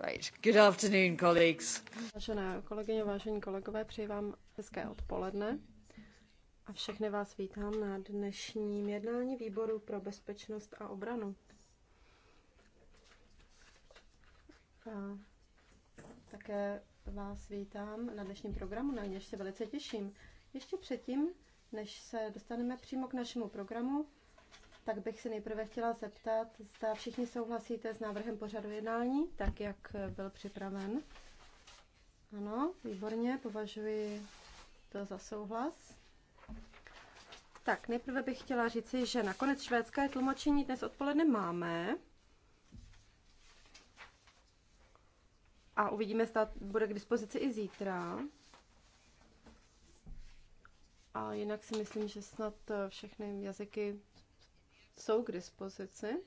Right. Good afternoon, colleagues. Vážené kolegyně, vážení kolegové, přeji vám hezké odpoledne a všechny vás vítám na dnešním jednání výboru pro bezpečnost a obranu. A také vás vítám na dnešním programu, na něž se velice těším. Ještě předtím, než se dostaneme přímo k našemu programu, tak bych se nejprve chtěla zeptat, zda všichni souhlasíte s návrhem pořadu jednání, tak jak byl připraven. Ano, výborně, považuji to za souhlas. Tak, nejprve bych chtěla říci, že nakonec švédské tlumočení dnes odpoledne máme. A uvidíme, zda bude k dispozici i zítra. A jinak si myslím, že snad všechny jazyky jsou k dispozici.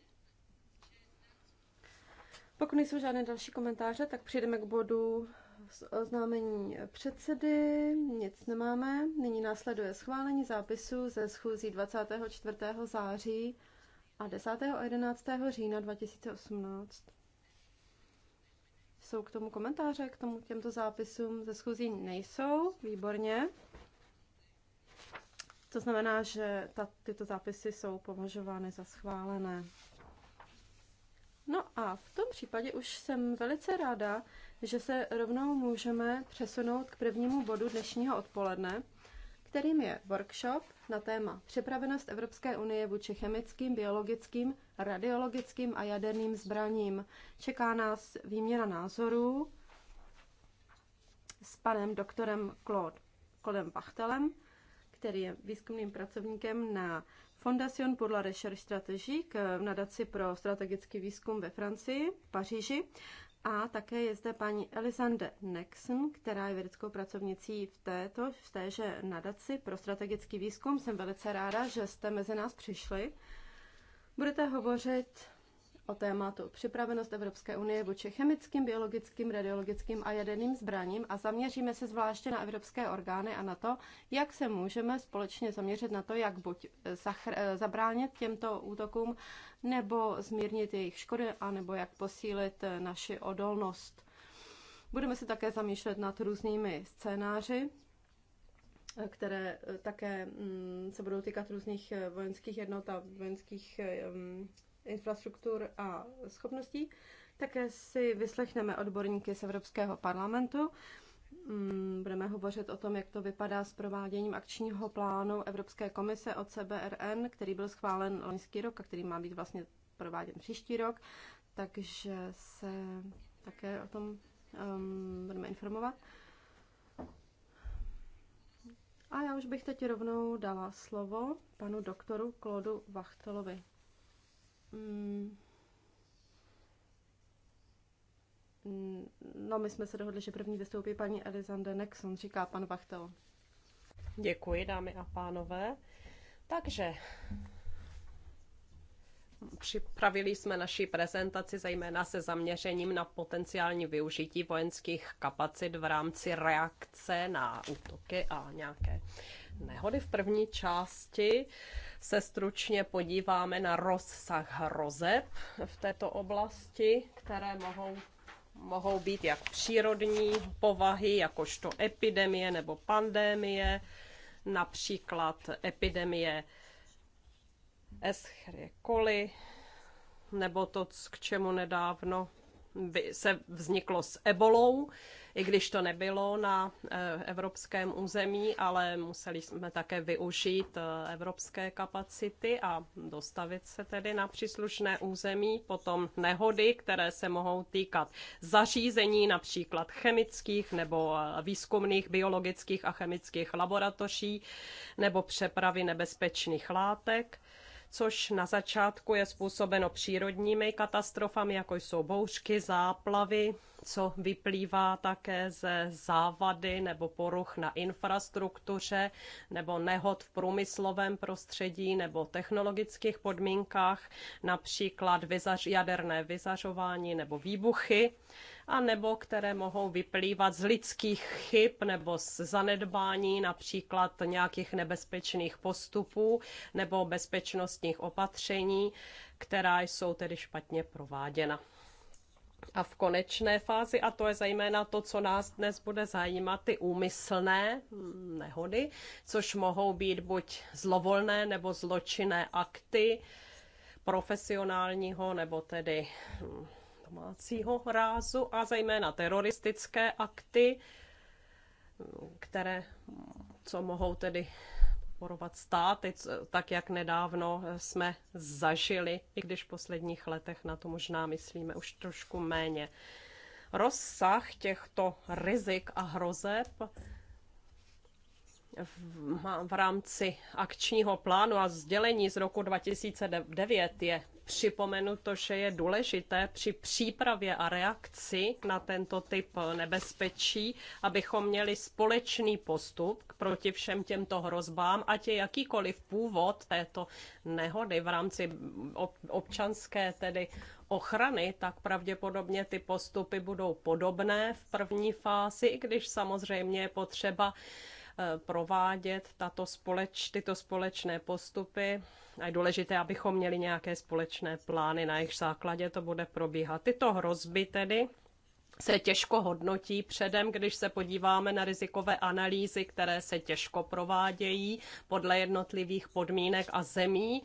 Pokud nejsou žádné další komentáře, tak přijdeme k bodu oznámení předsedy. Nic nemáme. Nyní následuje schválení zápisu ze schůzí 24. září a 10. a 11. října 2018. Jsou k tomu komentáře, k tomu těmto zápisům ze schůzí nejsou, výborně. To znamená, že ta, tyto zápisy jsou považovány za schválené. No a v tom případě už jsem velice ráda, že se rovnou můžeme přesunout k prvnímu bodu dnešního odpoledne, kterým je workshop na téma Připravenost Evropské unie vůči chemickým, biologickým, radiologickým a jaderným zbraním. Čeká nás výměna názorů s panem doktorem Claude, Claudem Bachtelem, který je výzkumným pracovníkem na Fondation pour la Recherche Stratégique, nadaci pro strategický výzkum ve Francii, v Paříži. A také je zde paní Elisande Nexon, která je vědeckou pracovnicí v této, v téže nadaci pro strategický výzkum. Jsem velice ráda, že jste mezi nás přišli. Budete hovořit o tématu připravenost Evropské unie vůči chemickým, biologickým, radiologickým a jaderným zbraním a zaměříme se zvláště na evropské orgány a na to, jak se můžeme společně zaměřit na to, jak buď eh, eh, zabránit těmto útokům, nebo zmírnit jejich škody, anebo jak posílit eh, naši odolnost. Budeme se také zamýšlet nad různými scénáři, které také mm, se budou týkat různých vojenských jednot a vojenských mm, infrastruktur a schopností. Také si vyslechneme odborníky z Evropského parlamentu. Mm, budeme hovořit o tom, jak to vypadá s prováděním akčního plánu Evropské komise od CBRN, který byl schválen loňský rok a který má být vlastně prováděn příští rok. Takže se také o tom um, budeme informovat. A já už bych teď rovnou dala slovo panu doktoru Klodu Vachtelovi. Mm. Mm, no, my jsme se dohodli, že první vystoupí paní Elizande Nexon, říká pan Vachtel. Děkuji, dámy a pánové. Takže Připravili jsme naši prezentaci zejména se zaměřením na potenciální využití vojenských kapacit v rámci reakce na útoky a nějaké nehody v první části. Uh, se stručně podíváme na rozsah hrozeb v této oblasti, které mohou, mohou být jak přírodní povahy, jakožto epidemie nebo pandémie, například epidemie Eschere coli, nebo to, k čemu nedávno se vzniklo s ebolou, i když to nebylo na eh, evropském území, ale museli jsme také využít eh, evropské kapacity a dostavit se tedy na příslušné území. Potom nehody, které se mohou týkat zařízení, například chemických nebo eh, výzkumných biologických a chemických laboratoří, nebo přepravy nebezpečných látek což na začátku je způsobeno přírodními katastrofami, jako jsou bouřky, záplavy, co vyplývá také ze závady nebo poruch na infrastruktuře nebo nehod v průmyslovém prostředí nebo technologických podmínkách, například vyzař, jaderné vyzařování nebo výbuchy a nebo které mohou vyplývat z lidských chyb nebo z zanedbání například nějakých nebezpečných postupů nebo bezpečnostních opatření, která jsou tedy špatně prováděna. A v konečné fázi, a to je zejména to, co nás dnes bude zajímat, ty úmyslné nehody, což mohou být buď zlovolné nebo zločinné akty profesionálního nebo tedy domácího rázu a zejména teroristické akty, které, co mohou tedy podporovat státy, tak jak nedávno jsme zažili, i když v posledních letech na to možná myslíme už trošku méně. Rozsah těchto rizik a hrozeb v, v rámci akčního plánu a sdělení z roku 2009 je připomenu to, že je důležité při přípravě a reakci na tento typ nebezpečí, abychom měli společný postup proti všem těmto hrozbám, ať je jakýkoliv původ této nehody v rámci občanské tedy ochrany, tak pravděpodobně ty postupy budou podobné v první fázi, i když samozřejmě je potřeba Eh, provádět tato společ, tyto společné postupy a je důležité, abychom měli nějaké společné plány, na jejich základě to bude probíhat. Tyto hrozby tedy se těžko hodnotí předem, když se podíváme na rizikové analýzy, které se těžko provádějí podle jednotlivých podmínek a zemí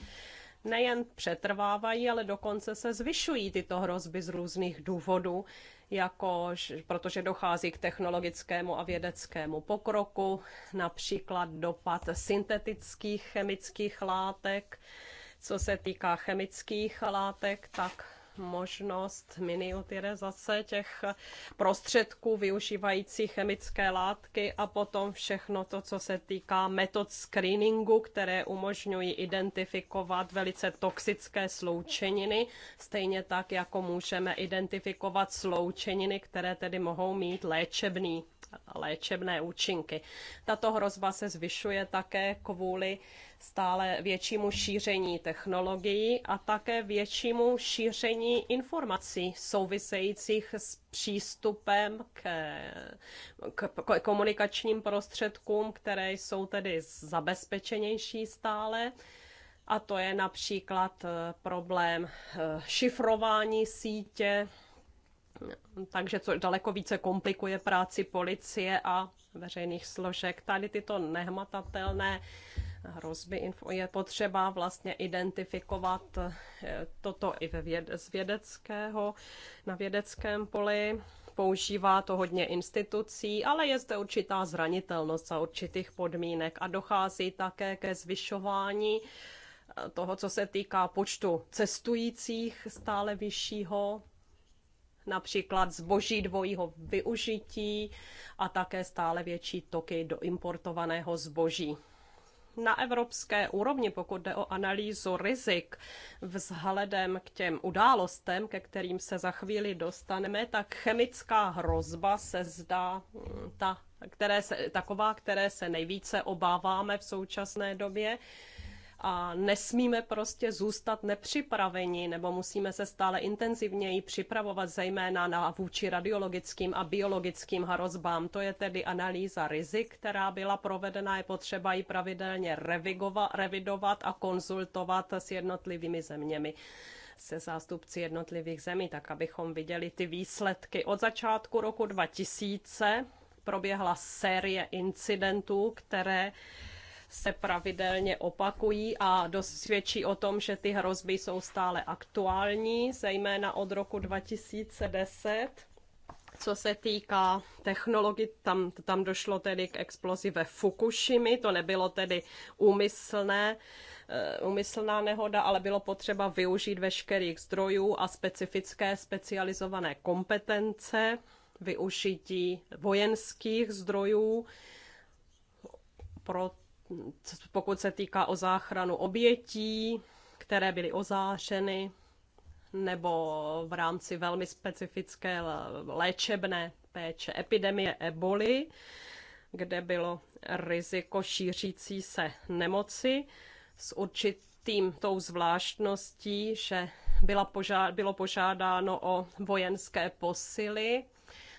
nejen přetrvávají, ale dokonce se zvyšují tyto hrozby z různých důvodů jako, protože dochází k technologickému a vědeckému pokroku, například dopad syntetických chemických látek. Co se týká chemických látek, tak možnost miniaturizace těch prostředků využívající chemické látky a potom všechno to, co se týká metod screeningu, které umožňují identifikovat velice toxické sloučeniny, stejně tak, jako můžeme identifikovat sloučeniny, které tedy mohou mít léčebný léčebné účinky. Tato hrozba se zvyšuje také kvůli stále většímu šíření technologií a také většímu šíření informací souvisejících s přístupem k, k, k komunikačním prostředkům, které jsou tedy zabezpečenější stále. A to je například eh, problém eh, šifrování sítě, takže co daleko více komplikuje práci policie a veřejných složek. Tady tyto nehmatatelné hrozby je potřeba vlastně identifikovat eh, toto i ve věd, z vědeckého, na vědeckém poli. Používá to hodně institucí, ale je zde určitá zranitelnost za určitých podmínek a dochází také ke zvyšování eh, toho, co se týká počtu cestujících stále vyššího, například zboží dvojího využití a také stále větší toky do importovaného zboží. Na evropské úrovni, pokud jde o analýzu rizik vzhledem k těm událostem, ke kterým se za chvíli dostaneme, tak chemická hrozba se zdá mm, ta, které se, taková, které se nejvíce obáváme v současné době a nesmíme prostě zůstat nepřipraveni, nebo musíme se stále intenzivněji připravovat, zejména na vůči radiologickým a biologickým hrozbám. To je tedy analýza rizik, která byla provedena, je potřeba ji pravidelně revidovat a konzultovat s jednotlivými zeměmi se zástupci jednotlivých zemí, tak abychom viděli ty výsledky. Od začátku roku 2000 proběhla série incidentů, které se pravidelně opakují a dosvědčí o tom, že ty hrozby jsou stále aktuální, zejména od roku 2010 co se týká technologií, tam, tam došlo tedy k explozi ve Fukushimi, to nebylo tedy úmyslné, eh, úmyslná nehoda, ale bylo potřeba využít veškerých zdrojů a specifické specializované kompetence, využití vojenských zdrojů pro pokud se týká o záchranu obětí, které byly ozářeny, nebo v rámci velmi specifické léčebné péče epidemie eboli, kde bylo riziko šířící se nemoci s určitým tou zvláštností, že byla požá, bylo požádáno o vojenské posily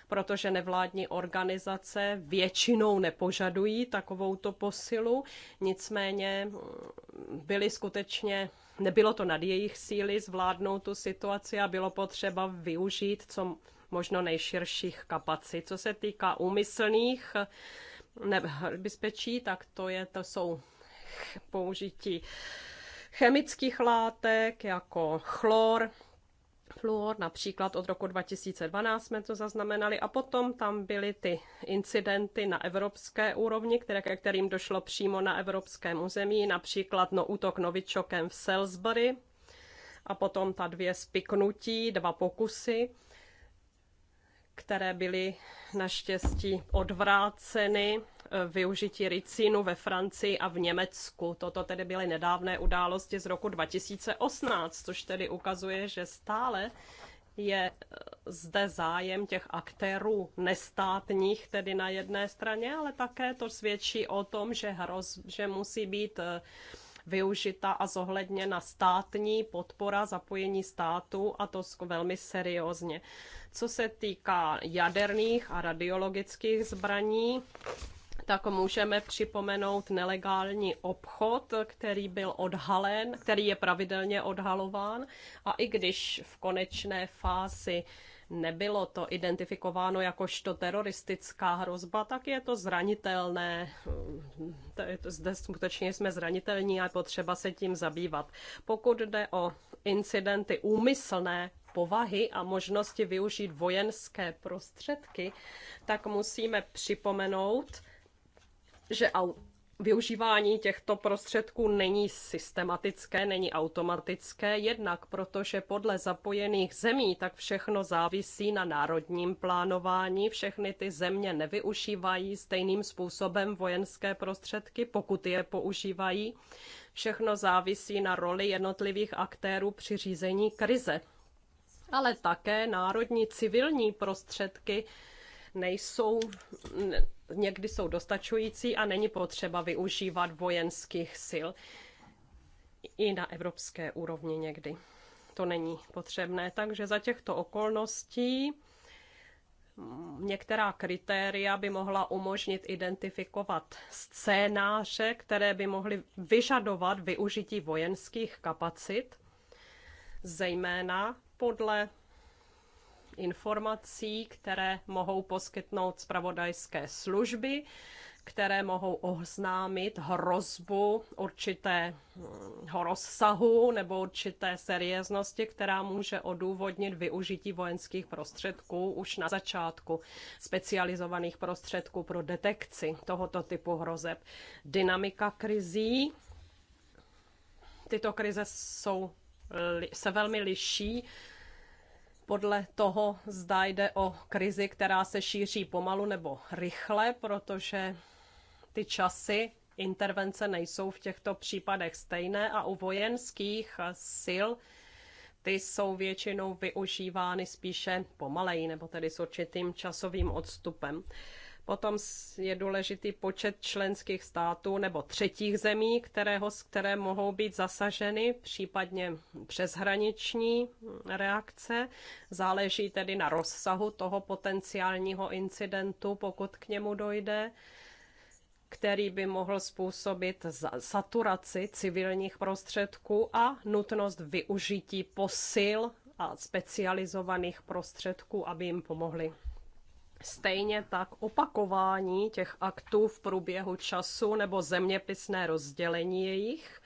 protože nevládní organizace většinou nepožadují takovouto posilu, nicméně mm, byly skutečně nebylo to nad jejich síly zvládnout tu situaci a bylo potřeba využít co možno nejširších kapacit. Co se týká úmyslných nebezpečí, tak to, je, to jsou použití chemických látek jako chlor, fluor, například od roku 2012 jsme to zaznamenali a potom tam byly ty incidenty na evropské úrovni, které, ke kterým došlo přímo na evropském území, například no, útok novičokem v Salisbury a potom ta dvě spiknutí, dva pokusy které byly naštěstí odvráceny eh, využití ricínu ve Francii a v Německu. Toto tedy byly nedávné události z roku 2018, což tedy ukazuje, že stále je eh, zde zájem těch aktérů nestátních, tedy na jedné straně, ale také to svědčí o tom, že, hroz, že musí být eh, využita a zohledněna státní podpora zapojení státu a to velmi seriózně. Co se týká jaderných a radiologických zbraní, tak můžeme připomenout nelegální obchod, který byl odhalen, který je pravidelně odhalován. A i když v konečné fázi nebylo to identifikováno jakožto teroristická hrozba, tak je to zranitelné. Zde skutečně jsme zranitelní a potřeba se tím zabývat. Pokud jde o incidenty úmyslné povahy a možnosti využít vojenské prostředky, tak musíme připomenout, že využívání těchto prostředků není systematické, není automatické, jednak protože podle zapojených zemí tak všechno závisí na národním plánování. Všechny ty země nevyužívají stejným způsobem vojenské prostředky, pokud je používají. Všechno závisí na roli jednotlivých aktérů při řízení krize ale také národní civilní prostředky nejsou, někdy jsou dostačující a není potřeba využívat vojenských sil i na evropské úrovni někdy. To není potřebné, takže za těchto okolností některá kritéria by mohla umožnit identifikovat scénáře, které by mohly vyžadovat využití vojenských kapacit, zejména podle informací, které mohou poskytnout zpravodajské služby, které mohou oznámit hrozbu určitého hm, rozsahu nebo určité serióznosti, která může odůvodnit využití vojenských prostředků už na začátku specializovaných prostředků pro detekci tohoto typu hrozeb. Dynamika krizí. Tyto krize jsou se velmi liší podle toho, zda jde o krizi, která se šíří pomalu nebo rychle, protože ty časy intervence nejsou v těchto případech stejné a u vojenských sil ty jsou většinou využívány spíše pomaleji nebo tedy s určitým časovým odstupem. Potom je důležitý počet členských států nebo třetích zemí, kterého, které mohou být zasaženy, případně přeshraniční reakce. Záleží tedy na rozsahu toho potenciálního incidentu, pokud k němu dojde který by mohl způsobit saturaci civilních prostředků a nutnost využití posil a specializovaných prostředků, aby jim pomohli. Stejně tak opakování těch aktů v průběhu času nebo zeměpisné rozdělení jejich,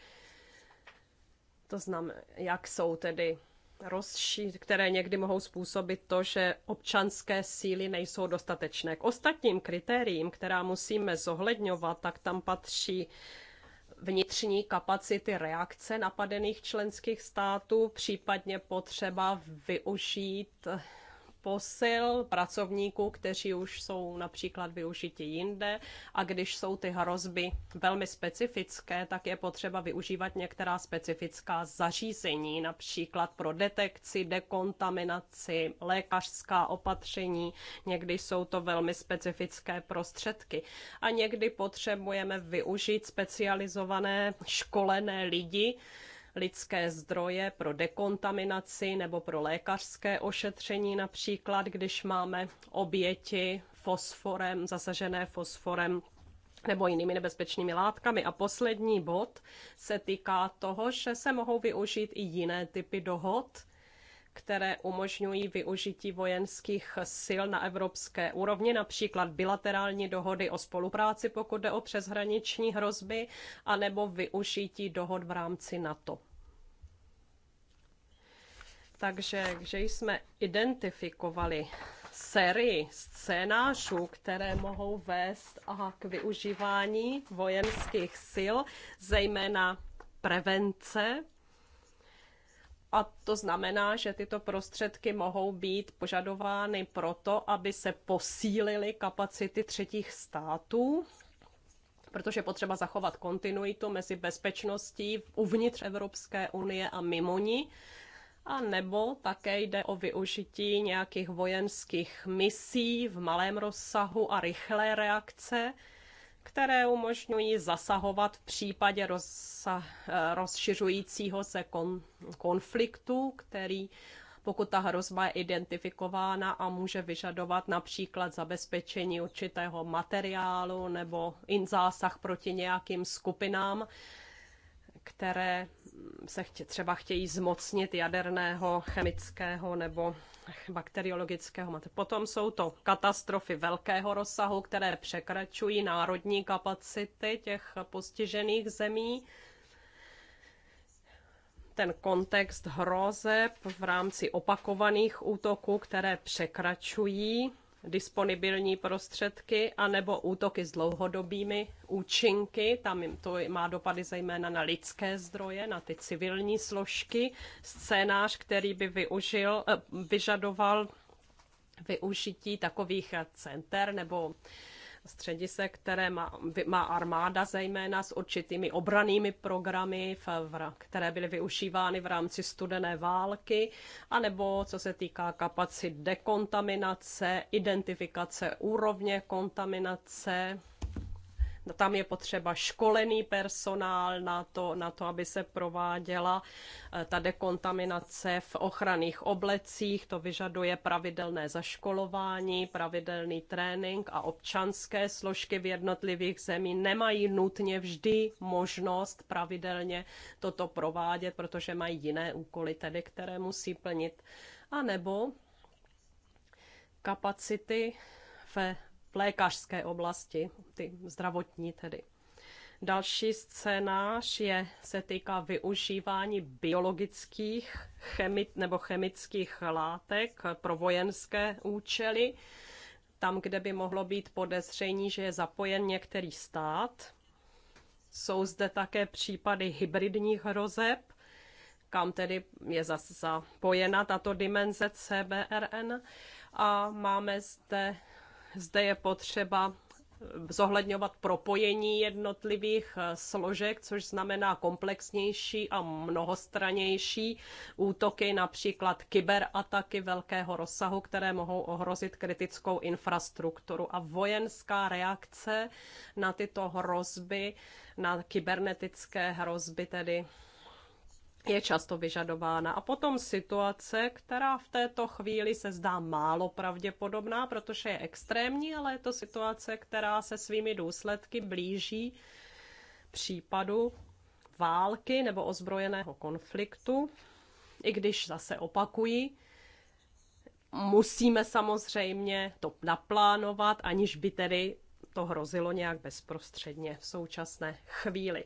to znamená, jak jsou tedy rozšíř, které někdy mohou způsobit to, že občanské síly nejsou dostatečné. K ostatním kritériím, která musíme zohledňovat, tak tam patří vnitřní kapacity reakce napadených členských států, případně potřeba využít posil pracovníků, kteří už jsou například využiti jinde a když jsou ty hrozby velmi specifické, tak je potřeba využívat některá specifická zařízení, například pro detekci, dekontaminaci, lékařská opatření, někdy jsou to velmi specifické prostředky a někdy potřebujeme využít specializované školené lidi, lidské zdroje pro dekontaminaci nebo pro lékařské ošetření například, když máme oběti fosforem, zasažené fosforem nebo jinými nebezpečnými látkami. A poslední bod se týká toho, že se mohou využít i jiné typy dohod, které umožňují využití vojenských sil na evropské úrovni, například bilaterální dohody o spolupráci, pokud jde o přeshraniční hrozby, anebo využití dohod v rámci NATO. Takže že jsme identifikovali sérii scénářů, které mohou vést aha, k využívání vojenských sil, zejména prevence a to znamená, že tyto prostředky mohou být požadovány proto, aby se posílily kapacity třetích států, protože je potřeba zachovat kontinuitu mezi bezpečností uvnitř Evropské unie a mimo ní. A nebo také jde o využití nějakých vojenských misí v malém rozsahu a rychlé reakce, které umožňují zasahovat v případě eh, rozšiřujícího se kon, konfliktu, který pokud ta hrozba je identifikována a může vyžadovat například zabezpečení určitého materiálu nebo in zásah proti nějakým skupinám, které se chtě, třeba chtějí zmocnit jaderného, chemického nebo bakteriologického materiálu. Potom jsou to katastrofy velkého rozsahu, které překračují národní kapacity těch postižených zemí. Ten kontext hrozeb v rámci opakovaných útoků, které překračují disponibilní prostředky anebo útoky s dlouhodobými účinky. Tam jim to má dopady zejména na lidské zdroje, na ty civilní složky. Scénář, který by využil, eh, vyžadoval využití takových center nebo středisek, které má, má armáda zejména s určitými obranými programy, které byly využívány v rámci studené války, anebo co se týká kapacit dekontaminace, identifikace úrovně kontaminace, No, tam je potřeba školený personál na to, na to aby se prováděla eh, ta dekontaminace v ochranných oblecích. To vyžaduje pravidelné zaškolování, pravidelný trénink a občanské složky v jednotlivých zemí nemají nutně vždy možnost pravidelně toto provádět, protože mají jiné úkoly, tedy které musí plnit. A nebo kapacity ve v lékařské oblasti, ty zdravotní tedy. Další scénář je, se týká využívání biologických chemi, nebo chemických látek pro vojenské účely, tam, kde by mohlo být podezření, že je zapojen některý stát. Jsou zde také případy hybridních hrozeb, kam tedy je zapojena tato dimenze CBRN. A máme zde zde je potřeba zohledňovat propojení jednotlivých eh, složek, což znamená komplexnější a mnohostranější útoky, například kyberataky velkého rozsahu, které mohou ohrozit kritickou infrastrukturu. A vojenská reakce na tyto hrozby, na kybernetické hrozby tedy je často vyžadována. A potom situace, která v této chvíli se zdá málo pravděpodobná, protože je extrémní, ale je to situace, která se svými důsledky blíží případu války nebo ozbrojeného konfliktu, i když zase opakují, musíme samozřejmě to naplánovat, aniž by tedy to hrozilo nějak bezprostředně v současné chvíli.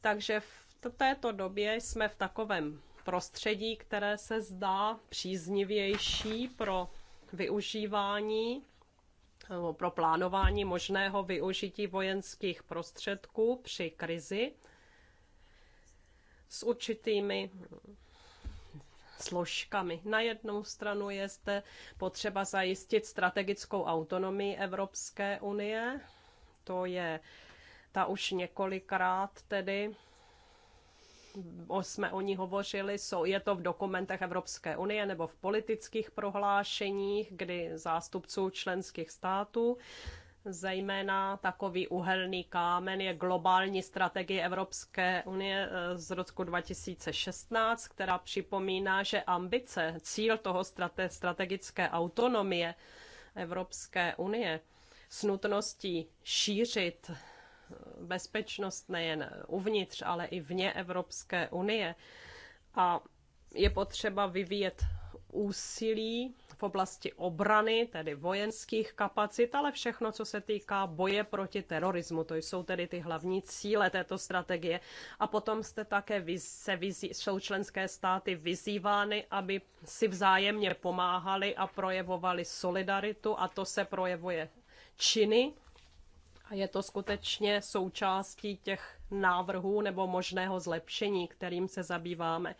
Takže v v této době jsme v takovém prostředí, které se zdá příznivější pro využívání nebo pro plánování možného využití vojenských prostředků při krizi s určitými složkami. Na jednu stranu je zde potřeba zajistit strategickou autonomii Evropské unie, to je ta už několikrát tedy jsme o ní hovořili, jsou, je to v dokumentech Evropské unie nebo v politických prohlášeních, kdy zástupců členských států Zejména takový uhelný kámen je globální strategie Evropské unie eh, z roku 2016, která připomíná, že ambice, cíl toho strate, strategické autonomie Evropské unie s nutností šířit bezpečnost nejen uvnitř, ale i vně Evropské unie. A je potřeba vyvíjet úsilí v oblasti obrany, tedy vojenských kapacit, ale všechno, co se týká boje proti terorismu. To jsou tedy ty hlavní cíle této strategie. A potom jste také se vyzí, jsou členské státy vyzývány, aby si vzájemně pomáhali a projevovali solidaritu a to se projevuje činy a je to skutečně součástí těch návrhů nebo možného zlepšení, kterým se zabýváme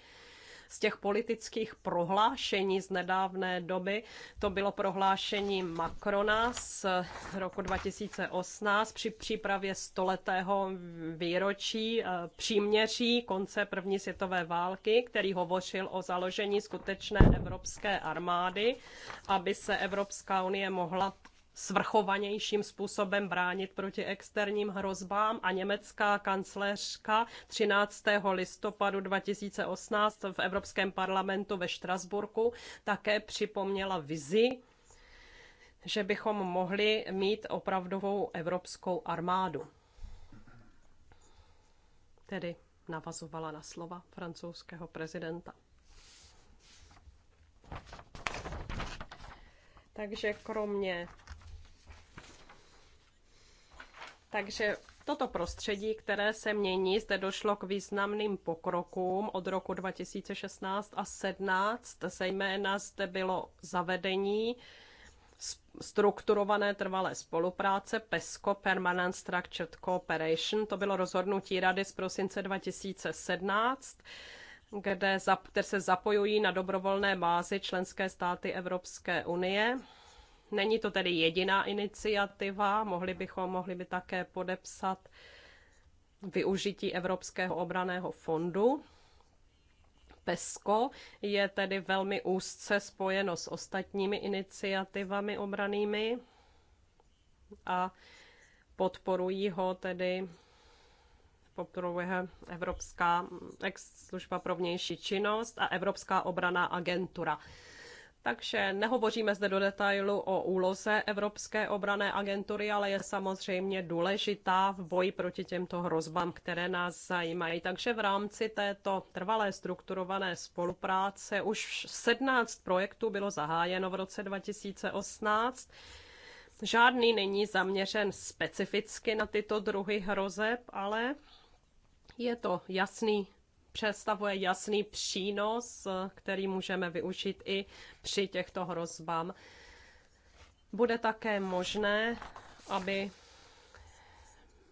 z těch politických prohlášení z nedávné doby. To bylo prohlášení Macrona z roku 2018 při přípravě stoletého výročí eh, příměří konce první světové války, který hovořil o založení skutečné evropské armády, aby se Evropská unie mohla svrchovanějším způsobem bránit proti externím hrozbám a německá kancléřka 13. listopadu 2018 v Evropském parlamentu ve Štrasburku také připomněla vizi, že bychom mohli mít opravdovou evropskou armádu. Tedy navazovala na slova francouzského prezidenta. Takže kromě takže toto prostředí, které se mění, zde došlo k významným pokrokům od roku 2016 a 17. Zejména zde bylo zavedení strukturované trvalé spolupráce PESCO, Permanent Structured Cooperation. To bylo rozhodnutí Rady z prosince 2017 kde, kde se zapojují na dobrovolné bázi členské státy Evropské unie Není to tedy jediná iniciativa, mohli bychom mohli by také podepsat využití Evropského obraného fondu. PESCO je tedy velmi úzce spojeno s ostatními iniciativami obranými a podporují ho tedy podporuje Evropská služba pro vnější činnost a Evropská obraná agentura. Takže nehovoříme zde do detailu o úloze Evropské obrané agentury, ale je samozřejmě důležitá v boji proti těmto hrozbám, které nás zajímají. Takže v rámci této trvalé strukturované spolupráce už 17 projektů bylo zahájeno v roce 2018. Žádný není zaměřen specificky na tyto druhy hrozeb, ale je to jasný představuje jasný přínos, který můžeme využít i při těchto hrozbám. Bude také možné, aby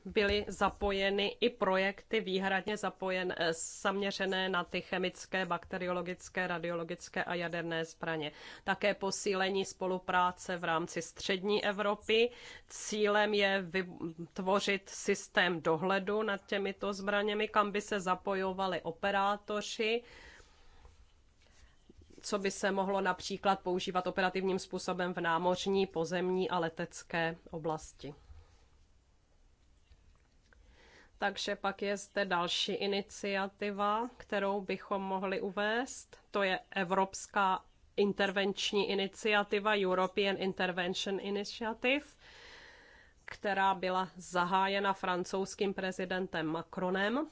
byly zapojeny i projekty výhradně zapojen, eh, zaměřené na ty chemické, bakteriologické, radiologické a jaderné zbraně. Také posílení spolupráce v rámci střední Evropy. Cílem je vytvořit systém dohledu nad těmito zbraněmi, kam by se zapojovali operátoři, co by se mohlo například používat operativním způsobem v námořní, pozemní a letecké oblasti. Takže pak je zde další iniciativa, kterou bychom mohli uvést. To je Evropská intervenční iniciativa, European Intervention Initiative, která byla zahájena francouzským prezidentem Macronem.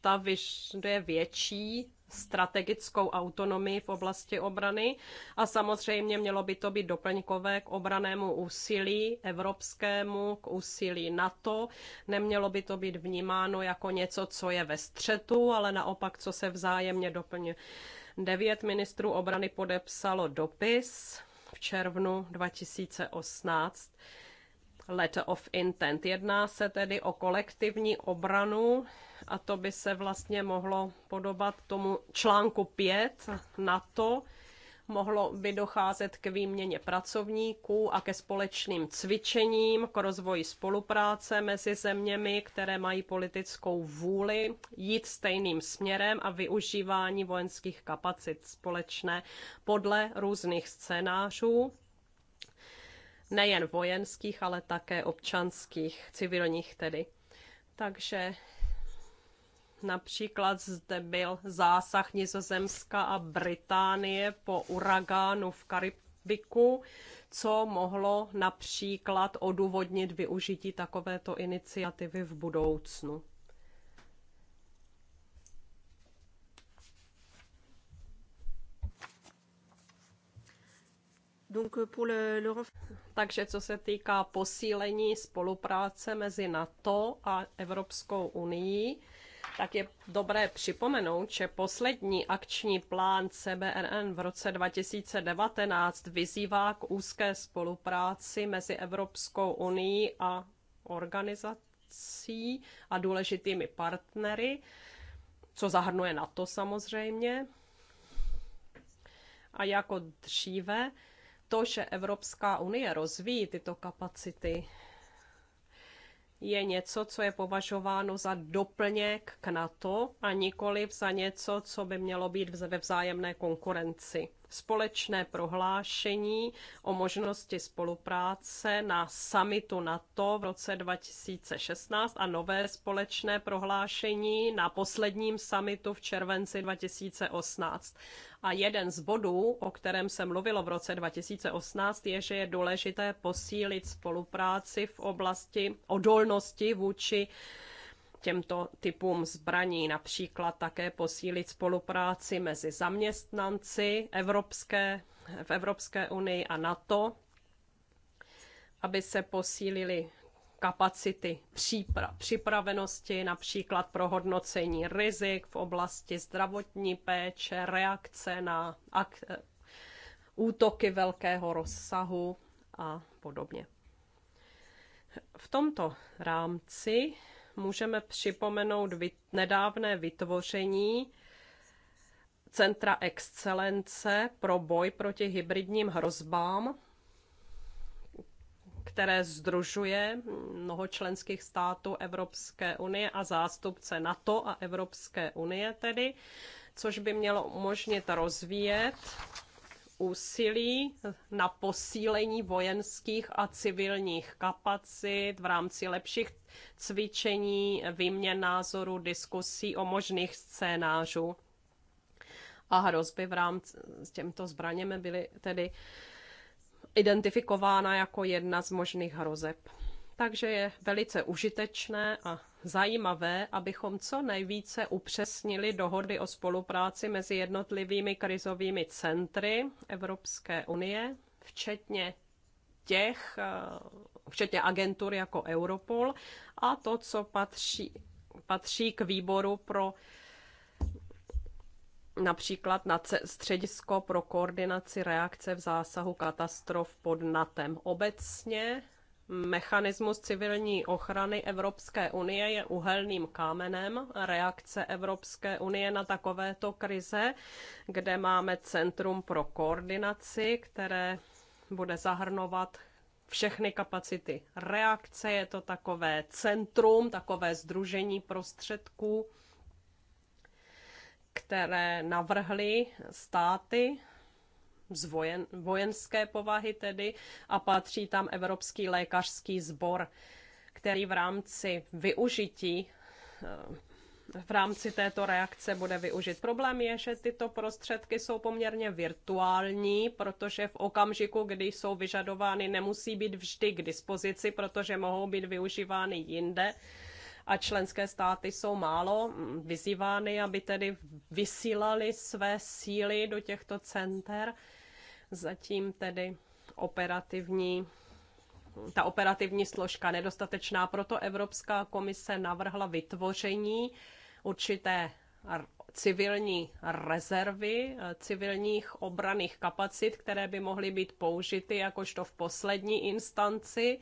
Ta vyžaduje větší strategickou autonomii v oblasti obrany a samozřejmě mělo by to být doplňkové k obranému úsilí evropskému, k úsilí NATO. Nemělo by to být vnímáno jako něco, co je ve střetu, ale naopak, co se vzájemně doplňuje. Devět ministrů obrany podepsalo dopis v červnu 2018 Let of Intent. Jedná se tedy o kolektivní obranu a to by se vlastně mohlo podobat tomu článku 5 to Mohlo by docházet k výměně pracovníků a ke společným cvičením, k rozvoji spolupráce mezi zeměmi, které mají politickou vůli jít stejným směrem a využívání vojenských kapacit společné podle různých scénářů nejen vojenských, ale také občanských, civilních tedy. Takže Například zde byl zásah Nizozemska a Británie po uragánu v Karibiku, co mohlo například odůvodnit využití takovéto iniciativy v budoucnu. Euh, Takže co se týká posílení spolupráce mezi NATO a Evropskou unii, tak je dobré připomenout, že poslední akční plán CBRN v roce 2019 vyzývá k úzké spolupráci mezi Evropskou unii a organizací a důležitými partnery, co zahrnuje NATO samozřejmě. A jako dříve, to, že Evropská unie rozvíjí tyto kapacity, je něco, co je považováno za doplněk k NATO a nikoliv za něco, co by mělo být ve vzájemné konkurenci společné prohlášení o možnosti spolupráce na summitu NATO v roce 2016 a nové společné prohlášení na posledním summitu v červenci 2018. A jeden z bodů, o kterém se mluvilo v roce 2018, je, že je důležité posílit spolupráci v oblasti odolnosti vůči těmto typům zbraní, například také posílit spolupráci mezi zaměstnanci Evropské, v Evropské unii a NATO, aby se posílily kapacity přípra- připravenosti, například pro hodnocení rizik v oblasti zdravotní péče, reakce na ak- útoky velkého rozsahu a podobně. V tomto rámci můžeme připomenout nedávné vytvoření Centra excelence pro boj proti hybridním hrozbám, které združuje mnoho členských států Evropské unie a zástupce NATO a Evropské unie tedy, což by mělo umožnit rozvíjet úsilí na posílení vojenských a civilních kapacit v rámci lepších cvičení, výměn názorů, diskusí o možných scénářů. A hrozby v rámci s těmto zbraněmi byly tedy identifikována jako jedna z možných hrozeb. Takže je velice užitečné a zajímavé, abychom co nejvíce upřesnili dohody o spolupráci mezi jednotlivými krizovými centry Evropské unie, včetně těch, eh, včetně agentur jako Europol a to, co patří, patří k výboru pro například na středisko pro koordinaci reakce v zásahu katastrof pod NATEM. Obecně mechanismus civilní ochrany Evropské unie je uhelným kámenem reakce Evropské unie na takovéto krize, kde máme Centrum pro koordinaci, které bude zahrnovat všechny kapacity reakce. Je to takové centrum, takové združení prostředků, které navrhly státy z vojen, vojenské povahy tedy a patří tam Evropský lékařský sbor, který v rámci využití eh, v rámci této reakce bude využit. Problém je, že tyto prostředky jsou poměrně virtuální, protože v okamžiku, kdy jsou vyžadovány, nemusí být vždy k dispozici, protože mohou být využívány jinde a členské státy jsou málo mm, vyzývány, aby tedy vysílali své síly do těchto center. Zatím tedy operativní ta operativní složka nedostatečná, proto Evropská komise navrhla vytvoření určité civilní rezervy, eh, civilních obraných kapacit, které by mohly být použity jakožto v poslední instanci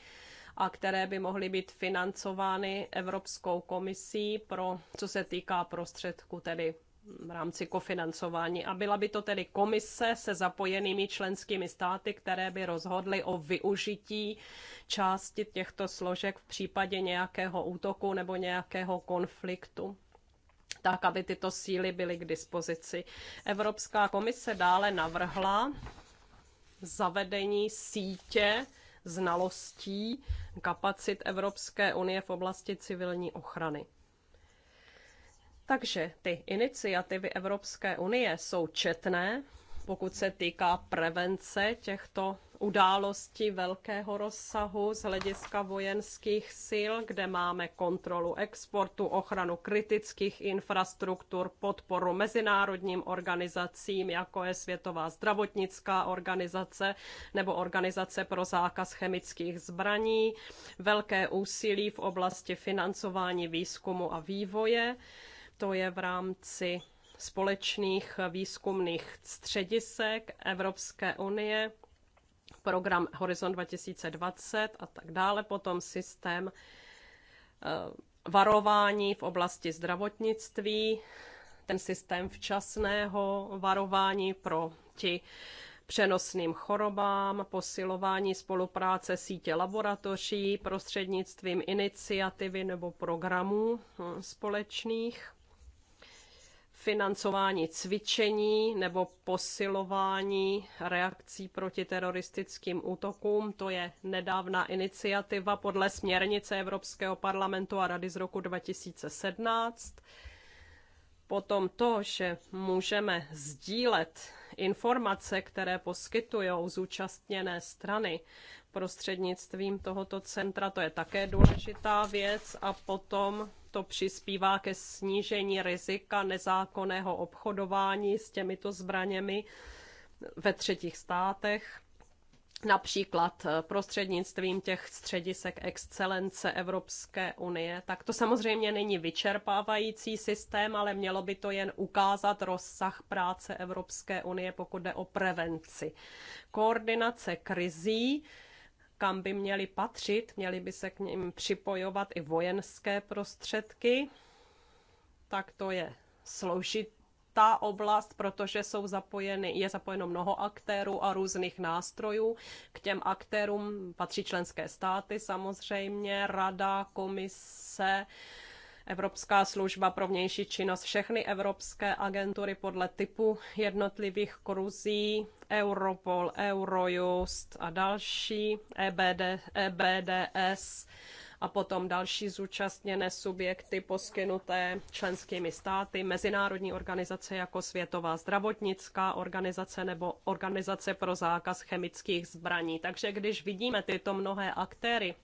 a které by mohly být financovány Evropskou komisí pro, co se týká prostředku tedy v rámci kofinancování. A byla by to tedy komise se zapojenými členskými státy, které by rozhodly o využití části těchto složek v případě nějakého útoku nebo nějakého konfliktu tak, aby tyto síly byly k dispozici. Evropská komise dále navrhla zavedení sítě znalostí kapacit Evropské unie v oblasti civilní ochrany. Takže ty iniciativy Evropské unie jsou četné, pokud se týká prevence těchto události velkého rozsahu z hlediska vojenských sil, kde máme kontrolu exportu, ochranu kritických infrastruktur, podporu mezinárodním organizacím, jako je Světová zdravotnická organizace nebo Organizace pro zákaz chemických zbraní, velké úsilí v oblasti financování výzkumu a vývoje. To je v rámci společných výzkumných středisek Evropské unie program Horizon 2020 a tak dále, potom systém eh, varování v oblasti zdravotnictví, ten systém včasného varování pro ti přenosným chorobám, posilování spolupráce sítě laboratoří prostřednictvím iniciativy nebo programů hm, společných financování cvičení nebo posilování reakcí proti teroristickým útokům. To je nedávná iniciativa podle směrnice Evropského parlamentu a rady z roku 2017. Potom to, že můžeme sdílet informace, které poskytují zúčastněné strany prostřednictvím tohoto centra, to je také důležitá věc. A potom to přispívá ke snížení rizika nezákonného obchodování s těmito zbraněmi ve třetích státech například eh, prostřednictvím těch středisek excelence Evropské unie, tak to samozřejmě není vyčerpávající systém, ale mělo by to jen ukázat rozsah práce Evropské unie, pokud jde o prevenci. Koordinace krizí kam by měly patřit, měly by se k ním připojovat i vojenské prostředky, tak to je složitá oblast, protože jsou zapojeny, je zapojeno mnoho aktérů a různých nástrojů. K těm aktérům patří členské státy samozřejmě, rada, komise, Evropská služba pro vnější činnost, všechny evropské agentury podle typu jednotlivých kruzí, Europol, Eurojust a další, EBD, EBDS a potom další zúčastněné subjekty poskynuté členskými státy, mezinárodní organizace jako Světová zdravotnická organizace nebo Organizace pro zákaz chemických zbraní. Takže když vidíme tyto mnohé aktéry,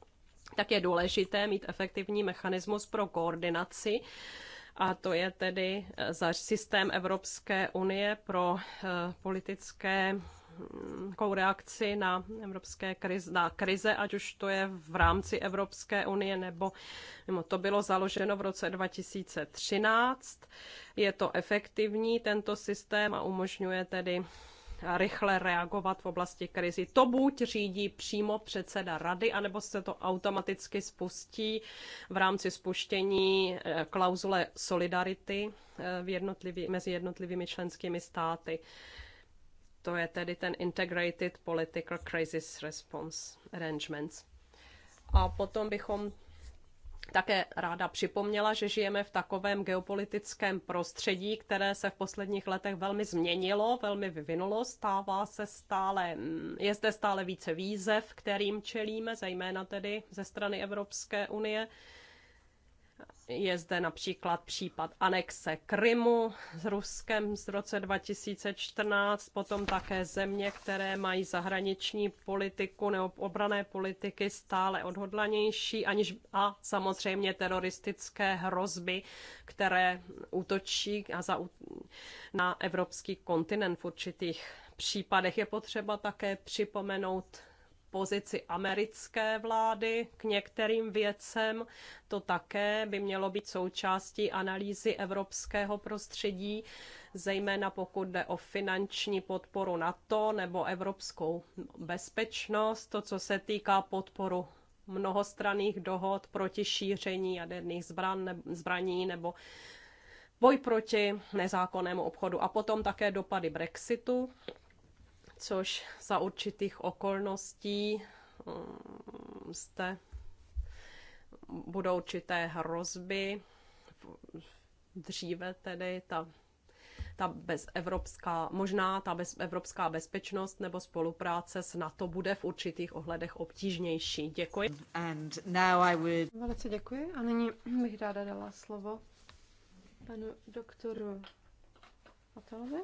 tak je důležité mít efektivní mechanismus pro koordinaci a to je tedy eh, za systém Evropské unie pro eh, politické mm, reakci na evropské krize, na krize, ať už to je v rámci Evropské unie nebo, nebo to bylo založeno v roce 2013. Je to efektivní tento systém a umožňuje tedy rychle reagovat v oblasti krizi. To buď řídí přímo předseda rady, anebo se to automaticky spustí v rámci spuštění eh, klauzule solidarity eh, v jednotlivý, mezi jednotlivými členskými státy. To je tedy ten Integrated Political Crisis Response Arrangements. A potom bychom také ráda připomněla, že žijeme v takovém geopolitickém prostředí, které se v posledních letech velmi změnilo, velmi vyvinulo, stává se stále, je zde stále více výzev, kterým čelíme, zejména tedy ze strany Evropské unie. Je zde například případ anexe Krymu s Ruskem z roce 2014, potom také země, které mají zahraniční politiku nebo obrané politiky stále odhodlanější, aniž a samozřejmě teroristické hrozby, které útočí a za, na evropský kontinent v určitých případech. Je potřeba také připomenout pozici americké vlády k některým věcem. To také by mělo být součástí analýzy evropského prostředí, zejména pokud jde o finanční podporu NATO nebo evropskou bezpečnost, to, co se týká podporu mnohostranných dohod proti šíření jaderných zbran, zbraní nebo boj proti nezákonnému obchodu a potom také dopady Brexitu což za určitých okolností mm, jste, budou určité hrozby. Dříve tedy ta, ta bezevropská, možná ta bez, evropská bezpečnost nebo spolupráce s NATO bude v určitých ohledech obtížnější. Děkuji. And now I would... Velice děkuji a nyní bych ráda dala slovo panu doktoru Atalovi.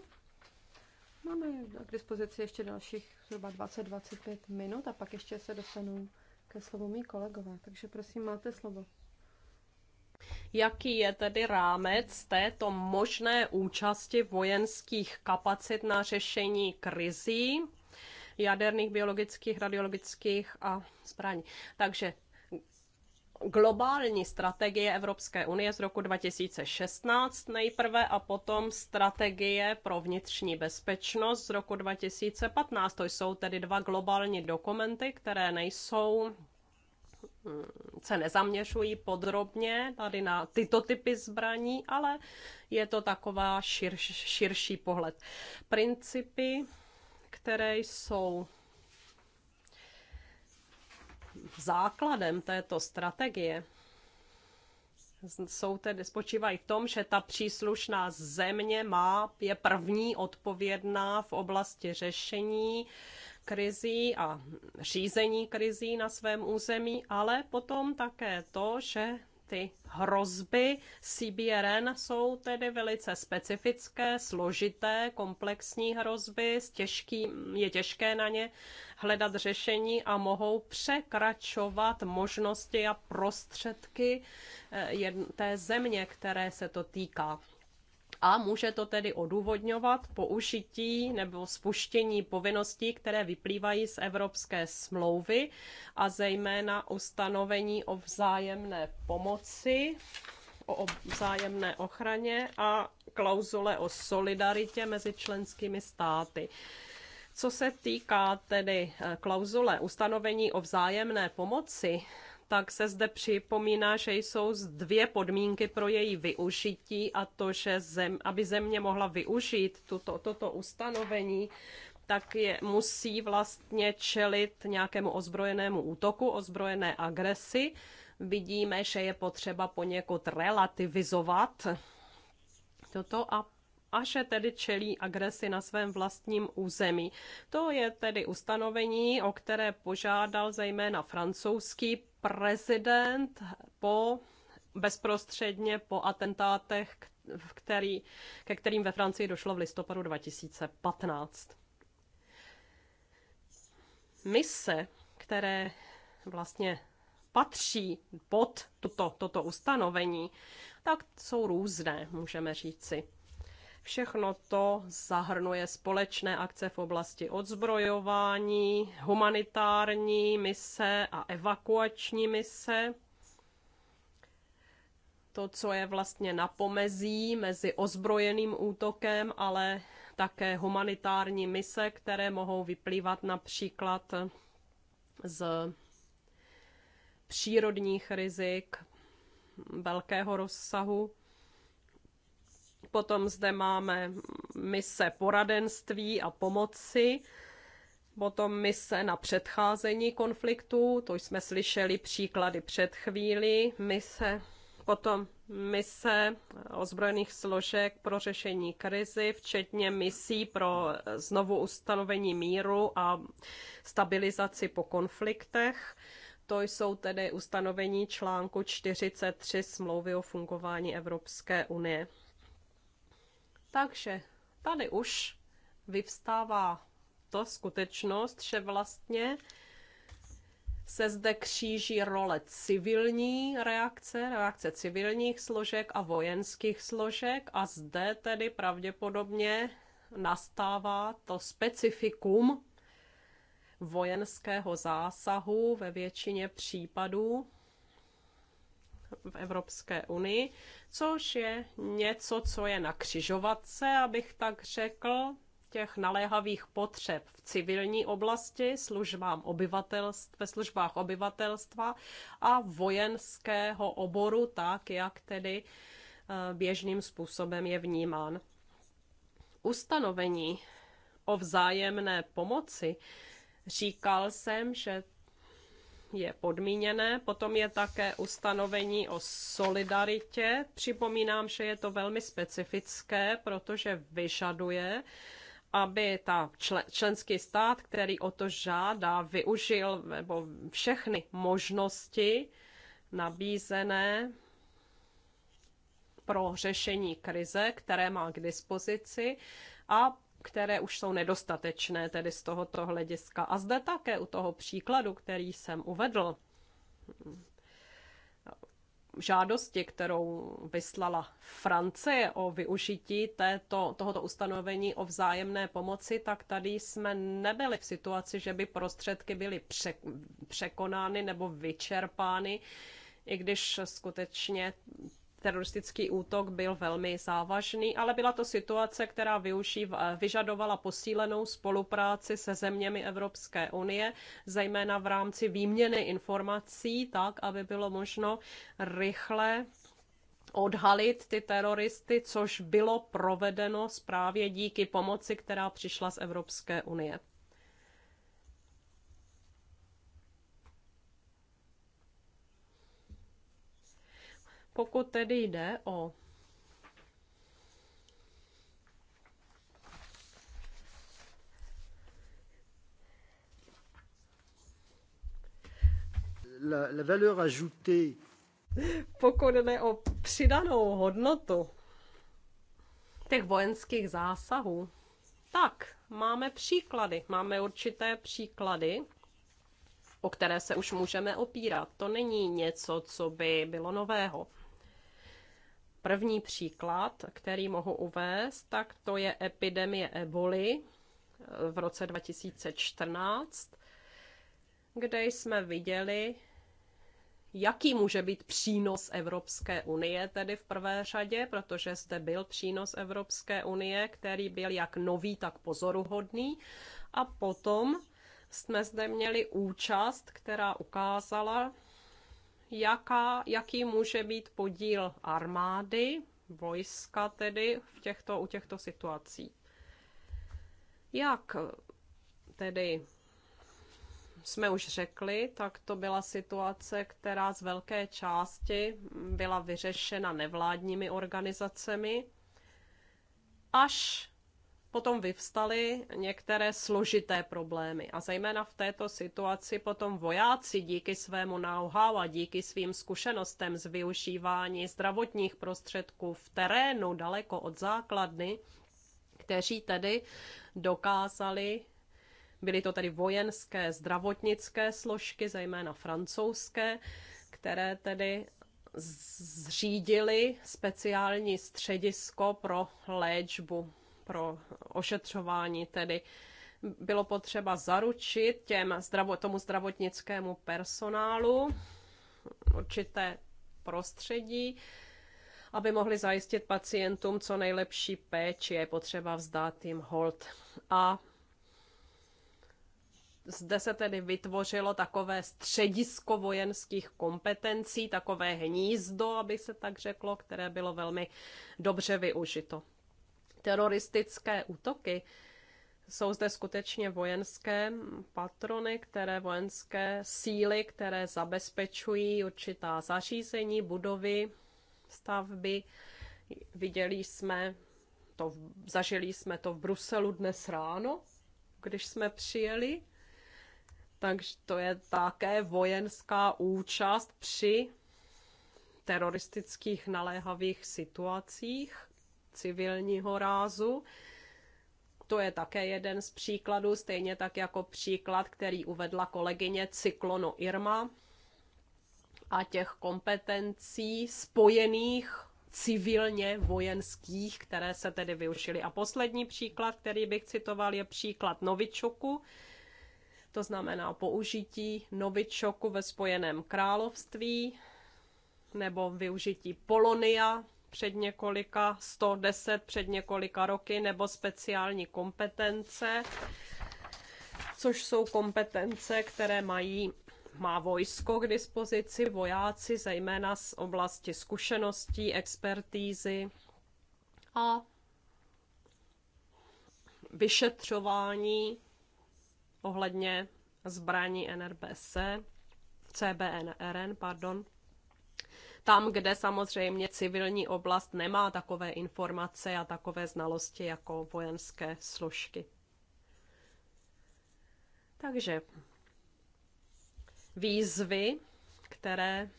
Máme k dispozici ještě dalších zhruba 20-25 minut a pak ještě se dostanou ke slovu mý kolegové. Takže prosím, máte slovo. Jaký je tedy rámec této možné účasti vojenských kapacit na řešení krizí? jaderných, biologických, radiologických a zbraní. Takže globální strategie Evropské unie z roku 2016 nejprve a potom strategie pro vnitřní bezpečnost z roku 2015. To jsou tedy dva globální dokumenty, které nejsou hm, se nezaměřují podrobně tady na tyto typy zbraní, ale je to taková šir, širší pohled. Principy, které jsou základem této strategie jsou tedy, spočívají v tom, že ta příslušná země má, je první odpovědná v oblasti řešení krizí a řízení krizí na svém území, ale potom také to, že ty hrozby CBRN jsou tedy velice specifické, složité, komplexní hrozby, těžký, je těžké na ně hledat řešení a mohou překračovat možnosti a prostředky eh, té země, které se to týká a může to tedy odůvodňovat použití nebo spuštění povinností, které vyplývají z Evropské smlouvy a zejména ustanovení o vzájemné pomoci, o vzájemné ochraně a klauzule o solidaritě mezi členskými státy. Co se týká tedy eh, klauzule ustanovení o vzájemné pomoci, tak se zde připomíná, že jsou dvě podmínky pro její využití a to, že zem, aby země mohla využít tuto, toto ustanovení, tak je, musí vlastně čelit nějakému ozbrojenému útoku, ozbrojené agresi. Vidíme, že je potřeba poněkud relativizovat toto a a že tedy čelí agresi na svém vlastním území. To je tedy ustanovení, o které požádal zejména francouzský prezident po bezprostředně po atentátech, který, ke kterým ve Francii došlo v listopadu 2015. Mise, které vlastně patří pod tuto, toto ustanovení, tak jsou různé, můžeme říci. Všechno to zahrnuje společné akce v oblasti odzbrojování, humanitární mise a evakuační mise. To, co je vlastně na pomezí mezi ozbrojeným útokem, ale také humanitární mise, které mohou vyplývat například z přírodních rizik velkého rozsahu. Potom zde máme mise poradenství a pomoci. Potom mise na předcházení konfliktu, to jsme slyšeli příklady před chvíli. Mise, potom mise ozbrojených složek pro řešení krizi, včetně misí pro znovu ustanovení míru a stabilizaci po konfliktech. To jsou tedy ustanovení článku 43 smlouvy o fungování Evropské unie. Takže tady už vyvstává to skutečnost, že vlastně se zde kříží role civilní reakce, reakce civilních složek a vojenských složek a zde tedy pravděpodobně nastává to specifikum vojenského zásahu ve většině případů v Evropské unii, což je něco, co je na křižovatce, abych tak řekl, těch naléhavých potřeb v civilní oblasti, službám obyvatelstv, ve službách obyvatelstva a vojenského oboru, tak jak tedy eh, běžným způsobem je vnímán. Ustanovení o vzájemné pomoci říkal jsem, že je podmíněné. Potom je také ustanovení o solidaritě. Připomínám, že je to velmi specifické, protože vyžaduje, aby ta členský stát, který o to žádá, využil nebo všechny možnosti nabízené pro řešení krize, které má k dispozici a které už jsou nedostatečné tedy z tohoto hlediska. A zde také u toho příkladu, který jsem uvedl, žádosti, kterou vyslala Francie o využití této, tohoto ustanovení o vzájemné pomoci, tak tady jsme nebyli v situaci, že by prostředky byly překonány nebo vyčerpány, i když skutečně teroristický útok byl velmi závažný, ale byla to situace, která vyžadovala posílenou spolupráci se zeměmi Evropské unie, zejména v rámci výměny informací, tak, aby bylo možno rychle odhalit ty teroristy, což bylo provedeno právě díky pomoci, která přišla z Evropské unie. Pokud tedy jde o la, la valeur ajoutée. Pokud jde o přidanou hodnotu těch vojenských zásahů, tak máme příklady, máme určité příklady, o které se už můžeme opírat. To není něco, co by bylo nového. První příklad, který mohu uvést, tak to je epidemie eboli eh, v roce 2014, kde jsme viděli, jaký může být přínos Evropské unie, tedy v prvé řadě, protože zde byl přínos Evropské unie, který byl jak nový, tak pozoruhodný. A potom jsme zde měli účast, která ukázala, jaká, jaký může být podíl armády, vojska tedy v těchto, u těchto situací. Jak tedy jsme už řekli, tak to byla situace, která z velké části byla vyřešena nevládními organizacemi, až potom vyvstaly některé složité problémy. A zejména v této situaci potom vojáci díky svému know-how a díky svým zkušenostem z využívání zdravotních prostředků v terénu daleko od základny, kteří tedy dokázali byly to tedy vojenské zdravotnické složky, zejména francouzské, které tedy zřídili speciální středisko pro léčbu pro ošetřování tedy bylo potřeba zaručit těm zdravo, tomu zdravotnickému personálu určité prostředí, aby mohli zajistit pacientům co nejlepší péči, je potřeba vzdát jim hold. A zde se tedy vytvořilo takové středisko vojenských kompetencí, takové hnízdo, aby se tak řeklo, které bylo velmi dobře využito teroristické útoky, jsou zde skutečně vojenské patrony, které vojenské síly, které zabezpečují určitá zařízení, budovy, stavby. Viděli jsme to, zažili jsme to v Bruselu dnes ráno, když jsme přijeli. Takže to je také vojenská účast při teroristických naléhavých situacích civilního rázu. To je také jeden z příkladů, stejně tak jako příklad, který uvedla kolegyně cyklonu Irma a těch kompetencí spojených civilně vojenských, které se tedy využily. A poslední příklad, který bych citoval, je příklad novičoku, to znamená použití novičoku ve Spojeném království nebo využití Polonia před několika 110 před několika roky nebo speciální kompetence, což jsou kompetence, které mají má vojsko k dispozici, vojáci, zejména z oblasti zkušeností, expertízy a vyšetřování ohledně zbraní NRBS, CBNRN, pardon, tam, kde samozřejmě civilní oblast nemá takové informace a takové znalosti jako vojenské složky. Takže výzvy, které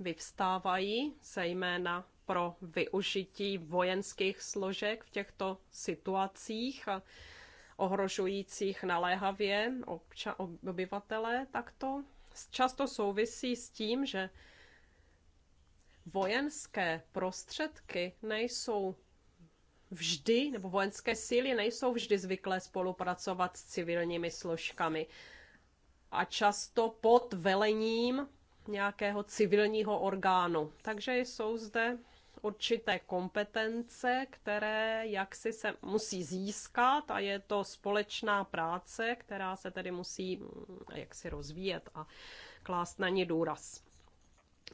vyvstávají, zejména pro využití vojenských složek v těchto situacích a ohrožujících naléhavě obča- obyvatele, tak to často souvisí s tím, že vojenské prostředky nejsou vždy, nebo vojenské síly nejsou vždy zvyklé spolupracovat s civilními složkami. A často pod velením nějakého civilního orgánu. Takže jsou zde určité kompetence, které jaksi se musí získat a je to společná práce, která se tedy musí mm, jaksi rozvíjet a klást na ní důraz.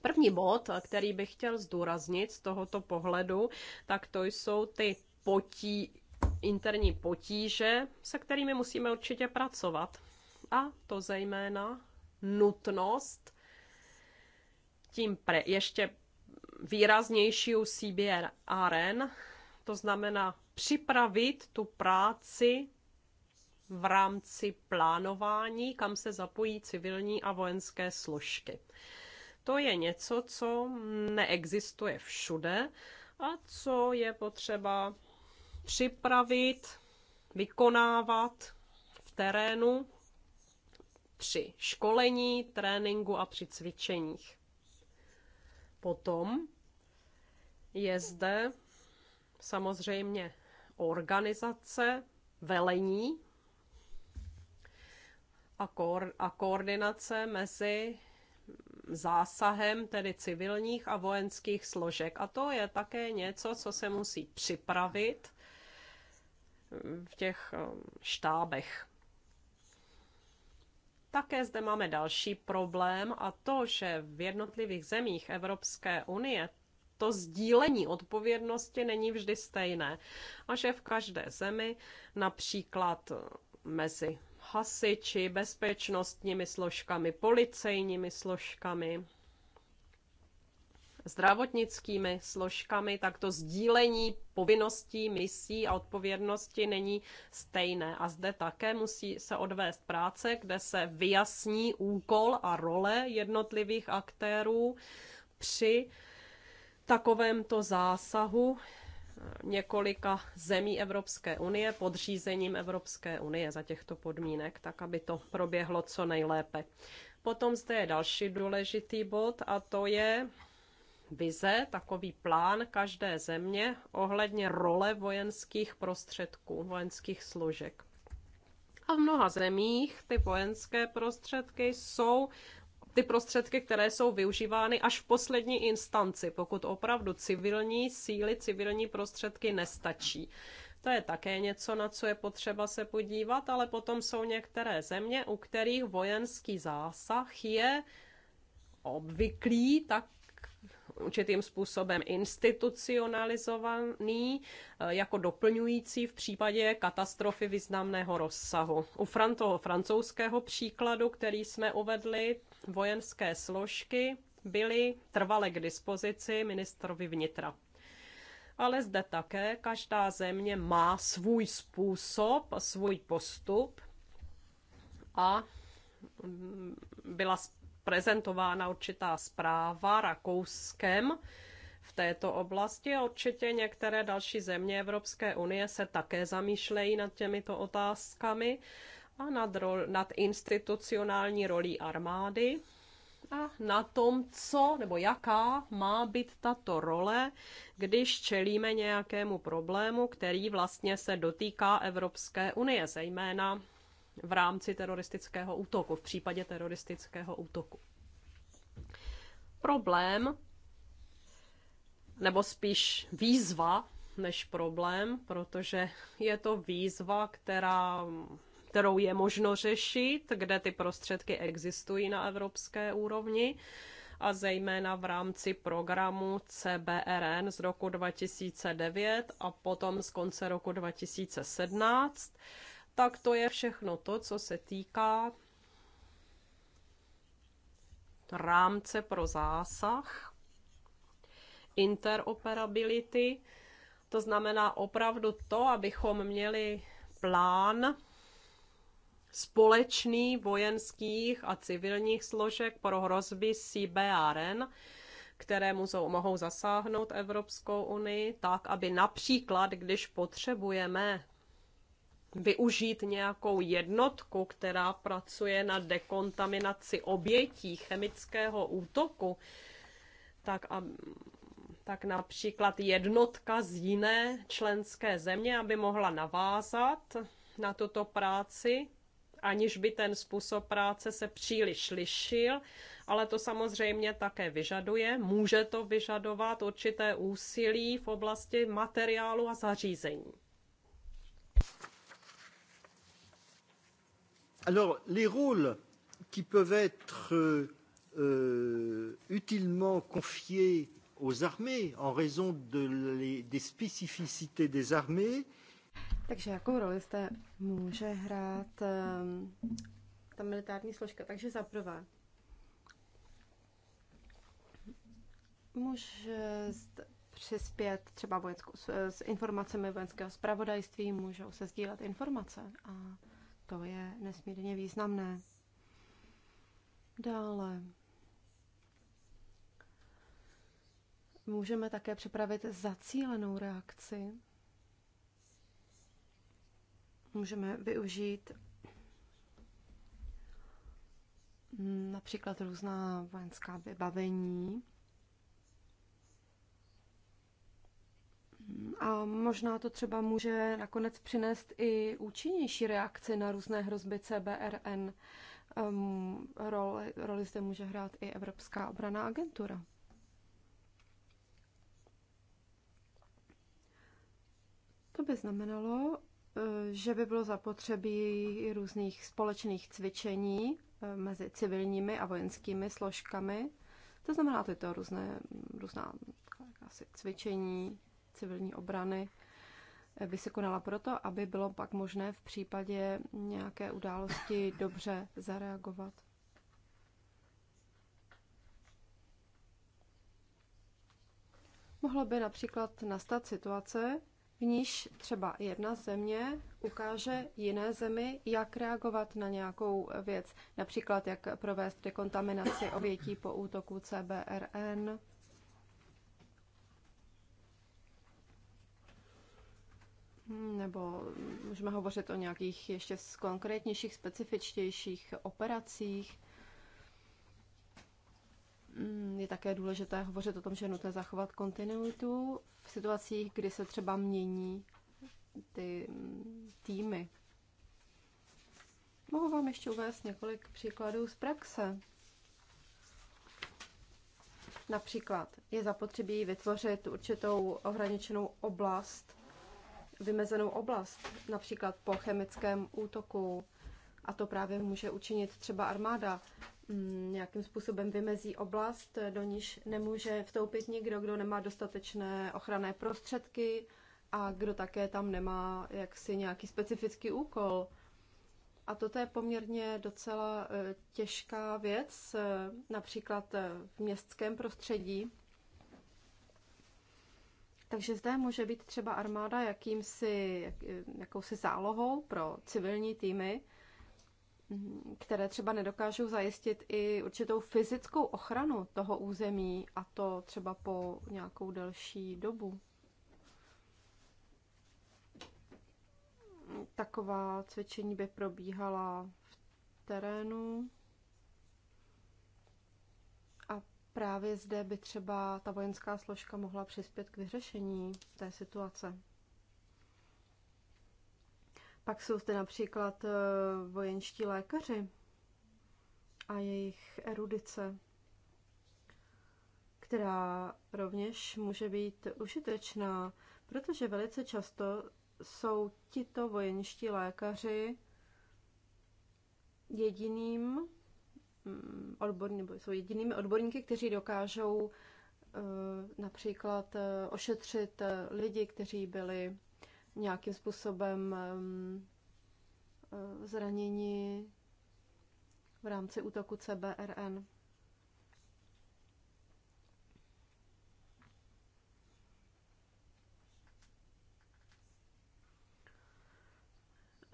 První bod, který bych chtěl zdůraznit z tohoto pohledu, tak to jsou ty potí, interní potíže, se kterými musíme určitě pracovat. A to zejména nutnost tím pre, ještě u CBRN, to znamená připravit tu práci v rámci plánování, kam se zapojí civilní a vojenské složky. To je něco, co neexistuje všude a co je potřeba připravit, vykonávat v terénu při školení, tréninku a při cvičeních. Potom je zde samozřejmě organizace, velení a, ko- a koordinace mezi zásahem tedy civilních a vojenských složek. A to je také něco, co se musí připravit v těch um, štábech. Také zde máme další problém a to, že v jednotlivých zemích Evropské unie to sdílení odpovědnosti není vždy stejné a že v každé zemi například mezi hasiči, bezpečnostními složkami, policejními složkami, zdravotnickými složkami, tak to sdílení povinností, misí a odpovědnosti není stejné. A zde také musí se odvést práce, kde se vyjasní úkol a role jednotlivých aktérů při takovémto zásahu několika zemí Evropské unie pod řízením Evropské unie za těchto podmínek, tak aby to proběhlo co nejlépe. Potom zde je další důležitý bod a to je vize, takový plán každé země ohledně role vojenských prostředků, vojenských složek. A v mnoha zemích ty vojenské prostředky jsou ty prostředky, které jsou využívány až v poslední instanci, pokud opravdu civilní síly, civilní prostředky nestačí. To je také něco, na co je potřeba se podívat, ale potom jsou některé země, u kterých vojenský zásah je obvyklý, tak určitým způsobem institucionalizovaný jako doplňující v případě katastrofy významného rozsahu. U franto, francouzského příkladu, který jsme uvedli, vojenské složky byly trvale k dispozici ministrovi vnitra. Ale zde také každá země má svůj způsob, svůj postup a mm, byla prezentována určitá zpráva Rakouskem v této oblasti a určitě některé další země Evropské unie se také zamýšlejí nad těmito otázkami a nad, rol, nad institucionální rolí armády a na tom, co nebo jaká má být tato role, když čelíme nějakému problému, který vlastně se dotýká Evropské unie, zejména v rámci teroristického útoku, v případě teroristického útoku. Problém, nebo spíš výzva než problém, protože je to výzva, která kterou je možno řešit, kde ty prostředky existují na evropské úrovni a zejména v rámci programu CBRN z roku 2009 a potom z konce roku 2017. Tak to je všechno to, co se týká rámce pro zásah, interoperability, to znamená opravdu to, abychom měli plán společný vojenských a civilních složek pro hrozby CBRN, které můžou mohou zasáhnout Evropskou unii, tak aby například, když potřebujeme využít nějakou jednotku, která pracuje na dekontaminaci obětí chemického útoku, tak, a, tak například jednotka z jiné členské země, aby mohla navázat na tuto práci, aniž by ten způsob práce se příliš lišil, ale to samozřejmě také vyžaduje, může to vyžadovat určité úsilí v oblasti materiálu a zařízení. Alors, les rôles qui peuvent être euh, utilement confiés aux armées en raison de les, des spécificités des armées takže jakou roli jste může hrát ehm, ta militární složka? Takže za prvé, může přispět třeba vojenskou, eh, s, informacemi vojenského zpravodajství, můžou se sdílet informace a to je nesmírně významné. Dále. Můžeme také připravit zacílenou reakci Můžeme využít například různá vojenská vybavení. A možná to třeba může nakonec přinést i účinnější reakci na různé hrozby CBRN. Um, roli, roli zde může hrát i Evropská obraná agentura. To by znamenalo, Eh, že by bylo zapotřebí různých společných cvičení eh, mezi civilními a vojenskými složkami. To znamená tyto různé, různá asi cvičení civilní obrany by se konala proto, aby bylo pak možné v případě nějaké události dobře zareagovat. Mohlo by například nastat situace, v níž třeba jedna země ukáže jiné zemi, jak reagovat na nějakou věc, například jak provést dekontaminaci obětí po útoku CBRN. Nebo můžeme hovořit o nějakých ještě konkrétnějších, specifičtějších operacích. Mm, je také důležité hovořit o tom, že je nutné zachovat kontinuitu v situacích, kdy se třeba mění ty mm, týmy. Mohu vám ještě uvést několik příkladů z praxe. Například je zapotřebí vytvořit určitou ohraničenou oblast, vymezenou oblast, například po chemickém útoku, a to právě může učinit třeba armáda. Mm, nějakým způsobem vymezí oblast, do níž nemůže vstoupit nikdo, kdo nemá dostatečné ochranné prostředky a kdo také tam nemá jaksi nějaký specifický úkol. A toto je poměrně docela e, těžká věc, e, například e, v městském prostředí. Takže zde může být třeba armáda jakýmsi, jakousi zálohou pro civilní týmy, které třeba nedokážou zajistit i určitou fyzickou ochranu toho území a to třeba po nějakou delší dobu. Taková cvičení by probíhala v terénu a právě zde by třeba ta vojenská složka mohla přispět k vyřešení té situace. Pak jsou zde například eh, vojenští lékaři a jejich erudice, která rovněž může být užitečná, protože velice často jsou tito vojenští lékaři jediným mm, odborní, nebo jsou jedinými odborníky, kteří dokážou eh, například eh, ošetřit lidi, kteří byli nějakým způsobem eh, zranění v rámci útoku CBRN.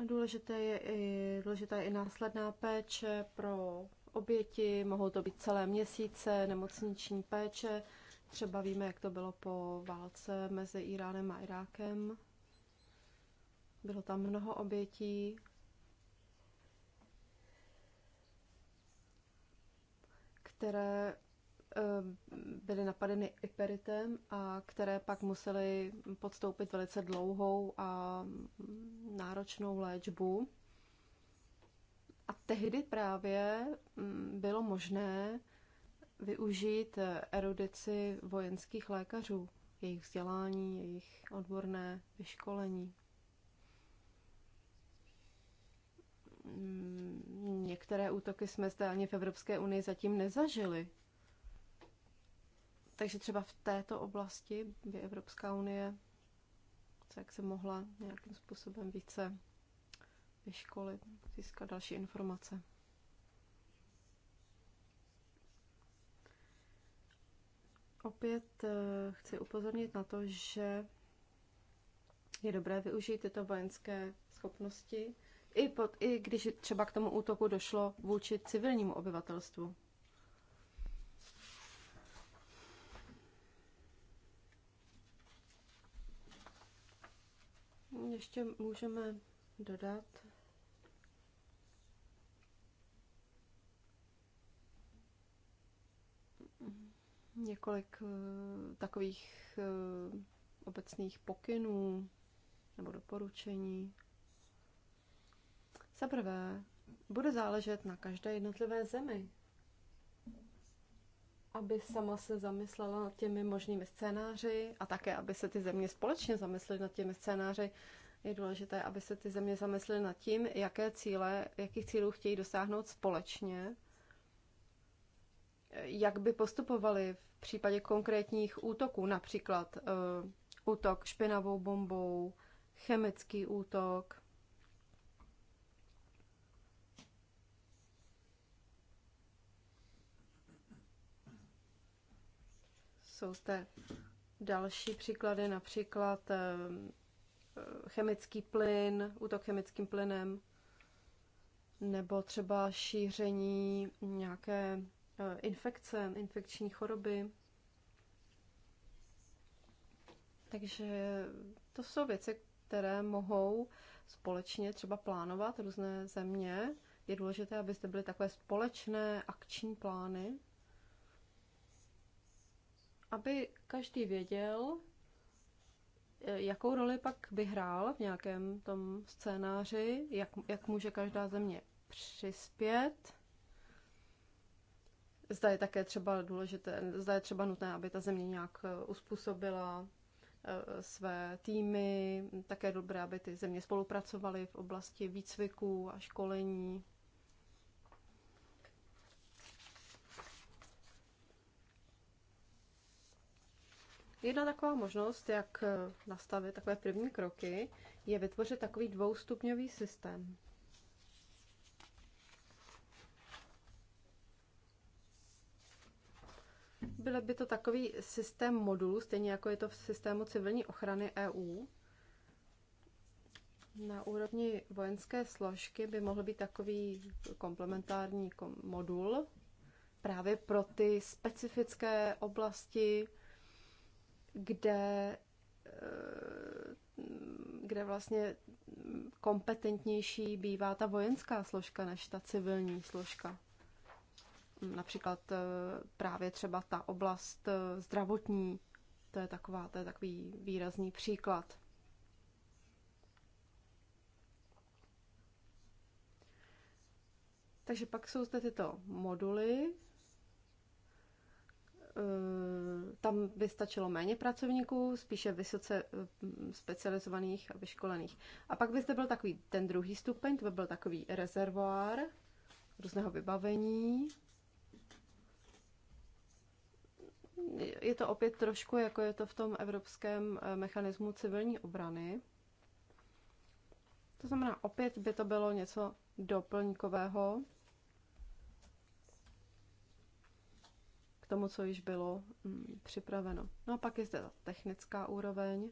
Důležité je i, důležitá je i následná péče pro oběti, mohou to být celé měsíce, nemocniční péče. Třeba víme, jak to bylo po válce mezi Iránem a Irákem. Bylo tam mnoho obětí. které eh, byly napadeny iperitem a které pak museli podstoupit velice dlouhou a náročnou léčbu. A tehdy právě mm, bylo možné využít eh, erudici vojenských lékařů, jejich vzdělání, jejich odborné vyškolení. Mm, některé útoky jsme zde ani v Evropské unii zatím nezažili. Takže třeba v této oblasti by Evropská unie se jak se mohla nějakým způsobem více vyškolit, získat další informace. Opět eh, chci upozornit na to, že je dobré využít tyto vojenské schopnosti i, pod, i když třeba k tomu útoku došlo vůči civilnímu obyvatelstvu. Ještě můžeme dodat, několik eh, takových eh, obecných pokynů nebo doporučení. Za prvé, bude záležet na každé jednotlivé zemi, aby sama se zamyslela nad těmi možnými scénáři a také, aby se ty země společně zamyslely nad těmi scénáři. Je důležité, aby se ty země zamyslely nad tím, jaké cíle, jakých cílů chtějí dosáhnout společně, jak by postupovali v případě konkrétních útoků, například uh, útok špinavou bombou, chemický útok, Jsou zde další příklady, například eh, chemický plyn, útok chemickým plynem, nebo třeba šíření nějaké eh, infekce, infekční choroby. Takže to jsou věci, které mohou společně třeba plánovat různé země. Je důležité, abyste byly takové společné akční plány aby každý věděl, eh, jakou roli pak by hrál v nějakém tom scénáři, jak, jak může každá země přispět. Zda je také třeba důležité, zda je třeba nutné, aby ta země nějak eh, uspůsobila eh, své týmy, také dobré, aby ty země spolupracovaly v oblasti výcviku a školení. Jedna taková možnost, jak eh, nastavit takové první kroky, je vytvořit takový dvoustupňový systém. Byl by to takový systém modulů, stejně jako je to v systému civilní ochrany EU. Na úrovni vojenské složky by mohl být takový komplementární modul právě pro ty specifické oblasti, kde, eh, kde vlastně kompetentnější bývá ta vojenská složka než ta civilní složka. Například eh, právě třeba ta oblast eh, zdravotní, to je, taková, to je takový výrazný příklad. Takže pak jsou zde tyto moduly, Eh, tam by stačilo méně pracovníků, spíše vysoce eh, specializovaných a vyškolených. A pak by zde byl takový ten druhý stupeň, to by byl takový rezervoár různého vybavení. Je to opět trošku, jako je to v tom evropském eh, mechanismu civilní obrany. To znamená, opět by to bylo něco doplňkového, tomu, co již bylo mm, připraveno. No a pak je zde technická úroveň.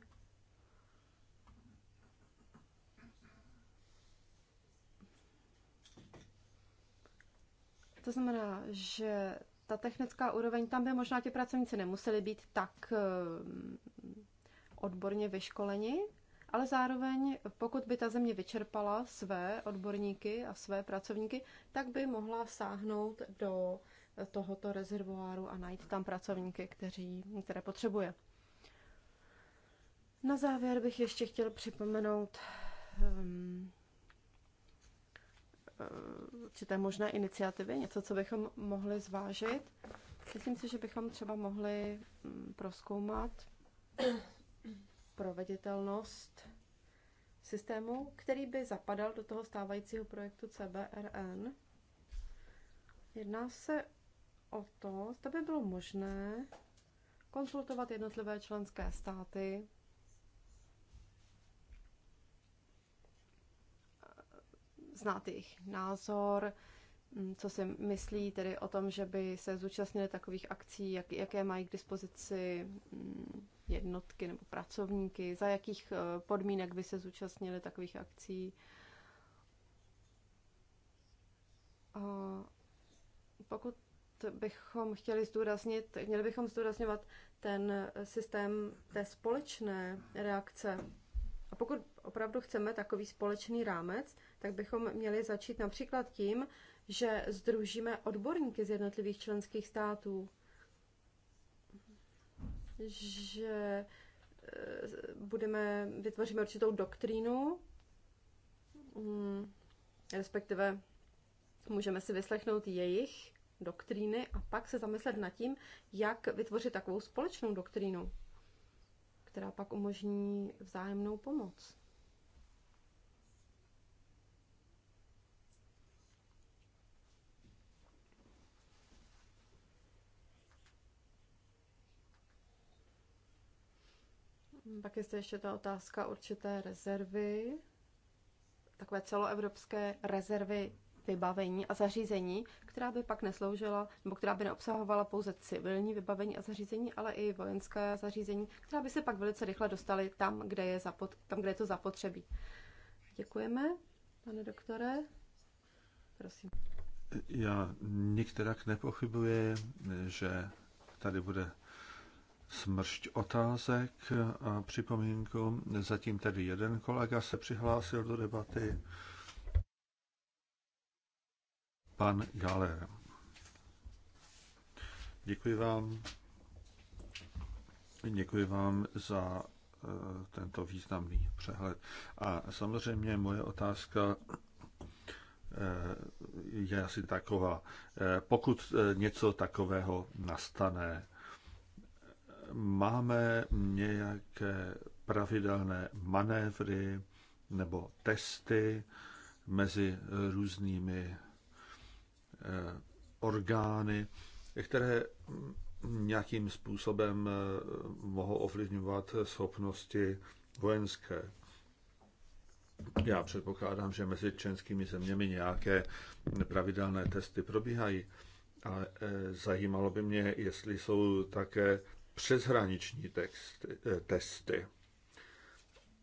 To znamená, že ta technická úroveň, tam by možná ti pracovníci nemuseli být tak eh, odborně vyškoleni, ale zároveň, pokud by ta země vyčerpala své odborníky a své pracovníky, tak by mohla sáhnout do tohoto rezervoáru a najít tam pracovníky, kteří, které potřebuje. Na závěr bych ještě chtěl připomenout um, určité možné iniciativy, něco, co bychom mohli zvážit. Myslím si, že bychom třeba mohli hm, proskoumat proveditelnost systému, který by zapadal do toho stávajícího projektu CBRN. Jedná se o to, zda by bylo možné konsultovat jednotlivé členské státy znát jejich názor, mm, co si myslí tedy o tom, že by se zúčastnili takových akcí, jak, jaké mají k dispozici mm, jednotky nebo pracovníky, za jakých eh, podmínek by se zúčastnili takových akcí. A pokud bychom chtěli zdůraznit, měli bychom zdůrazňovat ten systém té společné reakce. A pokud opravdu chceme takový společný rámec, tak bychom měli začít například tím, že združíme odborníky z jednotlivých členských států, že e, budeme, vytvoříme určitou doktrínu, mm, respektive můžeme si vyslechnout jejich doktríny a pak se zamyslet nad tím, jak vytvořit takovou společnou doktrínu, která pak umožní vzájemnou pomoc. Pak je zde ještě ta otázka určité rezervy, takové celoevropské rezervy vybavení a zařízení, která by pak nesloužila, nebo která by neobsahovala pouze civilní vybavení a zařízení, ale i vojenské zařízení, která by se pak velice rychle dostaly tam, kde je, zapot, tam, kde je to zapotřebí. Děkujeme, pane doktore. Prosím. Já nikterak nepochybuji, že tady bude smršť otázek a připomínku. Zatím tedy jeden kolega se přihlásil do debaty pan Galer. Děkuji vám. Děkuji vám za eh, tento významný přehled. A samozřejmě moje otázka eh, je asi taková. Eh, pokud něco takového nastane, máme nějaké pravidelné manévry nebo testy mezi různými Eh, orgány, které nějakým způsobem eh, mohou ovlivňovat schopnosti vojenské. Já předpokládám, že mezi členskými zeměmi nějaké pravidelné testy probíhají, ale eh, zajímalo by mě, jestli jsou také přeshraniční texty, testy.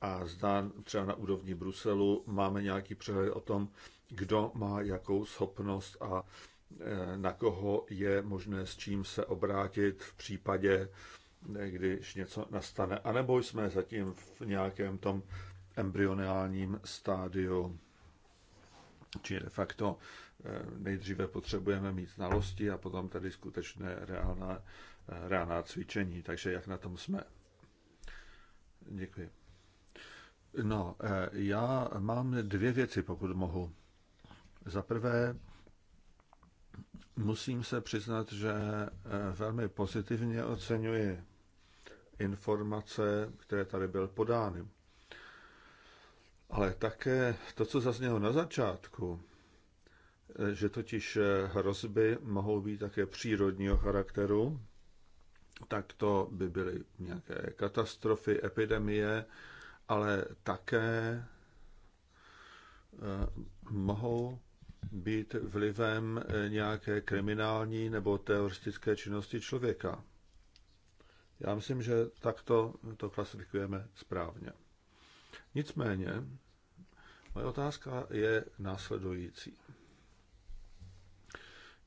A zdá třeba na úrovni Bruselu máme nějaký přehled o tom, kdo má jakou schopnost a e, na koho je možné s čím se obrátit v případě, e, když něco nastane. A nebo jsme zatím v nějakém tom embryonálním stádiu. Či de facto e, nejdříve potřebujeme mít znalosti a potom tady skutečné reálná, reálná cvičení. Takže jak na tom jsme? Děkuji. No, já mám dvě věci, pokud mohu. Za prvé, musím se přiznat, že eh, velmi pozitivně oceňuji informace, které tady byly podány. Ale také to, co zaznělo na začátku, eh, že totiž eh, hrozby mohou být také přírodního charakteru, tak to by byly nějaké katastrofy, epidemie, ale také mohou být vlivem eh, nějaké kriminální nebo teoristické činnosti člověka. Já myslím, že takto to klasifikujeme správně. Nicméně, moje otázka je následující.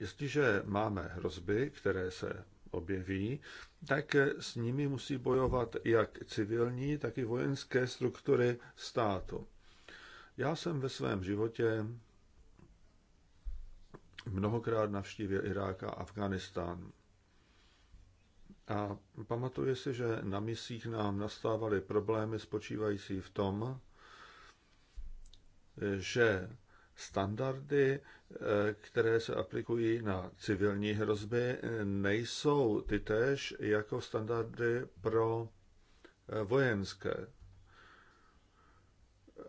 Jestliže máme hrozby, které se objeví, tak s nimi musí bojovat jak civilní, tak i vojenské struktury státu. Já jsem ve svém životě mnohokrát navštívil Irák a Afganistán. A pamatuje si, že na misích nám nastávaly problémy spočívající v tom, že standardy, eh, které se aplikují na civilní hrozby, nejsou tytéž jako standardy pro eh, vojenské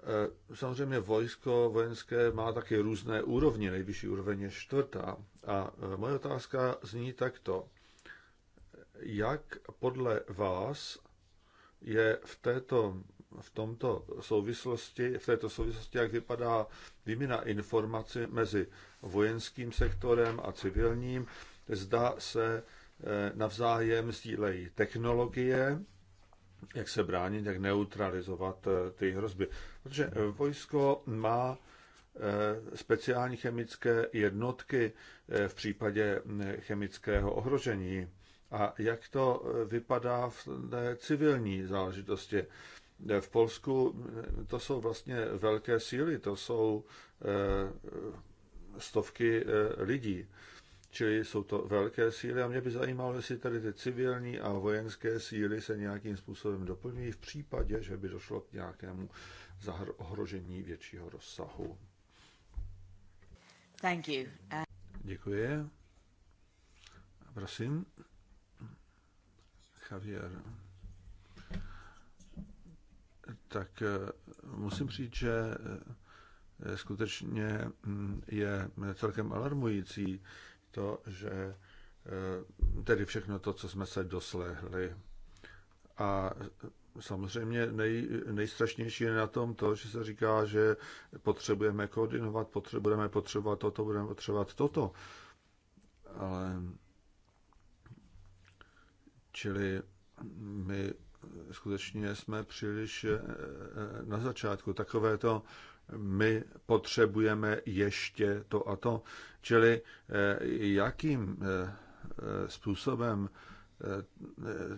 Eh, samozřejmě vojsko vojenské má také různé úrovně, nejvyšší úroveň je čtvrtá. A eh, moje otázka zní takto. Jak podle vás je v této v tomto souvislosti, v této souvislosti, jak vypadá výměna informací mezi vojenským sektorem a civilním, zda se eh, navzájem sdílejí technologie jak se bránit, jak neutralizovat eh, ty hrozby. Protože eh, vojsko má eh, speciální chemické jednotky v případě mm, chemického ohrožení. A jak to vypadá v té civilní záležitosti? V Polsku mm, to jsou vlastně velké síly, to jsou stovky lidí. Čili jsou to velké síly a mě by zajímalo, jestli tady ty civilní a vojenské síly se nějakým způsobem doplňují v případě, že by došlo k nějakému ohrožení většího rozsahu. Thank you. Uh... Děkuji. Prosím. Javier. Tak eh, musím říct, že eh, skutečně mm, je celkem alarmující, to, že eh, tedy všechno to, co jsme se doslehli. A samozřejmě nej, nejstrašnější je na tom to, že se říká, že potřebujeme koordinovat, potřebujeme potřebovat toto, budeme potřebovat toto. Ale čili my skutečně jsme příliš eh, eh, na začátku. takovéto to my potřebujeme ještě to a to. Čili eh, jakým eh, eh, způsobem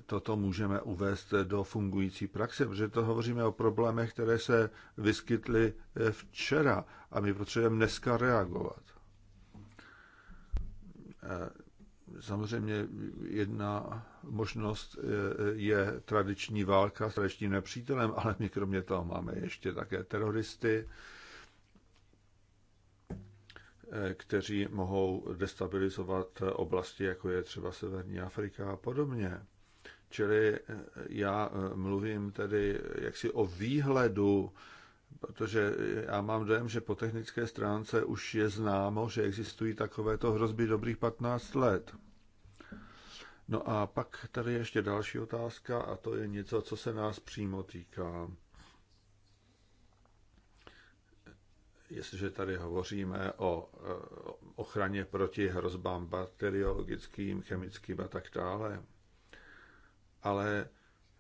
toto můžeme uvést do fungující praxe, protože to hovoříme o problémech, které se vyskytly včera a my potřebujeme dneska reagovat. Samozřejmě jedna možnost eh, je tradiční válka s tradičním nepřítelem, ale my kromě toho máme ještě také teroristy, eh, kteří mohou destabilizovat oblasti, jako je třeba Severní Afrika a podobně. Čili eh, já mluvím tedy jaksi o výhledu protože já mám dojem, že po technické stránce už je známo, že existují takovéto hrozby dobrých 15 let. No a pak tady ještě další otázka a to je něco, co se nás přímo týká. Jestliže tady hovoříme o eh, ochraně proti hrozbám bakteriologickým, chemickým a tak dále, ale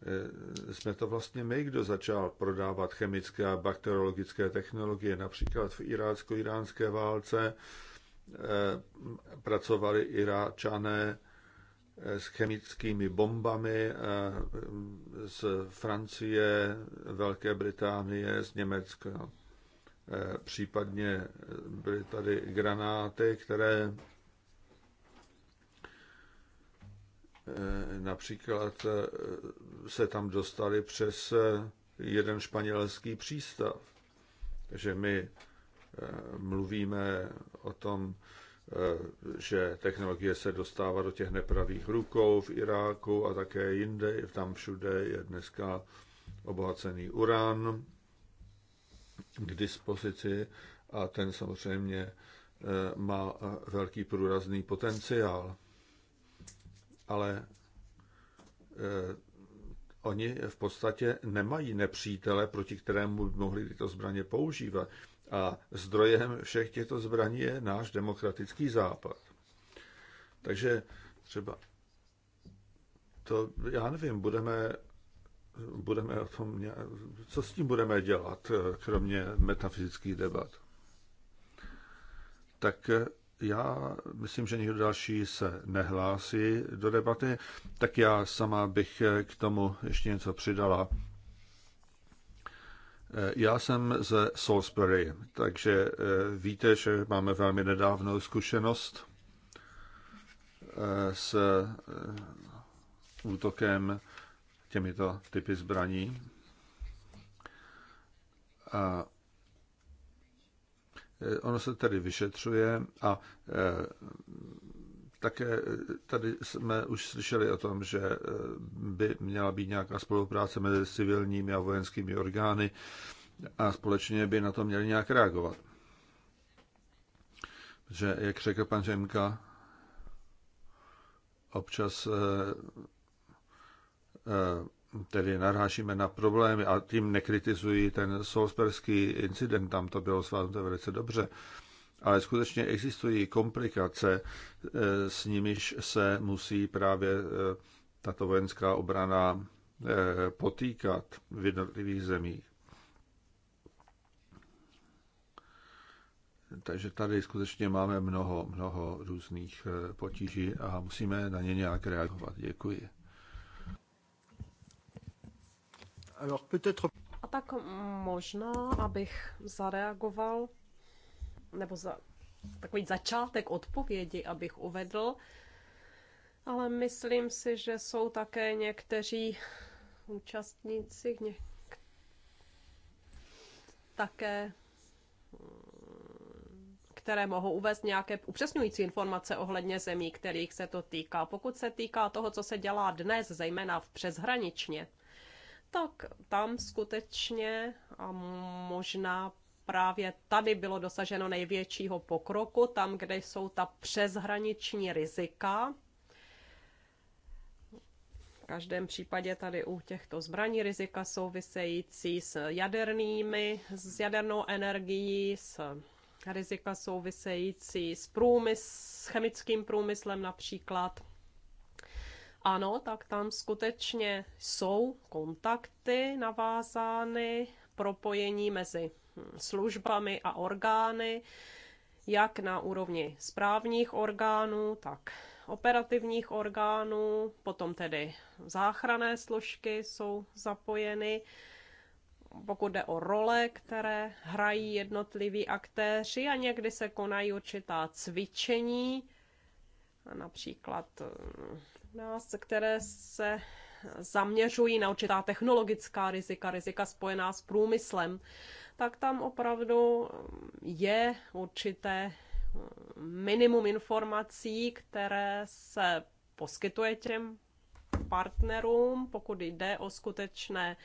Eh, jsme to vlastně my, kdo začal prodávat chemické a bakteriologické technologie. Například v irácko-iránské válce eh, pracovali Iráčané eh, s chemickými bombami z Francie, Velké Británie, z Německa. Případně byly tady granáty, které Eh, například eh, se tam dostali přes eh, jeden španělský přístav. Takže my mluvíme o tom, že technologie se dostává do těch nepravých rukou v Iráku a také jinde, tam všude je dneska obohacený uran k dispozici a ten samozřejmě má velký průrazný potenciál ale eh, oni v podstatě nemají nepřítele, proti kterému by mohli tyto zbraně používat. A zdrojem všech těchto zbraní je náš demokratický západ. Takže třeba to, já nevím, budeme, budeme o tom, co s tím budeme dělat, eh, kromě metafyzických debat. Tak eh, já myslím, že někdo další se nehlásí do debaty, tak já sama bych eh, k tomu ještě něco přidala. Eh, já jsem ze Salisbury, takže eh, víte, že máme velmi nedávnou zkušenost s útokem těmito typy zbraní. A Eh, ono se tedy vyšetřuje a eh, také eh, tady jsme už slyšeli o tom, že by měla být nějaká spolupráce mezi civilními a vojenskými orgány a společně by na to měli nějak reagovat. Že, jak řekl pan Žemka, občas tedy narážíme na problémy a tím nekritizuji ten Solsberský incident, tam to bylo zvládnuto velice dobře, ale skutečně existují komplikace, eh, s nimiž se musí právě eh, tato vojenská obrana eh, potýkat v jednotlivých zemích. Takže tady skutečně máme mnoho, mnoho různých potíží a musíme na ně nějak reagovat. Děkuji. A tak možná, abych zareagoval, nebo za takový začátek odpovědi, abych uvedl, ale myslím si, že jsou také někteří účastníci, něk... také které mohou uvést nějaké upřesňující informace ohledně zemí, kterých se to týká. Pokud se týká toho, co se dělá dnes, zejména v přeshraničně, tak tam skutečně a možná právě tady bylo dosaženo největšího pokroku, tam, kde jsou ta přeshraniční rizika. V každém případě tady u těchto zbraní rizika související s jadernými, s jadernou energií, s rizika související s, průmysl, s chemickým průmyslem například ano, tak tam skutečně jsou kontakty navázány, propojení mezi hm, službami a orgány, jak na úrovni správních orgánů, tak operativních orgánů, potom tedy záchranné složky jsou zapojeny. Pokud jde o role, které hrají jednotliví aktéři a někdy se konají určitá cvičení, například hm, nás, které se zaměřují na určitá technologická rizika, rizika spojená s průmyslem, tak tam opravdu mm, je určité mm, minimum informací, které se poskytuje těm partnerům, pokud jde o skutečné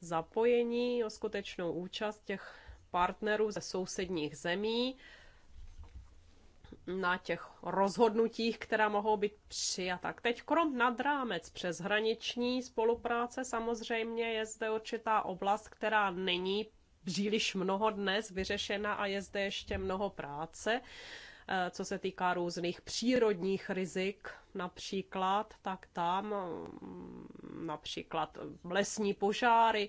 zapojení, o skutečnou účast těch partnerů ze sousedních zemí na těch rozhodnutích, která mohou být přijata. Teď krom nad rámec přeshraniční spolupráce samozřejmě je zde určitá oblast, která není příliš mnoho dnes vyřešena a je zde ještě mnoho práce, eh, co se týká různých přírodních rizik například, tak tam mm, například lesní požáry,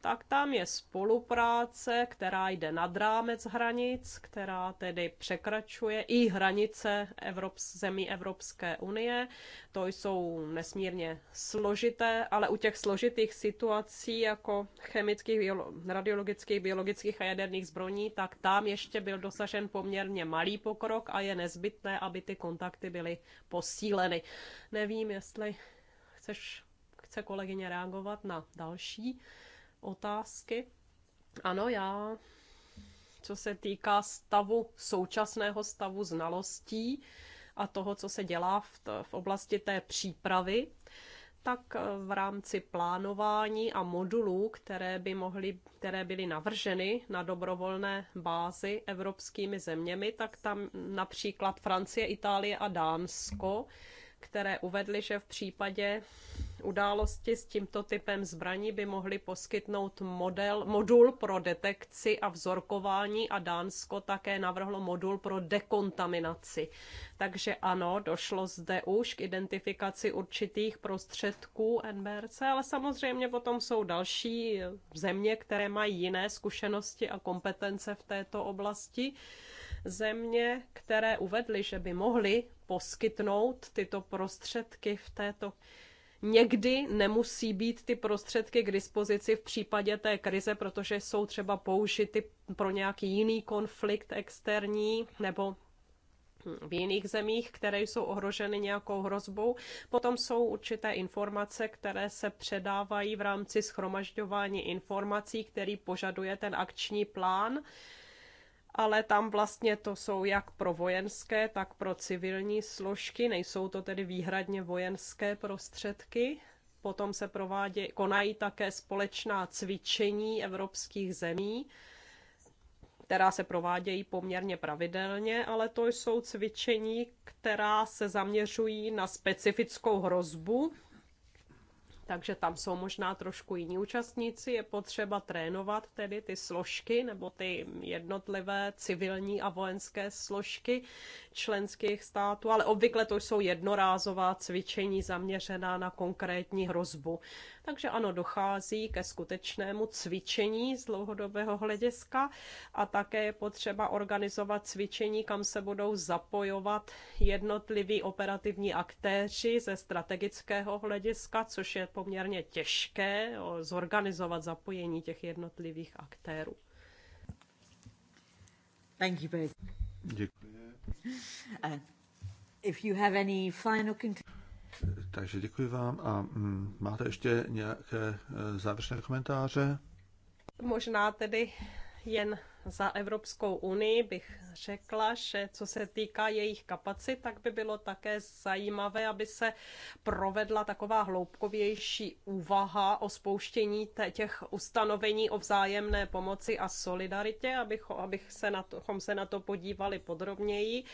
tak tam je spolupráce, která jde nad rámec hranic, která tedy překračuje i hranice Evrops, zemí Evropské unie. To jsou nesmírně složité, ale u těch složitých situací, jako chemických, radiologických, biologických a jaderných zbroní, tak tam ještě byl dosažen poměrně malý pokrok a je nezbytné, aby ty kontakty byly posíleny členy. Nevím, jestli chceš, chce kolegyně reagovat na další otázky. Ano, já, co se týká stavu, současného stavu znalostí a toho, co se dělá v, v oblasti té přípravy, tak eh, v rámci plánování a modulů, které, by mohly, které byly navrženy na dobrovolné bázi evropskými zeměmi, tak tam například Francie, Itálie a Dánsko, které uvedly, že v případě události s tímto typem zbraní by mohly poskytnout model, modul pro detekci a vzorkování a Dánsko také navrhlo modul pro dekontaminaci. Takže ano, došlo zde už k identifikaci určitých prostředků NBRC, ale samozřejmě potom jsou další země, které mají jiné zkušenosti a kompetence v této oblasti země, které uvedly, že by mohly poskytnout tyto prostředky v této Někdy nemusí být ty prostředky k dispozici v případě té krize, protože jsou třeba použity pro nějaký jiný konflikt externí nebo v jiných zemích, které jsou ohroženy nějakou hrozbou. Potom jsou určité informace, které se předávají v rámci schromažďování informací, který požaduje ten akční plán ale tam vlastně to jsou jak pro vojenské, tak pro civilní složky, nejsou to tedy výhradně vojenské prostředky. Potom se provádě, konají také společná cvičení evropských zemí, která se provádějí poměrně pravidelně, ale to jsou cvičení, která se zaměřují na specifickou hrozbu, takže tam jsou možná trošku jiní účastníci. Je potřeba trénovat tedy ty složky nebo ty jednotlivé civilní a vojenské složky, členských států, ale obvykle to jsou jednorázová cvičení zaměřená na konkrétní hrozbu. Takže ano, dochází ke skutečnému cvičení z dlouhodobého hlediska a také je potřeba organizovat cvičení, kam se budou zapojovat jednotliví operativní aktéři ze strategického hlediska, což je poměrně těžké zorganizovat zapojení těch jednotlivých aktérů. Thank you much. Děkuji. If you have any final Takže děkuji vám a mm, máte ještě nějaké eh, závěrečné komentáře? Možná tedy jen za Evropskou unii bych řekla, že co se týká jejich kapacit, tak by bylo také zajímavé, aby se provedla taková hloubkovější úvaha o spouštění těch ustanovení o vzájemné pomoci a solidaritě, abych, abych se na to, abychom se na to podívali podrobněji,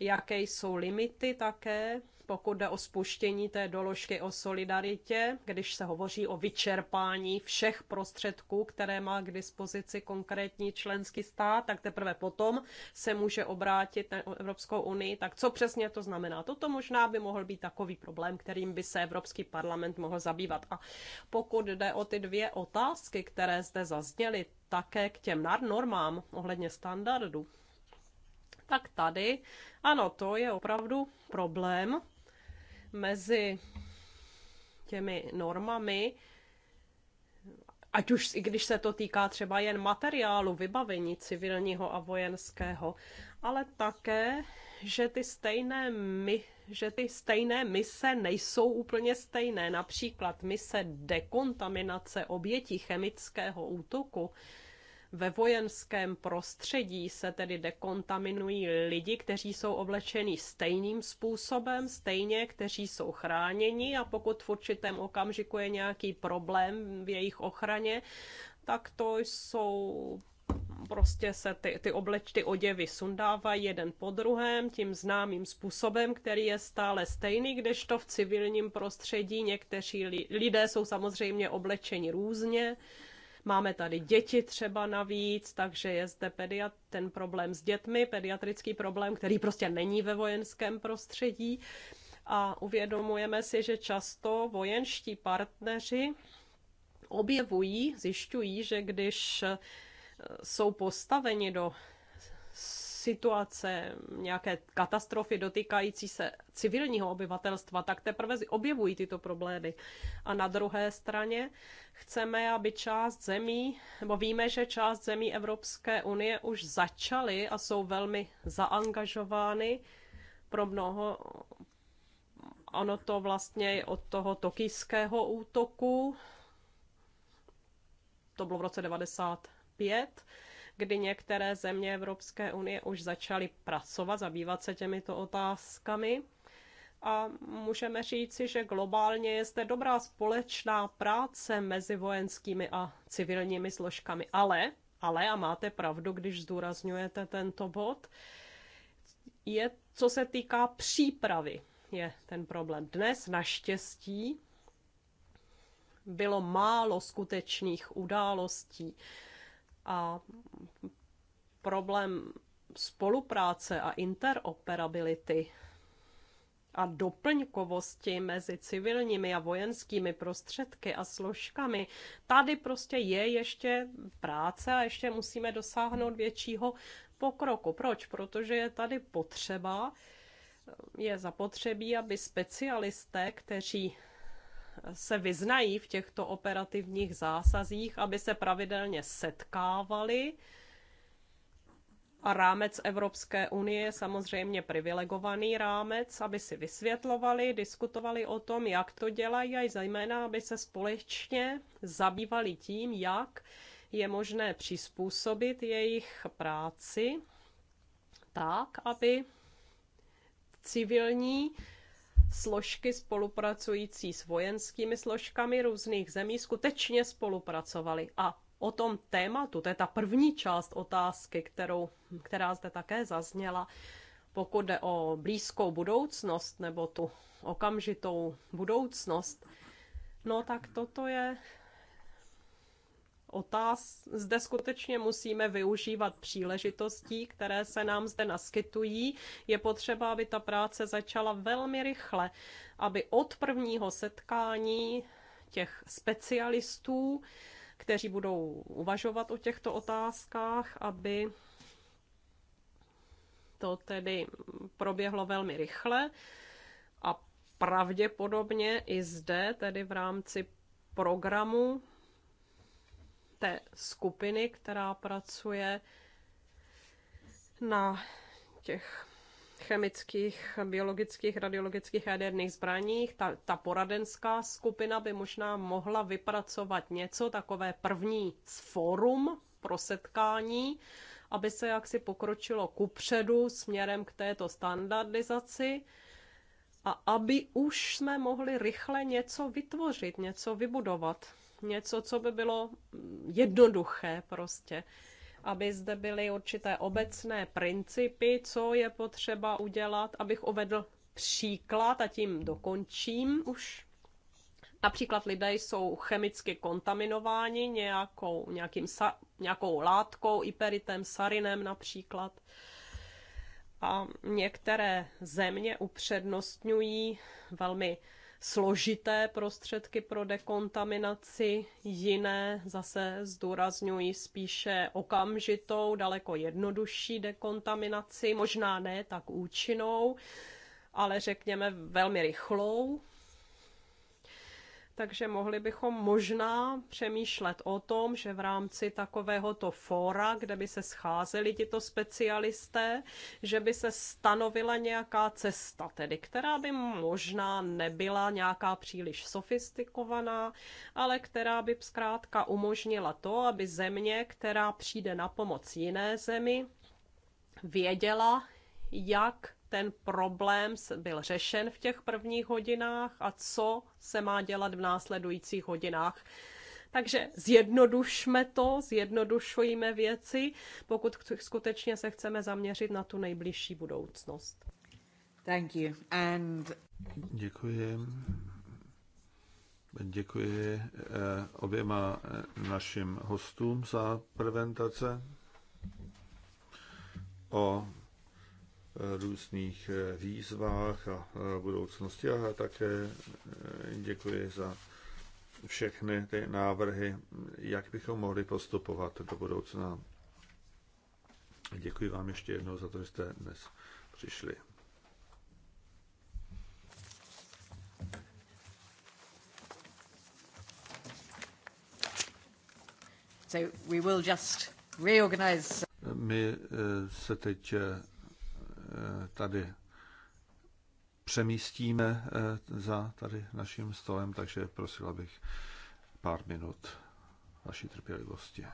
jaké jsou limity také pokud jde o spuštění té doložky o solidaritě, když se hovoří o vyčerpání všech prostředků, které má k dispozici konkrétní členský stát, tak teprve potom se může obrátit na Evropskou unii. Tak co přesně to znamená? Toto možná by mohl být takový problém, kterým by se Evropský parlament mohl zabývat. A pokud jde o ty dvě otázky, které zde zazněly, také k těm normám ohledně standardů, tak tady, ano, to je opravdu problém, mezi těmi normami, ať už i když se to týká třeba jen materiálu, vybavení civilního a vojenského, ale také, že ty stejné my, že ty stejné mise nejsou úplně stejné. Například mise dekontaminace obětí chemického útoku ve vojenském prostředí se tedy dekontaminují lidi, kteří jsou oblečeni stejným způsobem, stejně, kteří jsou chráněni a pokud v určitém okamžiku je nějaký problém v jejich ochraně, tak to jsou prostě se ty, ty oblečty oděvy sundávají jeden po druhém tím známým způsobem, který je stále stejný, kdežto v civilním prostředí někteří lidé jsou samozřejmě oblečeni různě Máme tady děti třeba navíc, takže je zde pediat, ten problém s dětmi, pediatrický problém, který prostě není ve vojenském prostředí. A uvědomujeme si, že často vojenští partneři objevují, zjišťují, že když eh, jsou postaveni do situace, nějaké katastrofy dotýkající se civilního obyvatelstva, tak teprve objevují tyto problémy. A na druhé straně chceme, aby část zemí, nebo víme, že část zemí Evropské unie už začaly a jsou velmi zaangažovány pro mnoho ono to vlastně od toho tokijského útoku, to bylo v roce 95, kdy některé země Evropské unie už začaly pracovat, zabývat se těmito otázkami a můžeme říci, že globálně je zde dobrá společná práce mezi vojenskými a civilními složkami. Ale, ale, a máte pravdu, když zdůrazňujete tento bod, je, co se týká přípravy, je ten problém. Dnes naštěstí bylo málo skutečných událostí, a problém spolupráce a interoperability a doplňkovosti mezi civilními a vojenskými prostředky a složkami, tady prostě je ještě práce a ještě musíme dosáhnout většího pokroku. Proč? Protože je tady potřeba, je zapotřebí, aby specialisté, kteří se vyznají v těchto operativních zásazích, aby se pravidelně setkávali. A rámec Evropské unie je samozřejmě privilegovaný rámec, aby si vysvětlovali, diskutovali o tom, jak to dělají a zejména, aby se společně zabývali tím, jak je možné přizpůsobit jejich práci tak, aby civilní složky spolupracující s vojenskými složkami různých zemí skutečně spolupracovaly. A o tom tématu, to je ta první část otázky, kterou, která zde také zazněla, pokud jde o blízkou budoucnost nebo tu okamžitou budoucnost, no tak toto je otáz, zde skutečně musíme využívat příležitostí, které se nám zde naskytují. Je potřeba, aby ta práce začala velmi rychle, aby od prvního setkání těch specialistů, kteří budou uvažovat o těchto otázkách, aby to tedy proběhlo velmi rychle a pravděpodobně i zde, tedy v rámci programu té skupiny, která pracuje na těch chemických, biologických, radiologických jaderných zbraních. Ta, ta poradenská skupina by možná mohla vypracovat něco, takové první forum pro setkání, aby se jaksi pokročilo kupředu směrem k této standardizaci a aby už jsme mohli rychle něco vytvořit, něco vybudovat něco, co by bylo jednoduché prostě, aby zde byly určité obecné principy, co je potřeba udělat, abych uvedl příklad a tím dokončím už. Například lidé jsou chemicky kontaminováni nějakou, nějakým sa, nějakou látkou, iperitem, sarinem například. A některé země upřednostňují velmi složité prostředky pro dekontaminaci, jiné zase zdůrazňují spíše okamžitou, daleko jednodušší dekontaminaci, možná ne tak účinnou, ale řekněme velmi rychlou takže mohli bychom možná přemýšlet o tom, že v rámci takovéhoto fóra, kde by se scházeli tito specialisté, že by se stanovila nějaká cesta, tedy která by možná nebyla nějaká příliš sofistikovaná, ale která by zkrátka umožnila to, aby země, která přijde na pomoc jiné zemi, věděla, jak ten problém byl řešen v těch prvních hodinách a co se má dělat v následujících hodinách. Takže zjednodušme to, zjednodušujme věci, pokud skutečně se chceme zaměřit na tu nejbližší budoucnost. Thank you. And... Děkuji. Děkuji eh, oběma eh, našim hostům za prezentace o Eh, různých eh, výzvách a eh, budoucnosti a také děkuji za všechny ty návrhy, jak bychom mohli postupovat do budoucna. Děkuji vám ještě jednou za to, že jste dnes přišli. So we will just reorganize. My se teď tady přemístíme eh, za tady naším stolem, takže prosila bych pár minut vaší trpělivosti.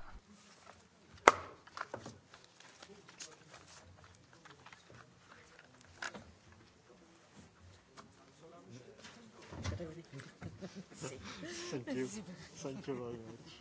Thank you. Thank you very much.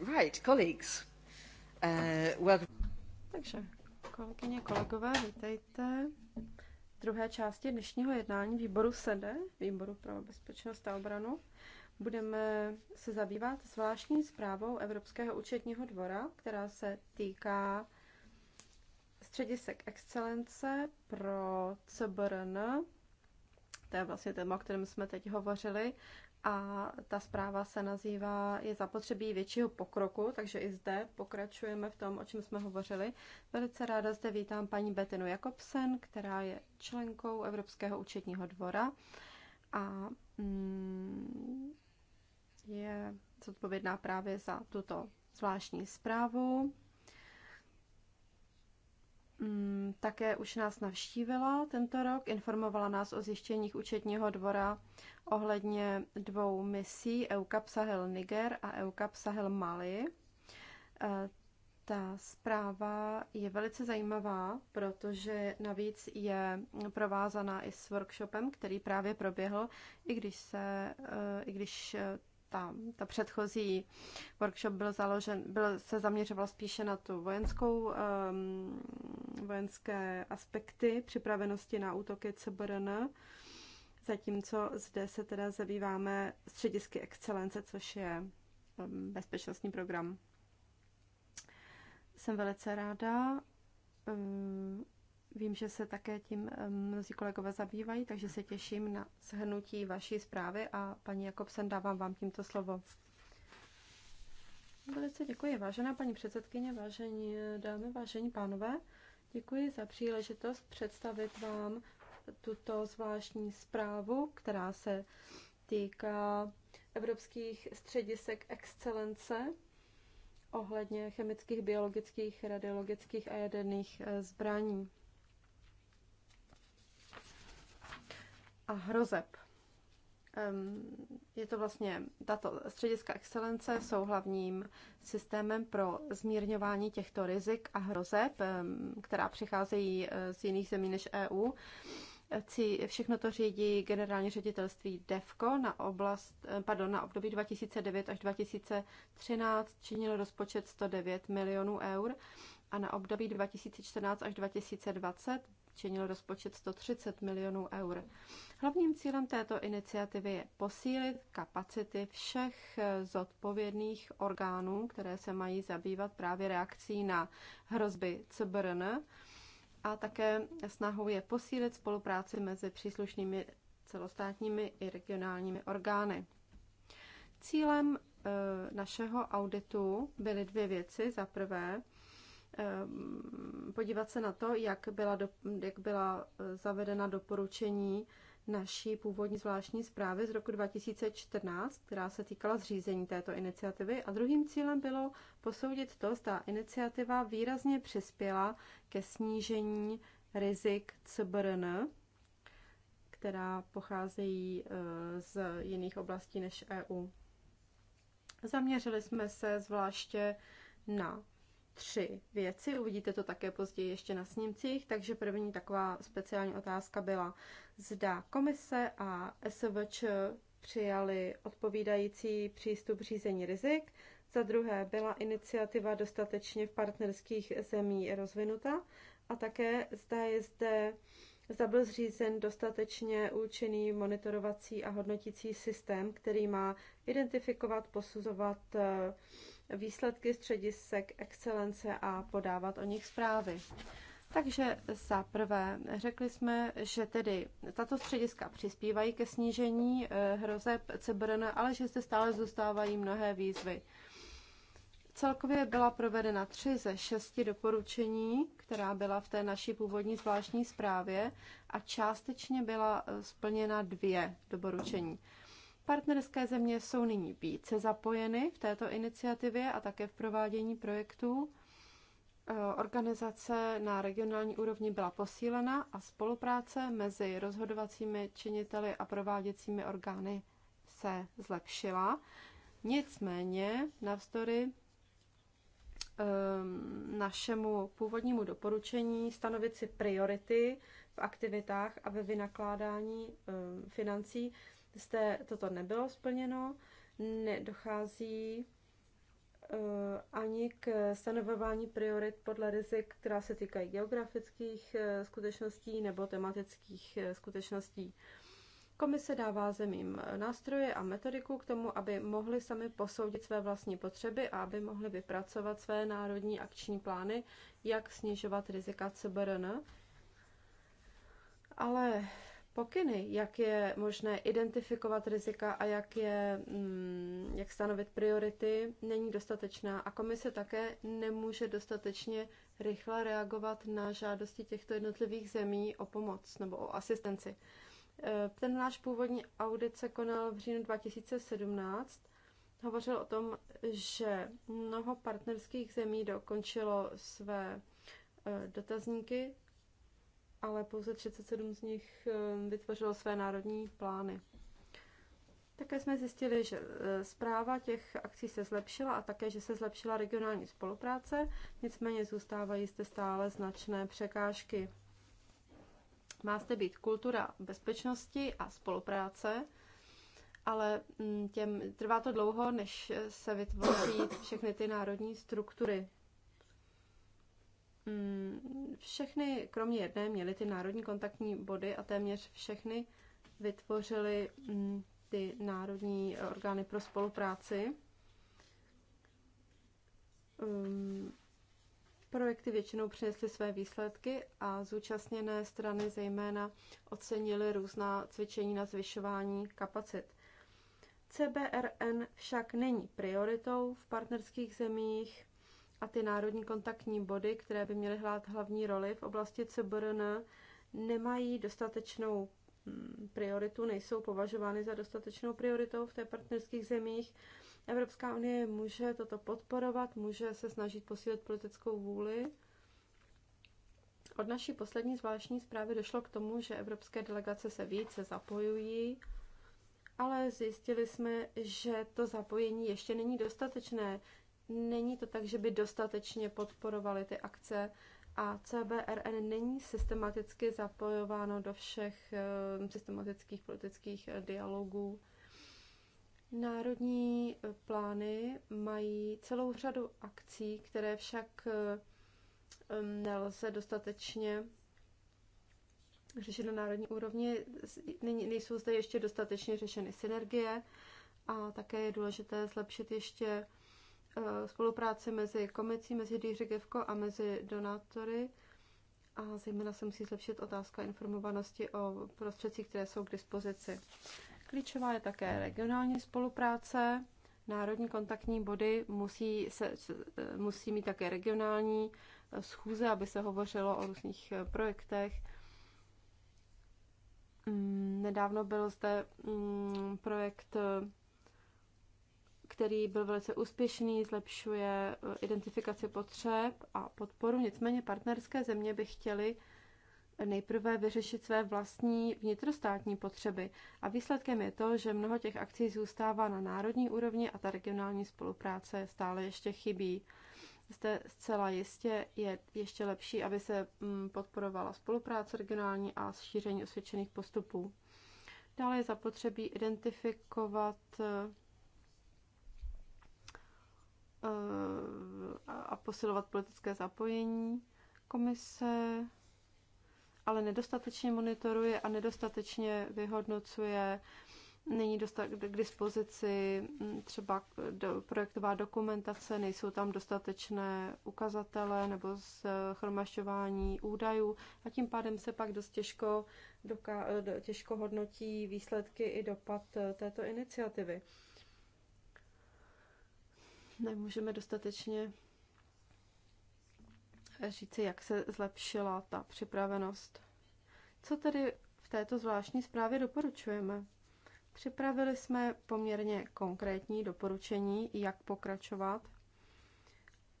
Right, colleagues. Uh, well... Takže, kolegyně, kolegové, vítejte. V druhé části dnešního jednání výboru SEDE, výboru pro bezpečnost a obranu, budeme se zabývat zvláštní zprávou Evropského účetního dvora, která se týká středisek excelence pro CBRN, to je vlastně téma, o kterém jsme teď hovořili a ta zpráva se nazývá Je zapotřebí většího pokroku, takže i zde pokračujeme v tom, o čem jsme hovořili. Velice ráda zde vítám paní Betinu Jakobsen, která je členkou Evropského účetního dvora a mm, je zodpovědná právě za tuto zvláštní zprávu. Mm, také už nás navštívila tento rok, informovala nás o zjištěních účetního dvora ohledně dvou misí EUCAP Sahel Niger a EUCAP Sahel Mali. E, ta zpráva je velice zajímavá, protože navíc je provázaná i s workshopem, který právě proběhl, i když, se, e, i když e, ta, ta předchozí workshop byl založen, byl, se zaměřoval spíše na tu vojenskou, um, vojenské aspekty připravenosti na útoky CBRN, zatímco zde se teda zabýváme středisky excelence, což je um, bezpečnostní program. Jsem velice ráda, um, Vím, že se také tím eh, mnozí kolegové zabývají, takže se těším na shrnutí vaší zprávy a paní Jakobsen, dávám vám tímto slovo. Velice děkuji, vážená paní předsedkyně, vážení eh, dámy, vážení pánové. Děkuji za příležitost představit vám tuto zvláštní zprávu, která se týká evropských středisek excelence ohledně chemických, biologických, radiologických a jaderných eh, zbraní. a hrozeb. Je to vlastně, tato střediska excelence jsou hlavním systémem pro zmírňování těchto rizik a hrozeb, která přicházejí e, z jiných zemí než EU. Všechno to řídí generální ředitelství DEFCO na, oblast, e, pardon, na období 2009 až 2013 činilo rozpočet 109 milionů eur a na období 2014 až 2020 činil rozpočet 130 milionů eur. Hlavním cílem této iniciativy je posílit kapacity všech eh, zodpovědných orgánů, které se mají zabývat právě reakcí na hrozby CBRN a také snahou je posílit spolupráci mezi příslušnými celostátními i regionálními orgány. Cílem eh, našeho auditu byly dvě věci. Za prvé, Ehm, podívat se na to, jak byla, do, jak byla eh, zavedena doporučení naší původní zvláštní zprávy z roku 2014, která se týkala zřízení této iniciativy. A druhým cílem bylo posoudit to, zda iniciativa výrazně přispěla ke snížení rizik CBRN, která pocházejí eh, z jiných oblastí než EU. Zaměřili jsme se zvláště na tři věci, uvidíte to také později ještě na snímcích, takže první taková speciální otázka byla, zda komise a SVČ přijali odpovídající přístup řízení rizik, za druhé byla iniciativa dostatečně v partnerských zemí rozvinuta a také zda je zde zda byl zřízen dostatečně účinný monitorovací a hodnotící systém, který má identifikovat, posuzovat eh, výsledky středisek excelence a podávat o nich zprávy. Takže za prvé řekli jsme, že tedy tato střediska přispívají ke snížení eh, hrozeb CBRN, ale že se stále zůstávají mnohé výzvy. Celkově byla provedena tři ze šesti doporučení, která byla v té naší původní zvláštní zprávě a částečně byla eh, splněna dvě doporučení. Partnerské země jsou nyní více zapojeny v této iniciativě a také v provádění projektů. E, organizace na regionální úrovni byla posílena a spolupráce mezi rozhodovacími činiteli a prováděcími orgány se zlepšila. Nicméně, navzdory e, našemu původnímu doporučení stanovit si priority v aktivitách a ve vynakládání e, financí, jste, toto nebylo splněno, nedochází eh, ani k stanovování priorit podle rizik, která se týkají geografických eh, skutečností nebo tematických eh, skutečností. Komise dává zemím nástroje a metodiku k tomu, aby mohli sami posoudit své vlastní potřeby a aby mohli vypracovat své národní akční plány, jak snižovat rizika CBRN. Ale pokyny, jak je možné identifikovat rizika a jak, je, mm, jak stanovit priority, není dostatečná a komise také nemůže dostatečně rychle reagovat na žádosti těchto jednotlivých zemí o pomoc nebo o asistenci. E, ten náš původní audit se konal v říjnu 2017. Hovořil o tom, že mnoho partnerských zemí dokončilo své e, dotazníky ale pouze 37 z nich eh, vytvořilo své národní plány. Také jsme zjistili, že eh, zpráva těch akcí se zlepšila a také, že se zlepšila regionální spolupráce, nicméně zůstávají zde stále značné překážky. Má zde být kultura bezpečnosti a spolupráce, ale mm, těm, trvá to dlouho, než eh, se vytvoří všechny ty národní struktury Mm, všechny, kromě jedné, měly ty národní kontaktní body a téměř všechny vytvořily mm, ty národní orgány pro spolupráci. Mm, projekty většinou přinesly své výsledky a zúčastněné strany zejména ocenily různá cvičení na zvyšování kapacit. CBRN však není prioritou v partnerských zemích a ty národní kontaktní body, které by měly hrát hlavní roli v oblasti CBRN, nemají dostatečnou mm, prioritu, nejsou považovány za dostatečnou prioritou v té partnerských zemích. Evropská unie může toto podporovat, může se snažit posílit politickou vůli. Od naší poslední zvláštní zprávy došlo k tomu, že evropské delegace se více zapojují, ale zjistili jsme, že to zapojení ještě není dostatečné. Není to tak, že by dostatečně podporovaly ty akce a CBRN není systematicky zapojováno do všech eh, systematických politických eh, dialogů. Národní eh, plány mají celou řadu akcí, které však nelze dostatečně řešit na národní úrovni. Nejsou zde ještě dostatečně řešeny synergie a také je důležité zlepšit ještě Eh, spolupráce mezi komicí, mezi DiřGFko a mezi donátory a zejména se musí zlepšit otázka informovanosti o prostředcích, které jsou k dispozici. Klíčová je také regionální spolupráce. Národní kontaktní body musí, se, eh, musí mít také regionální eh, schůze, aby se hovořilo o různých projektech. Mm, nedávno byl zde mm, projekt který byl velice úspěšný, zlepšuje eh, identifikaci potřeb a podporu. Nicméně partnerské země by chtěly nejprve vyřešit své vlastní vnitrostátní potřeby. A výsledkem je to, že mnoho těch akcí zůstává na národní úrovni a ta regionální spolupráce stále ještě chybí. Zde zcela jistě je ještě lepší, aby se mm, podporovala spolupráce regionální a šíření osvědčených postupů. Dále je zapotřebí identifikovat eh, Eh, a posilovat politické zapojení komise, ale nedostatečně monitoruje a nedostatečně vyhodnocuje není dostat k dispozici mm, třeba do, projektová dokumentace, nejsou tam dostatečné ukazatele nebo schromažďování údajů a tím pádem se pak dost těžko, doka, těžko hodnotí výsledky i dopad eh, této iniciativy nemůžeme dostatečně říci, jak se zlepšila ta připravenost. Co tedy v této zvláštní zprávě doporučujeme? Připravili jsme poměrně konkrétní doporučení, jak pokračovat,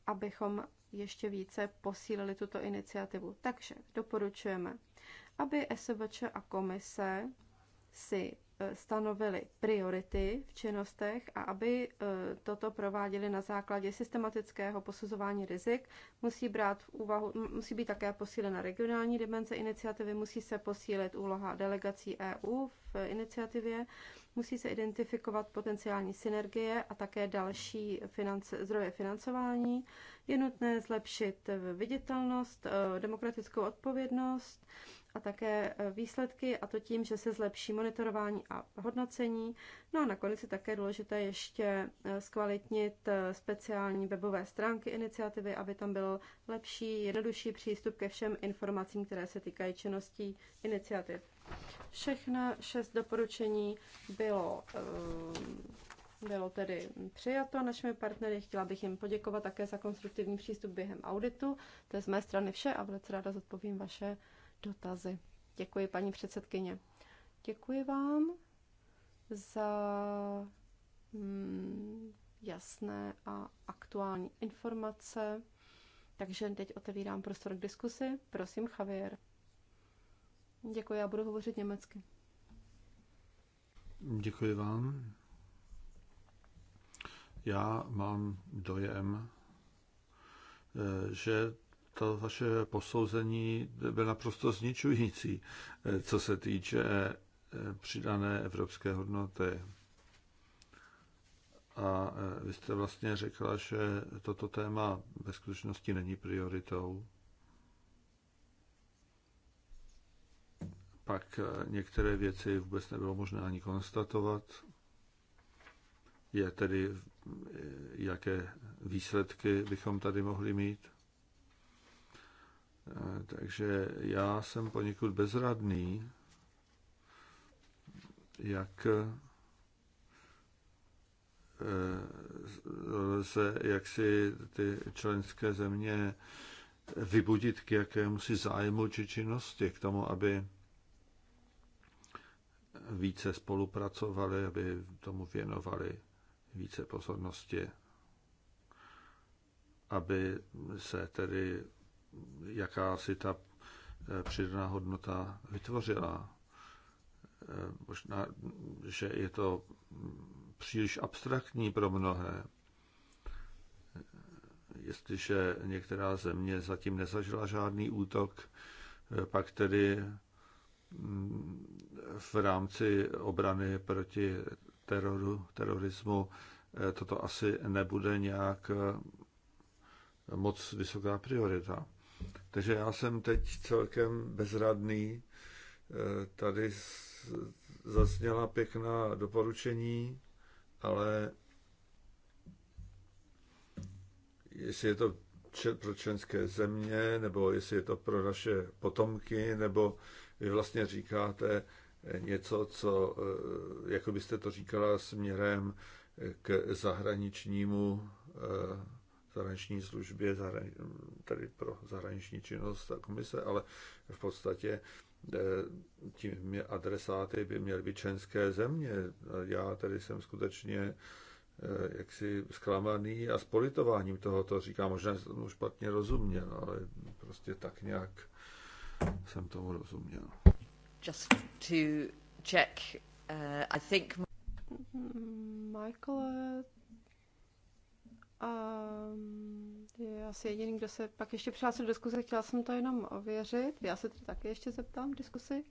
abychom ještě více posílili tuto iniciativu. Takže doporučujeme, aby SVČ a komise si Eh, stanovili priority v činnostech a aby eh, toto prováděli na základě systematického posuzování rizik, musí, brát v úvahu, musí být také posílena regionální dimenze iniciativy, musí se posílit úloha delegací EU v iniciativě, musí se identifikovat potenciální synergie a také další finance, zdroje financování. Je nutné zlepšit viditelnost, eh, demokratickou odpovědnost, a také e, výsledky, a to tím, že se zlepší monitorování a hodnocení. No a nakonec je také důležité ještě e, zkvalitnit e, speciální webové stránky iniciativy, aby tam byl lepší, jednodušší přístup ke všem informacím, které se týkají činností iniciativ. Všechno šest doporučení bylo bylo tedy přijato našimi partnery. Chtěla bych jim poděkovat také za konstruktivní přístup během auditu. To je z mé strany vše a velice ráda zodpovím vaše dotazy. Děkuji, paní předsedkyně. Děkuji vám za mm, jasné a aktuální informace. Takže teď otevírám prostor k diskusi. Prosím, Javier. Děkuji, já budu hovořit německy. Děkuji vám. Já mám dojem, eh, že to vaše posouzení byl naprosto zničující, eh, co se týče eh, přidané evropské hodnoty. A eh, vy jste vlastně řekla, že toto téma ve skutečnosti není prioritou. Pak některé věci vůbec nebylo možné ani konstatovat. Je tedy, jaké výsledky bychom tady mohli mít? Eh, takže já jsem poněkud bezradný, jak eh, se, jak si ty členské země vybudit k jakému si zájmu či činnosti, k tomu, aby více spolupracovali, aby tomu věnovali více pozornosti, aby se tedy jaká si ta eh, přidaná hodnota vytvořila. Eh, možná, že je to příliš abstraktní pro mnohé. Eh, jestliže některá země zatím nezažila žádný útok, pak tedy mm, v rámci obrany proti teroru, terorismu toto asi nebude nějak moc vysoká priorita. Takže já jsem teď celkem bezradný. E, tady zazněla pěkná doporučení, ale jestli je to pro členské země, nebo jestli je to pro naše potomky, nebo vy vlastně říkáte něco, co, e, jako byste to říkala, směrem k zahraničnímu e, zahraniční službě, tedy pro zahraniční činnost a komise, ale v podstatě eh, tím adresáty by měly být členské země. Já tedy jsem skutečně eh, jaksi zklamaný a s politováním tohoto říkám, možná jsem tomu špatně rozuměl, ale prostě tak nějak jsem tomu rozuměl. Just to check, uh, I think... Michael, a je asi jediný, kdo se pak ještě přihlásil do diskuse, chtěla jsem to jenom ověřit. Já se tedy taky ještě zeptám v diskusi.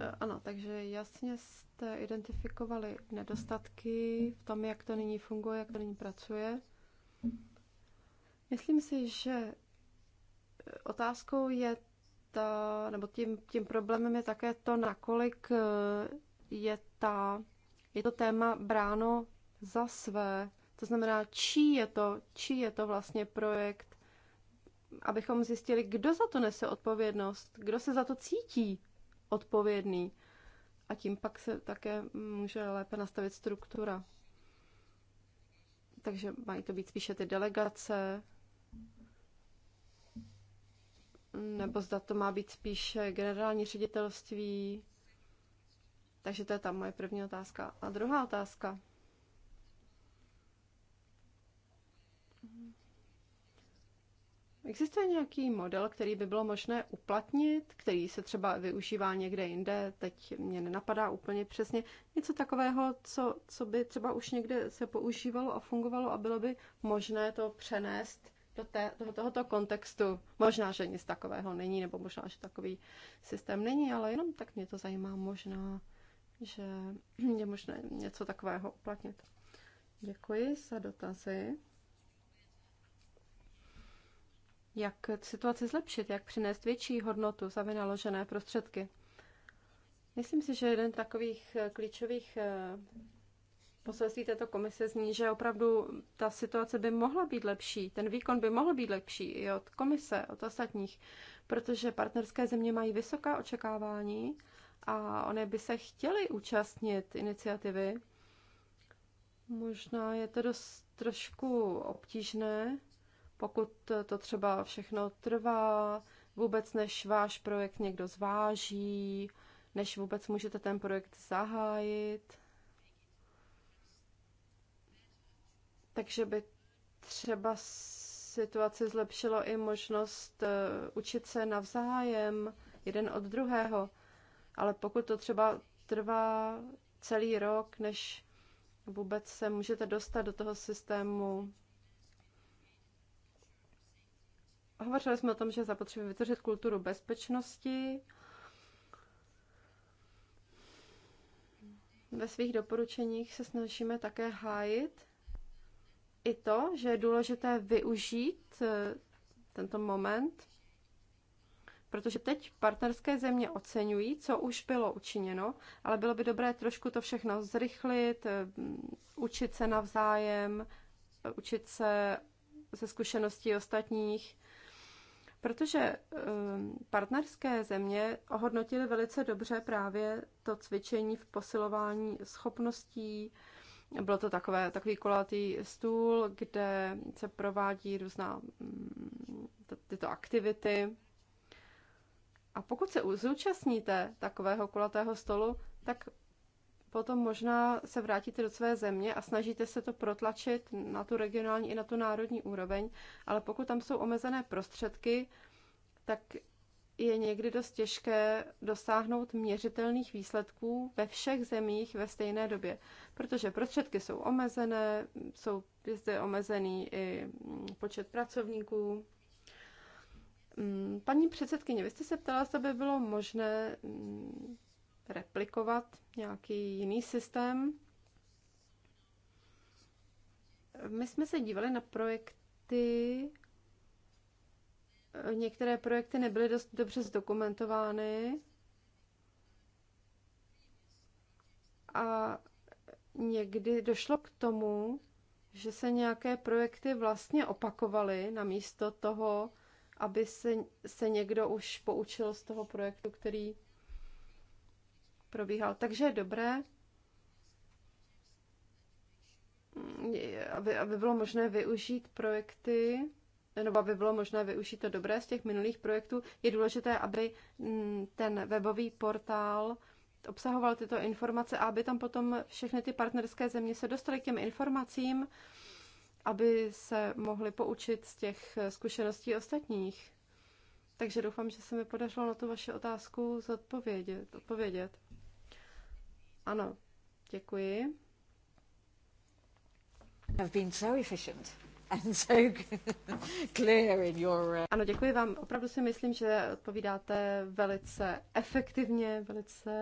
E, ano, takže jasně jste identifikovali nedostatky v tom, jak to nyní funguje, jak to nyní pracuje. Myslím si, že otázkou je ta, nebo tím, tím problémem je také to, nakolik e, je ta, je to téma bráno za své. To znamená, čí je to, čí je to vlastně projekt, abychom zjistili, kdo za to nese odpovědnost, kdo se za to cítí odpovědný. A tím pak se také může lépe nastavit struktura. Takže mají to být spíše ty delegace, nebo zda to má být spíše generální ředitelství. Takže to je tam moje první otázka. A druhá otázka. Existuje nějaký model, který by bylo možné uplatnit, který se třeba využívá někde jinde, teď mě nenapadá úplně přesně, něco takového, co, co by třeba už někde se používalo a fungovalo a bylo by možné to přenést do, té, do tohoto kontextu. Možná, že nic takového není, nebo možná, že takový systém není, ale jenom tak mě to zajímá možná, že je možné něco takového uplatnit. Děkuji za dotazy jak situaci zlepšit, jak přinést větší hodnotu za vynaložené prostředky. Myslím si, že jeden z takových eh, klíčových eh, poselství této komise zní, že opravdu ta situace by mohla být lepší, ten výkon by mohl být lepší i od komise, od ostatních, protože partnerské země mají vysoká očekávání a one by se chtěly účastnit iniciativy. Možná je to dost trošku obtížné, pokud to třeba všechno trvá, vůbec než váš projekt někdo zváží, než vůbec můžete ten projekt zahájit. Takže by třeba situaci zlepšilo i možnost eh, učit se navzájem jeden od druhého. Ale pokud to třeba trvá celý rok, než vůbec se můžete dostat do toho systému Hovořili jsme o tom, že zapotřebí vytvořit kulturu bezpečnosti. Ve svých doporučeních se snažíme také hájit i to, že je důležité využít eh, tento moment, protože teď partnerské země oceňují, co už bylo učiněno, ale bylo by dobré trošku to všechno zrychlit, eh, učit se navzájem, eh, učit se ze zkušeností ostatních protože ehm, partnerské země ohodnotily velice dobře právě to cvičení v posilování schopností. Bylo to takové, takový kolatý stůl, kde se provádí různá mm, tyto aktivity. A pokud se zúčastníte takového kulatého stolu, tak potom možná se vrátíte do své země a snažíte se to protlačit na tu regionální i na tu národní úroveň, ale pokud tam jsou omezené prostředky, tak je někdy dost těžké dosáhnout měřitelných výsledků ve všech zemích ve stejné době, protože prostředky jsou omezené, jsou zde omezený i mm, počet pracovníků. Mm, paní předsedkyně, vy jste se ptala, zda by bylo možné mm, replikovat nějaký jiný systém. My jsme se dívali na projekty, některé projekty nebyly dost dobře zdokumentovány a někdy došlo k tomu, že se nějaké projekty vlastně opakovaly namísto toho, aby se, se někdo už poučil z toho projektu, který probíhal. Takže je dobré, aby, aby bylo možné využít projekty, nebo aby bylo možné využít to dobré z těch minulých projektů, je důležité, aby mm, ten webový portál obsahoval tyto informace a aby tam potom všechny ty partnerské země se dostaly k těm informacím, aby se mohli poučit z těch zkušeností ostatních. Takže doufám, že se mi podařilo na tu vaši otázku zodpovědět. Odpovědět. Ano, děkuji. Have been so efficient. And so clear in your... Uh, ano, děkuji vám. Opravdu si myslím, že odpovídáte velice efektivně, velice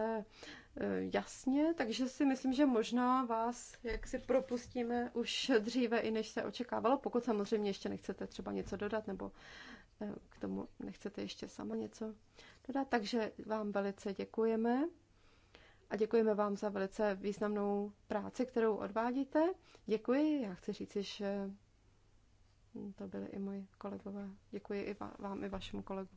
eh, jasně, takže si myslím, že možná vás jak si propustíme už dříve, i než se očekávalo, pokud samozřejmě ještě nechcete třeba něco dodat, nebo eh, k tomu nechcete ještě sama něco dodat. Takže vám velice děkujeme a děkujeme vám za velice významnou práci, kterou odvádíte. Děkuji, já chci říct, že to byly i moji kolegové. Děkuji i vám, i vašemu kolegu.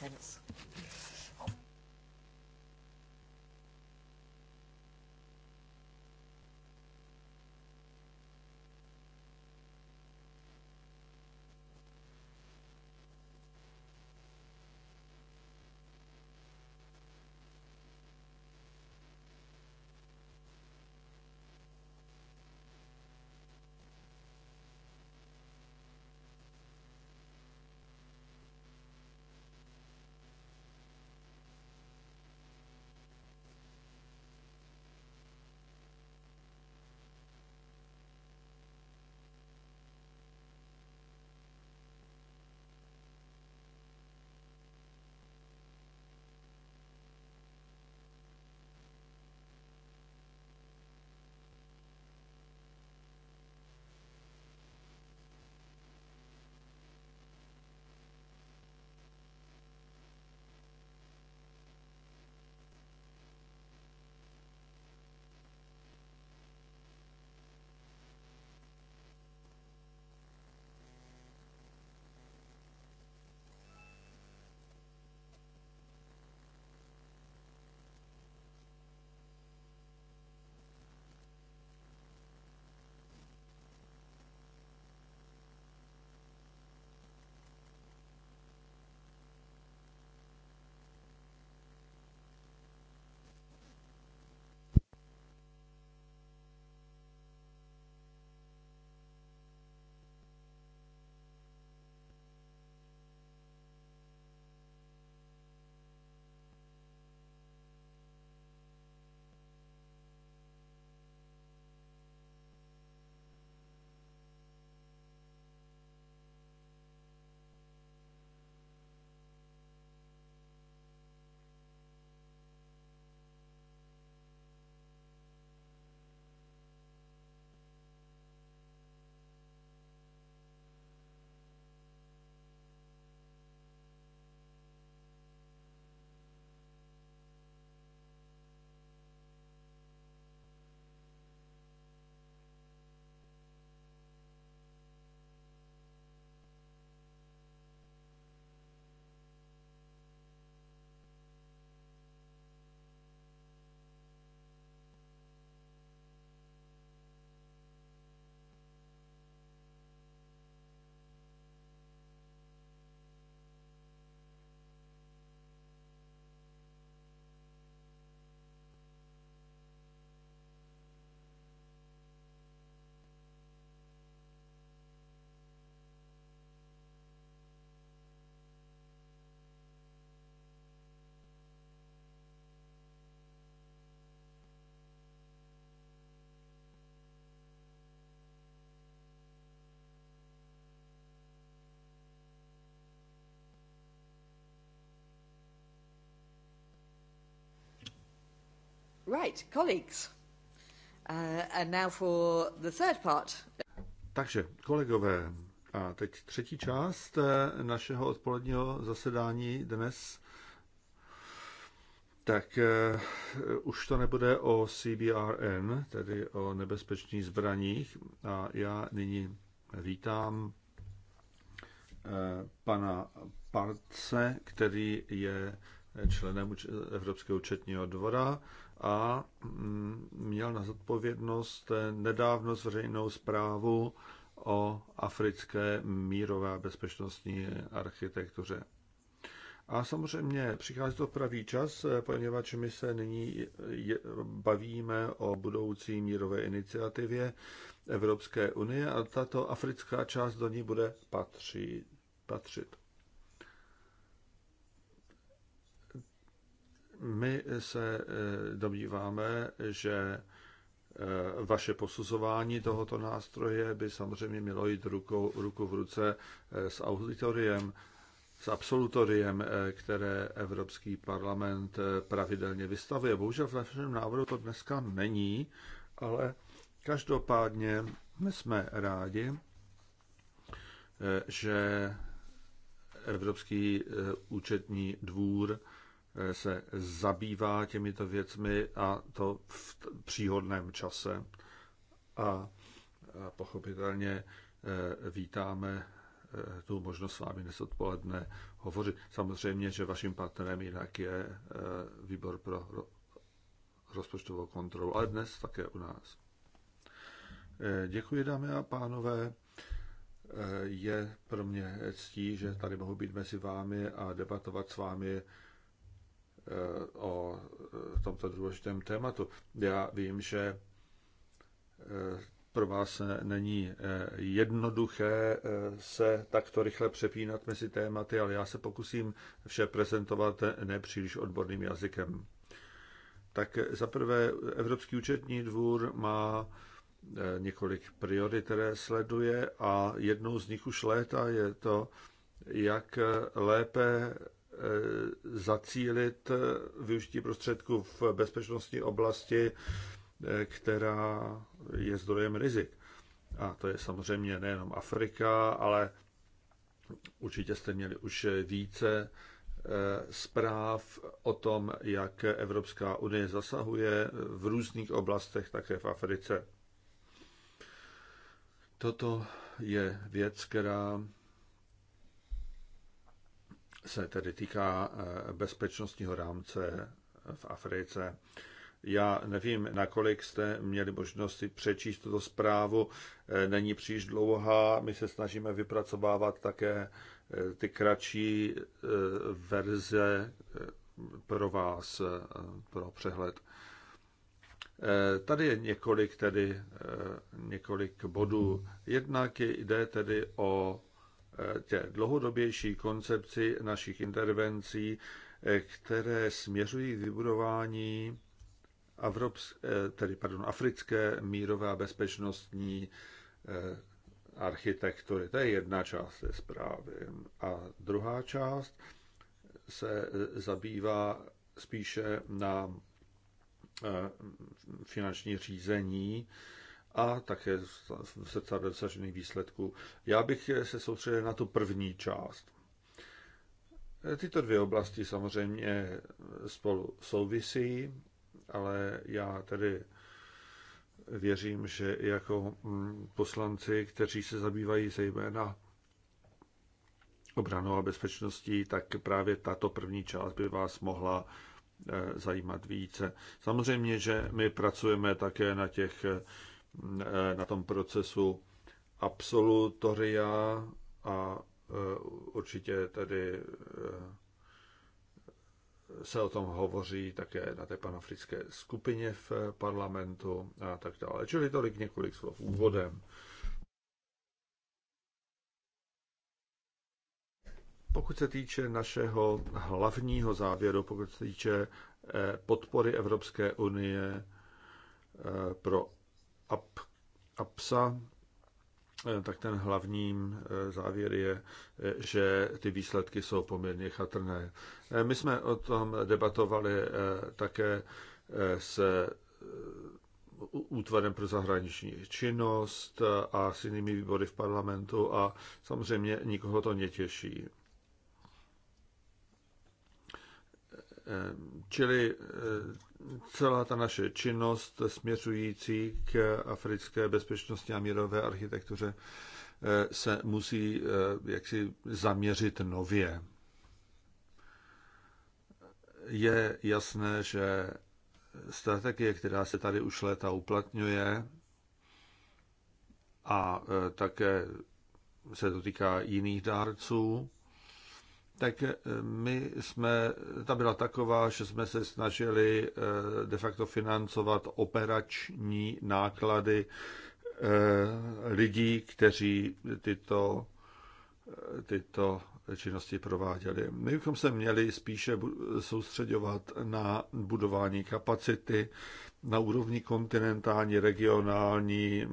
nonsense. Right, colleagues. Uh, and now for the third part. Takže, kolegové, a teď třetí část eh, našeho odpoledního zasedání dnes. Tak uh, už to nebude o CBRN, tedy o nebezpečných zbraních. A já nyní vítám uh, pana Parce, který je členem Evropského účetního dvora a mm, měl na zodpovědnost eh, nedávno zveřejnou zprávu o africké mírové a bezpečnostní architektuře. A samozřejmě přichází to v pravý čas, eh, poněvadž my se nyní bavíme o budoucí mírové iniciativě Evropské unie a tato africká část do ní bude patřit. patřit. My se eh, domníváme, že eh, vaše posuzování tohoto nástroje by samozřejmě mělo jít ruku, ruku v ruce eh, s auditoriem, s absolutoriem, které Evropský parlament pravidelně vystavuje. Bohužel v našem návrhu to dneska není, ale každopádně my jsme rádi, že Evropský účetní dvůr se zabývá těmito věcmi a to v příhodném čase. A pochopitelně e, vítáme e, tu možnost s vámi dnes odpoledne hovořit. Samozřejmě, že vaším partnerem jinak je e, výbor pro rozpočtovou kontrolu, ale dnes také u nás. Děkuji, dámy a pánové. Je pro mě ctí, že tady mohu být mezi vámi a debatovat s vámi Eh, o eh, tomto důležitém tématu. Já vím, že eh, pro vás není jednoduché se takto rychle přepínat mezi tématy, ale já se pokusím vše prezentovat nepříliš odborným jazykem. Tak zaprvé Evropský účetní dvůr má několik priorit, které sleduje a jednou z nich už léta je to, jak lépe Eh, zacílit využití prostředků v bezpečnostní oblasti, eh, která je zdrojem rizik. A to je samozřejmě nejenom Afrika, ale určitě jste měli už více eh, zpráv o tom, jak Evropská unie zasahuje v různých oblastech, také v Africe. Toto je věc, která se tedy týká eh, bezpečnostního rámce v Africe. Já nevím, nakolik jste měli možnost si přečíst tuto zprávu. Eh, není příliš dlouhá. My se snažíme vypracovávat také eh, ty kratší verze pro vás, pro přehled. Tady je několik, tedy, několik bodů. Jednak jde tedy o tě dlouhodobější koncepci našich intervencí, eh, které směřují k vybudování Evrops, eh, tedy, pardon, africké mírové a bezpečnostní eh, architektury. To je jedna část té zprávy. A druhá část se zabývá spíše na finanční řízení a také srdca dosažených výsledků. Já bych se soustředil na tu první část. Tyto dvě oblasti samozřejmě spolu souvisí, ale já tedy věřím, že jako mm, poslanci, kteří se zabývají zejména obranou a bezpečností, tak právě tato první část by vás mohla eh, zajímat více. Samozřejmě, že my pracujeme také na těch eh, Eh, na tom procesu absolutoria a eh, určitě tedy eh, se o tom hovoří také na té panafrické skupině v parlamentu a tak dále. Čili tolik několik slov úvodem. Pokud se týče našeho hlavního závěru, pokud se týče podpory Evropské unie pro AP, APSA, eh, tak ten hlavním eh, závěr je, eh, že ty výsledky jsou poměrně chatrné. My jsme o tom debatovali také s útvarem pro zahraniční činnost a s jinými výbory v parlamentu a samozřejmě nikoho to netěší. Čili celá ta naše činnost směřující k africké bezpečnostní a mírové architektuře eh, se musí eh, jaksi zaměřit nově. Je jasné, že strategie, která se tady už léta uplatňuje a eh, také se to týká jiných dárců, tak eh, my jsme, ta byla taková, že jsme se snažili eh, de facto financovat operační náklady eh, lidí, kteří tyto, tyto činnosti prováděli. My bychom se měli spíše soustředovat na budování kapacity na úrovni kontinentální, regionální,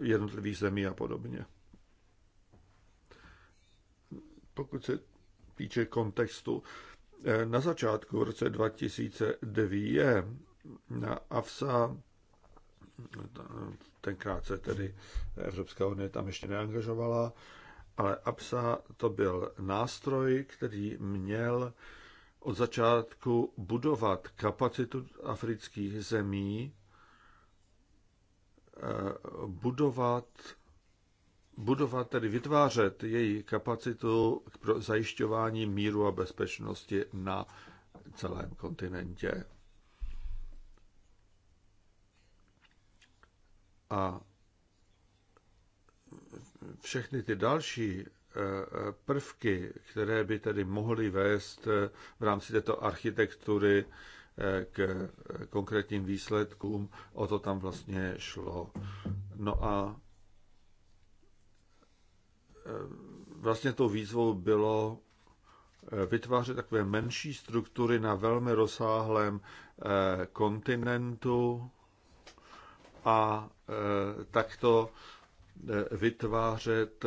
jednotlivých zemí a podobně pokud se týče kontextu, eh, na začátku v roce 2009 na AFSA, tenkrát se tedy Evropská unie tam ještě neangažovala, ale APSA to byl nástroj, který měl od začátku budovat kapacitu afrických zemí, eh, budovat budovat, tedy vytvářet její kapacitu k zajišťování míru a bezpečnosti na celém kontinentě. A všechny ty další eh, prvky, které by tedy mohly vést eh, v rámci této architektury eh, k konkrétním výsledkům, o to tam vlastně šlo. No a Eh, vlastně tou výzvou bylo eh, vytvářet takové menší struktury na velmi rozsáhlém eh, kontinentu a takto vytvářet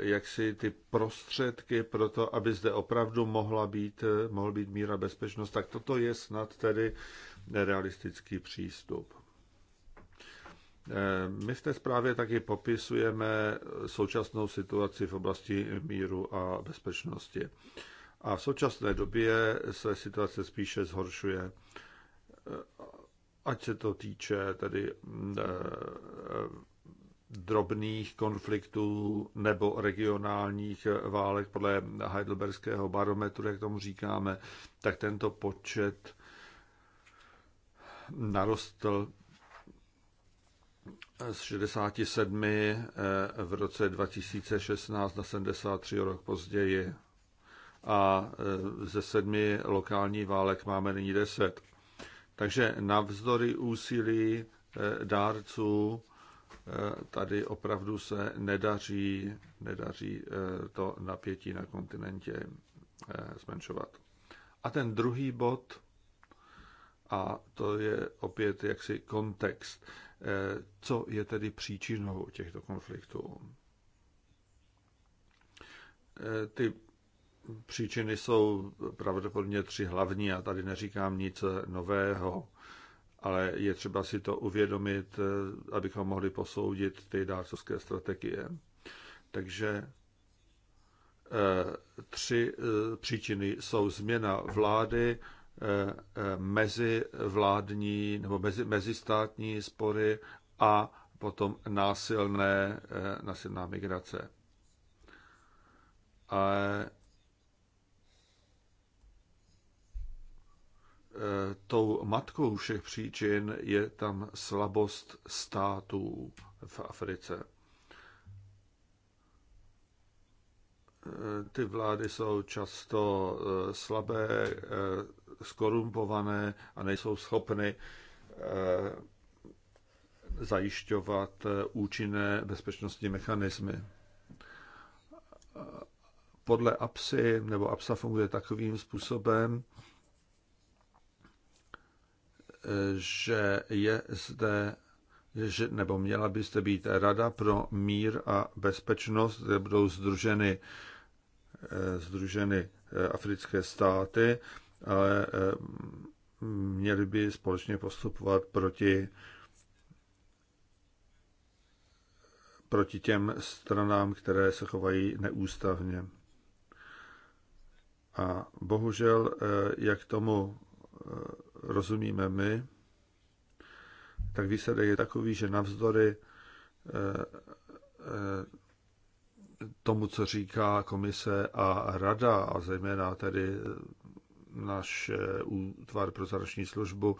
jaksi ty prostředky pro to, aby zde opravdu mohla být, mohl být míra bezpečnost, tak toto je snad tedy nerealistický přístup. Eh, my v té zprávě taky popisujeme současnou situaci v oblasti míru a bezpečnosti. A v současné době se situace spíše zhoršuje, eh, ať se to týče tedy eh, drobných konfliktů nebo regionálních válek podle heidelberského barometru, jak tomu říkáme, tak tento počet narostl z 67 eh, v roce 2016 na 73 rok později. A eh, ze sedmi lokální válek máme nyní deset. Takže navzdory úsilí eh, dárců tady opravdu se nedaří, nedaří to napětí na kontinentě zmenšovat. A ten druhý bod, a to je opět jaksi kontext. Eh, co je tedy příčinou těchto konfliktů. Eh, ty příčiny jsou pravděpodobně tři hlavní a tady neříkám nic nového, ale je třeba si to uvědomit, eh, abychom mohli posoudit ty dárcovské strategie. Takže tři příčiny jsou změna vlády, mezivládní nebo mezi, mezistátní spory a potom násilné, eh, násilná migrace. A eh, tou matkou všech příčin je tam slabost států v Africe. Eh, ty vlády jsou často slabé, skorumpované a nejsou schopny eh, zajišťovat eh, účinné bezpečnostní mechanismy. Podle APSy nebo APSA funguje takovým způsobem, eh, že je zde že, nebo měla byste být Rada pro mír a bezpečnost, kde budou združeny, združeny africké státy ale eh, měli by společně postupovat proti proti těm stranám, které se chovají neústavně. A bohužel, eh, jak tomu eh, rozumíme my, tak výsledek je takový, že navzdory tomu, co říká komise a rada, a zejména tedy náš útvar pro zahraniční službu,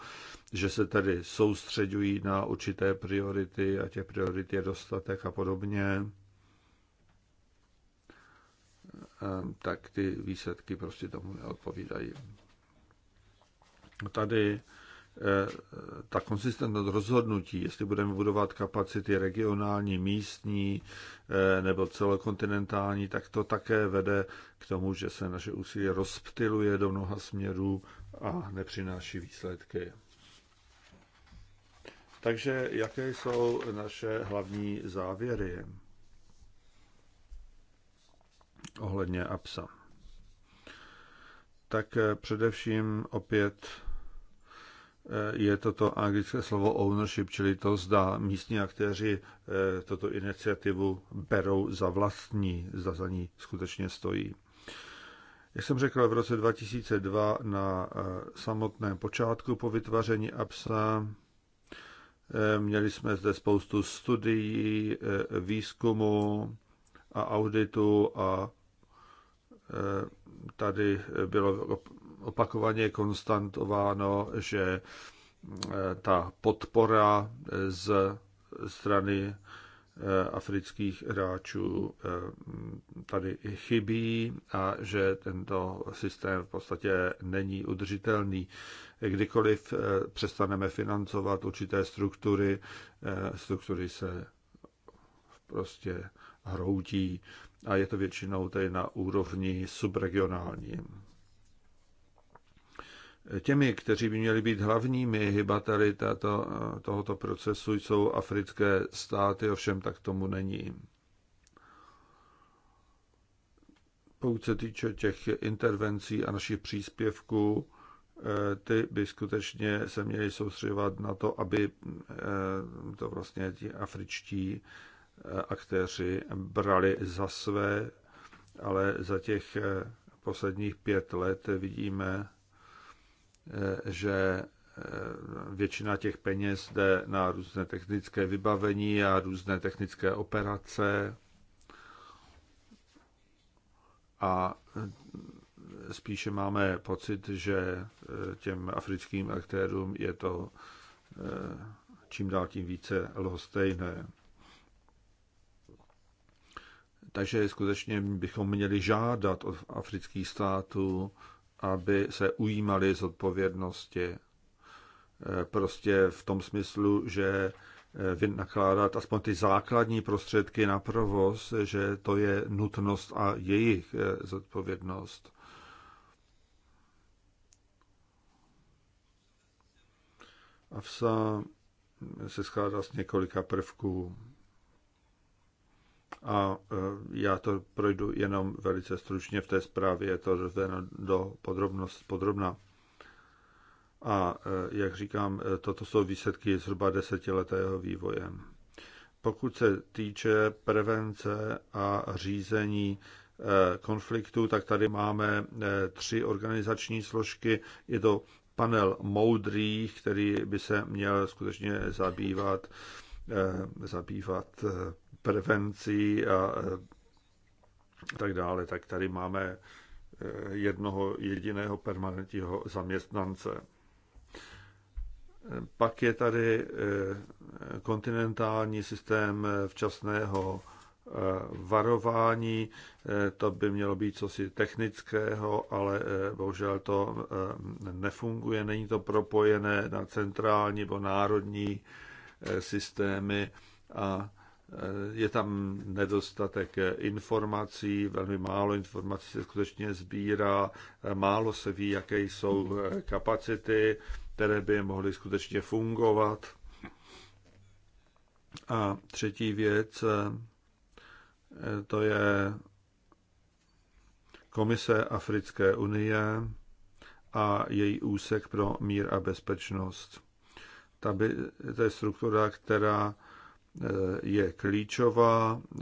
že se tady soustředují na určité priority a těch priorit je dostatek a podobně, ehm, tak ty výsledky prostě tomu neodpovídají. Tady ta konsistentnost rozhodnutí, jestli budeme budovat kapacity regionální, místní eh, nebo celokontinentální, tak to také vede k tomu, že se naše úsilí rozptiluje do mnoha směrů a nepřináší výsledky. Takže jaké jsou naše hlavní závěry ohledně APSA? Tak eh, především opět Eh, je toto anglické slovo ownership, čili to zda místní aktéři eh, toto iniciativu berou za vlastní, zda za ní skutečně stojí. Jak jsem řekl, v roce 2002 na eh, samotném počátku po vytvaření APSA měli jsme zde spoustu studií, výzkumu a auditu a tady bylo opakovaně konstantováno, že eh, ta podpora eh, z strany eh, afrických hráčů tady chybí a že tento systém v podstatě není udržitelný. Kdykoliv přestaneme financovat určité struktury, struktury se prostě hroutí a je to většinou tady na úrovni subregionální. Těmi, kteří by měli být hlavními hybateli tato, tohoto procesu, jsou africké státy, ovšem tak tomu není. Pokud se týče těch intervencí a našich příspěvků, eh, ty by skutečně se měly soustředovat na to, aby eh, to vlastně ti afričtí eh, aktéři brali za své, ale za těch posledních pět let vidíme, Eh, že eh, většina těch peněz jde na různé technické vybavení a různé technické operace. A eh, spíše máme pocit, že těm africkým aktérům je to čím dál tím více lhostejné. Takže skutečně bychom měli žádat od afrických států, aby se ujímali z odpovědnosti. Eh, prostě v tom smyslu, že eh, vynakládat aspoň ty základní prostředky na provoz, že to je nutnost a jejich eh, zodpovědnost. AFSA se skládá z několika prvků a e, já to projdu jenom velice stručně v té zprávě, je to rozvedeno do podrobnost podrobná. A e, jak říkám, e, toto jsou výsledky zhruba desetiletého vývoje. Pokud se týče prevence a řízení konfliktu, tak tady máme tři organizační složky. Je to panel moudrých, který by se měl skutečně zabývat, zabývat prevencí a tak dále, tak tady máme e, jednoho jediného permanentního zaměstnance. Pak je tady e, kontinentální systém včasného e, varování. To by mělo být cosi technického, ale bohužel to nefunguje, není to propojené na centrální nebo národní systémy a je tam nedostatek informací, velmi málo informací se skutečně sbírá, málo se ví, jaké jsou kapacity, které by mohly skutečně fungovat. A třetí věc, to je Komise Africké unie a její úsek pro mír a bezpečnost. Ta by, to je struktura, která Eh, je klíčová, eh,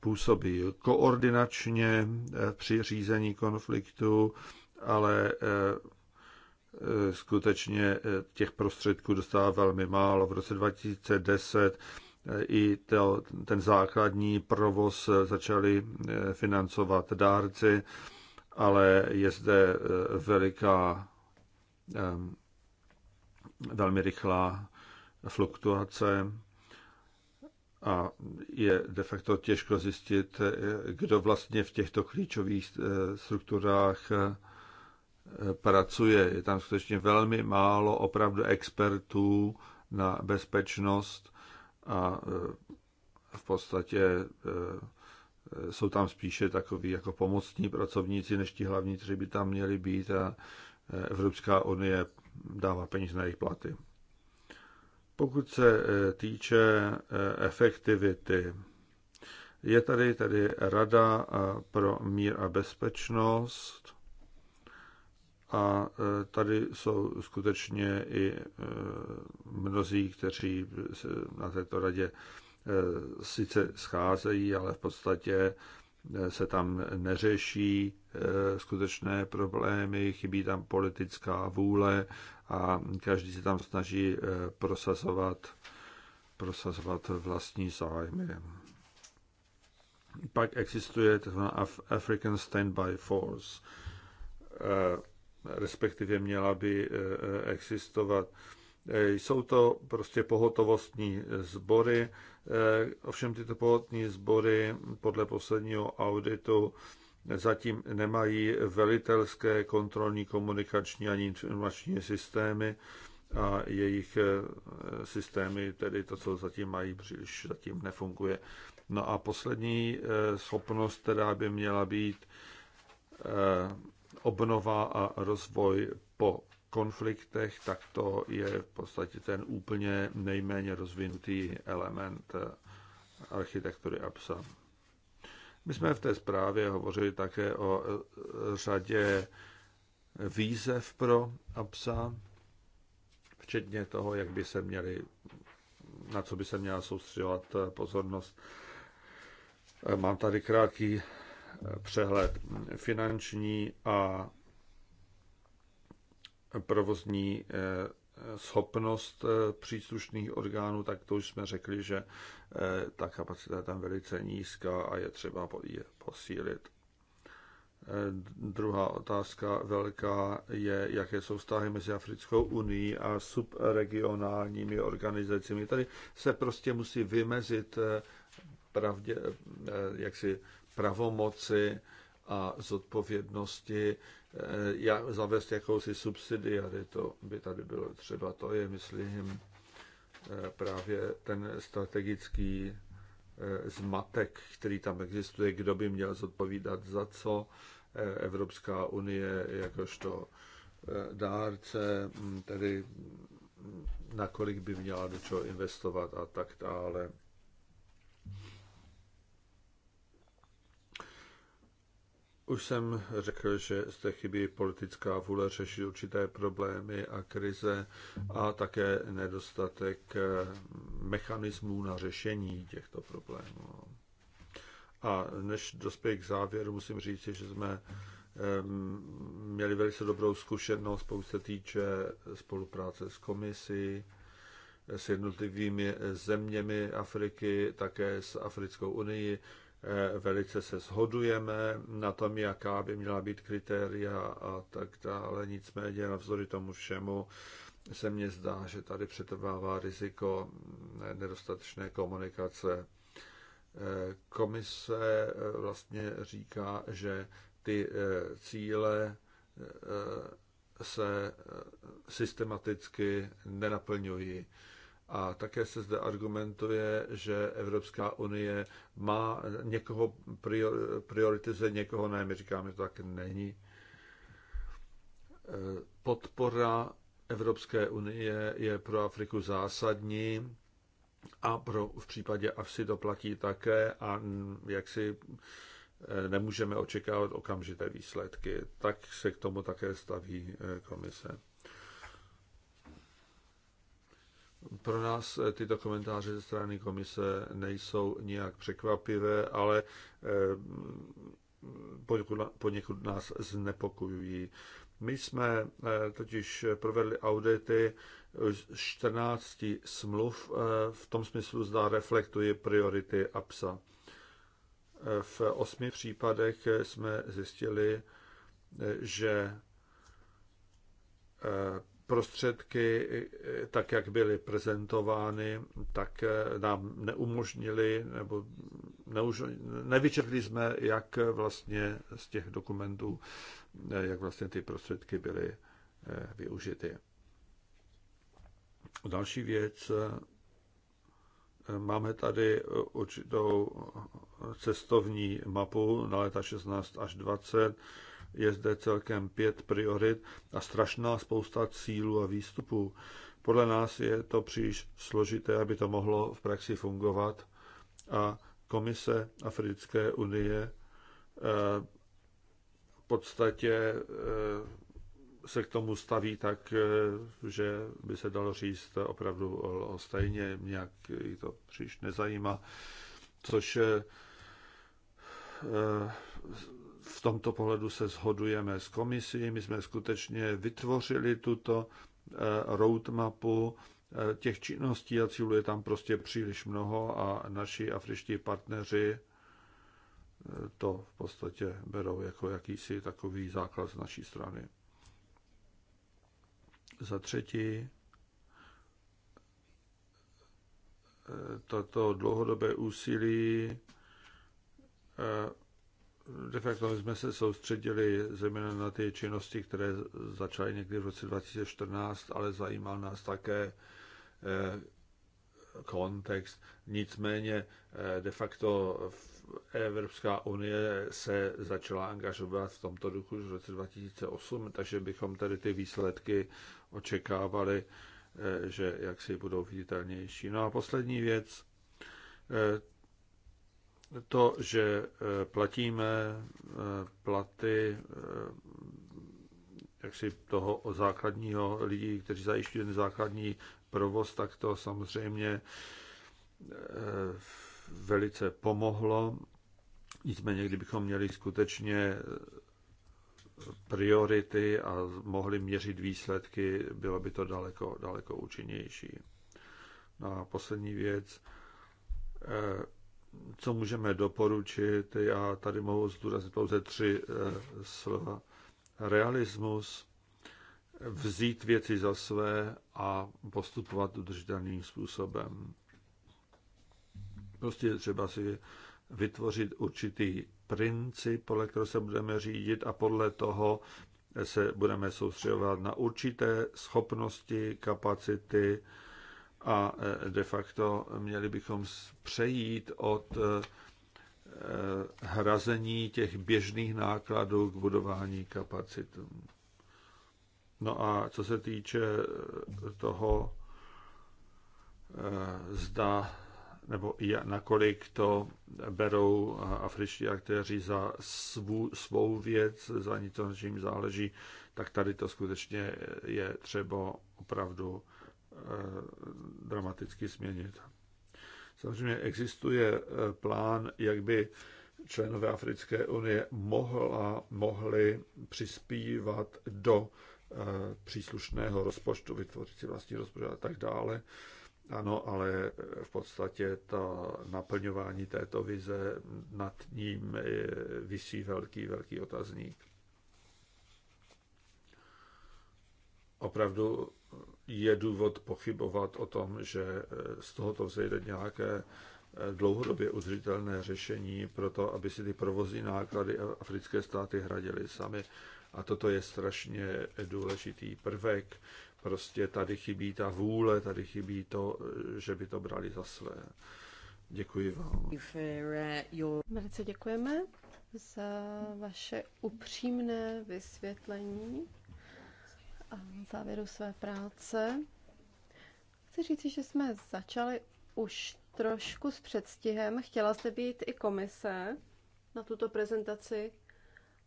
působí koordinačně eh, při řízení konfliktu, ale skutečně těch prostředků dostává velmi málo. V roce 2010 i to, ten základní provoz začali financovat dárci, ale je zde veliká, velmi rychlá fluktuace a je de facto těžko zjistit, eh, kdo vlastně v těchto klíčových eh, strukturách eh, pracuje. Je tam skutečně velmi málo opravdu expertů na bezpečnost a v podstatě jsou tam spíše takoví jako pomocní pracovníci, než ti hlavní, kteří by tam měli být a Evropská unie dává peníze na jejich platy. Pokud se eh, týče eh, efektivity, je tady tedy Rada pro mír a bezpečnost a eh, tady jsou skutečně i mnozí, kteří na této radě sice scházejí, ale v podstatě se tam neřeší skutečné problémy, chybí tam politická vůle, a každý se tam snaží eh, prosazovat, prosazovat vlastní zájmy. Pak existuje tzv. African Standby Force, eh, respektive měla by eh, existovat. Jsou to prostě pohotovostní sbory, ovšem tyto pohotovostní sbory podle posledního auditu zatím nemají velitelské, kontrolní, komunikační ani informační systémy a jejich eh, systémy, tedy to, co zatím mají, příliš zatím nefunguje. No a poslední eh, schopnost, která by měla být eh, obnova a rozvoj po konfliktech, tak to je v podstatě ten úplně nejméně rozvinutý element architektury APSA. My jsme v té zprávě hovořili také o e, řadě výzev pro APSA, včetně toho, jak by se měli, na co by se měla soustředovat e, pozornost. E, mám tady krátký přehled finanční a provozní schopnost eh, příslušných orgánů, tak to už jsme řekli, že eh, ta kapacita je tam velice nízká a je třeba je posílit. Eh, druhá otázka velká je, jaké jsou vztahy mezi Africkou unii a subregionálními organizacemi. Tady se prostě musí vymezit pravdě, jaksi pravomoci a zodpovědnosti eh, jak zavést jakousi subsidiaritu by tady bylo třeba. To je, myslím, eh, právě ten strategický eh, zmatek, který tam existuje, kdo by měl zodpovídat za co. Evropská unie jakožto dárce, hm, tedy hm, nakolik by měla do čeho investovat a tak dále. Už jsem řekl, že zde chybí politická vůle řešit určité problémy a krize a také nedostatek eh, mechanismů na řešení těchto problémů. A než dospěji k závěru, musím říct, že jsme eh, měli velice dobrou zkušenost, pokud se týče spolupráce s komisí, s jednotlivými zeměmi Afriky, také s Africkou unii. Eh, velice se shodujeme na tom, jaká by měla být kritéria a tak dále. Nicméně navzory tomu všemu se mně zdá, že tady přetrvává riziko nedostatečné komunikace. Eh, komise eh, vlastně říká, že ty cíle se systematicky nenaplňují. A také se zde argumentuje, že Evropská unie má někoho prioritizuje někoho ne. My říkáme, že to tak není. E, podpora Evropské unie je pro Afriku zásadní a pro, v případě AFSI to platí také a jak si e, nemůžeme očekávat okamžité výsledky. Tak se k tomu také staví e, komise. Pro nás eh, tyto komentáře ze strany komise nejsou nijak překvapivé, ale eh, poněkud, nás znepokojují. My jsme eh, totiž provedli audity 14 smluv v tom smyslu, zda reflektuje priority APSA. V osmi případech jsme zjistili, že prostředky, tak jak byly prezentovány, tak e, nám neumožnili, nebo neuž, nevyčetli jsme, jak vlastně z těch dokumentů, e, jak vlastně ty prostředky byly e, využity. Další věc, máme tady určitou cestovní mapu na leta 16 až 20, je zde celkem pět priorit a strašná spousta cílů a výstupů. Podle nás je to příliš složité, aby to mohlo v praxi fungovat a Komise Africké unie eh, v podstatě eh, se k tomu staví tak, eh, že by se dalo říct opravdu o stejně, nějak jí to příliš nezajímá, což v tomto pohledu se shodujeme s komisí. My jsme skutečně vytvořili tuto eh, roadmapu eh, těch činností a cílů je tam prostě příliš mnoho a naši afričtí partneři eh, to v podstatě berou jako jakýsi takový základ z naší strany. Za třetí, toto dlouhodobé úsilí de facto jsme se soustředili zejména na ty činnosti, které začaly někdy v roce 2014, ale zajímal nás také eh, kontext. Nicméně eh, de facto Evropská unie se začala angažovat v tomto duchu v roce 2008, takže bychom tady ty výsledky očekávali, eh, že jaksi budou viditelnější. No a poslední věc, to, že eh, platíme eh, platy eh, jaksi toho základního lidí, kteří zajišťují ten základní provoz, tak to samozřejmě velice pomohlo. Nicméně, kdybychom měli skutečně priority a mohli měřit výsledky, bylo by to daleko, daleko účinnější. No a poslední věc co můžeme doporučit, já tady mohu zdůraznit pouze tři eh, slova. Realismus, vzít věci za své a postupovat udržitelným způsobem. Prostě je třeba si vytvořit určitý princip, podle kterého se budeme řídit a podle toho se budeme soustředovat na určité schopnosti, kapacity, a e, de facto měli bychom přejít od e, e, hrazení těch běžných nákladů k budování kapacit. No a co se týče toho, zda nebo nakolik to berou afričtí aktéři za svů, svou věc, za něco, na čím záleží, tak tady to skutečně je třeba opravdu Eh, dramaticky změnit. Samozřejmě existuje eh, plán, jak by členové Africké unie mohla, mohli přispívat do eh, příslušného rozpočtu, vytvořit si vlastní rozpočet a tak dále. Ano, ale v podstatě to naplňování této vize nad ním vysí velký, velký otazník. Opravdu je důvod pochybovat o tom, že eh, z tohoto vzejde nějaké eh, dlouhodobě udržitelné řešení pro to, aby si ty provozní náklady africké státy hradily sami. A toto je strašně důležitý prvek. Prostě tady chybí ta vůle, tady chybí to, eh, že by to brali za své. Děkuji vám. Velice děkujeme za vaše upřímné vysvětlení a závěru své práce. Chci říct, že jsme začali už trošku s předstihem. Chtěla jste být i komise na tuto prezentaci,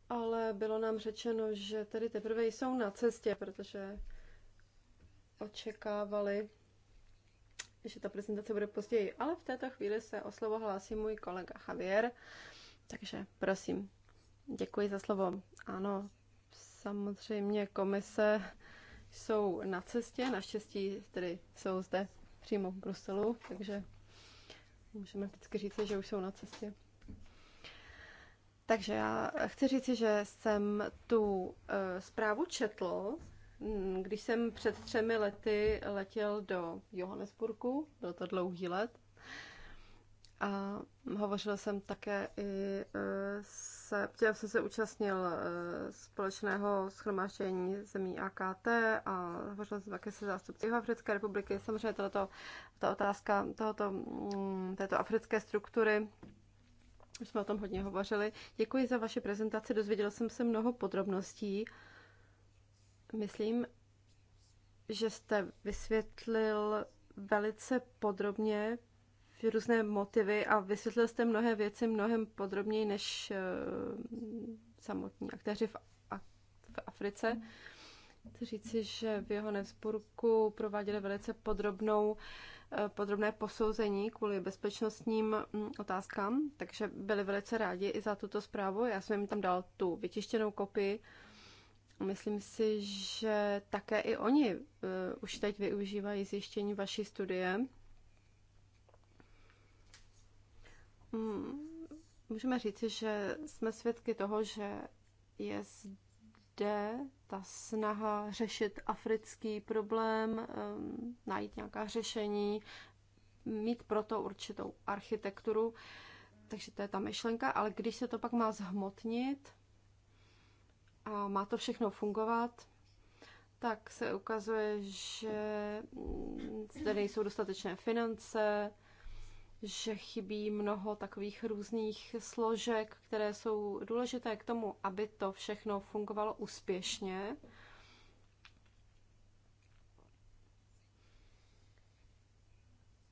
ale bylo nám řečeno, že tady teprve jsou na cestě, protože očekávali, že ta prezentace bude později. Ale v této chvíli se o slovo hlásí můj kolega Javier, takže prosím. Děkuji za slovo. Ano, Samozřejmě komise jsou na cestě, naštěstí tedy jsou zde přímo v Bruselu, takže můžeme vždycky říct, že už jsou na cestě. Takže já chci říci, že jsem tu eh, zprávu četl, když jsem před třemi lety letěl do Johannesburgu, byl to dlouhý let, a hovořil jsem také i e, se, já jsem se účastnil e, společného schromáždění zemí AKT a hovořil jsem také se zástupci Jihoafrické republiky. Samozřejmě tato, ta otázka tohoto, mm, této africké struktury už jsme o tom hodně hovořili. Děkuji za vaši prezentaci, dozvěděl jsem se mnoho podrobností. Myslím, že jste vysvětlil velice podrobně různé motivy a vysvětlil jste mnohé věci mnohem podrobněji než eh, samotní aktéři v, v Africe. Chci říci, že v jeho Nevzburku prováděli velice podrobnou, eh, podrobné posouzení kvůli bezpečnostním mm, otázkám, takže byli velice rádi i za tuto zprávu. Já jsem jim tam dal tu vytištěnou kopii. Myslím si, že také i oni eh, už teď využívají zjištění vaší studie Hmm, můžeme říci, že jsme svědky toho, že je zde ta snaha řešit africký problém, ehm, najít nějaká řešení, mít proto určitou architekturu. Takže to je ta myšlenka, ale když se to pak má zhmotnit a má to všechno fungovat, tak se ukazuje, že mm, zde nejsou dostatečné finance, že chybí mnoho takových různých složek, které jsou důležité k tomu, aby to všechno fungovalo úspěšně.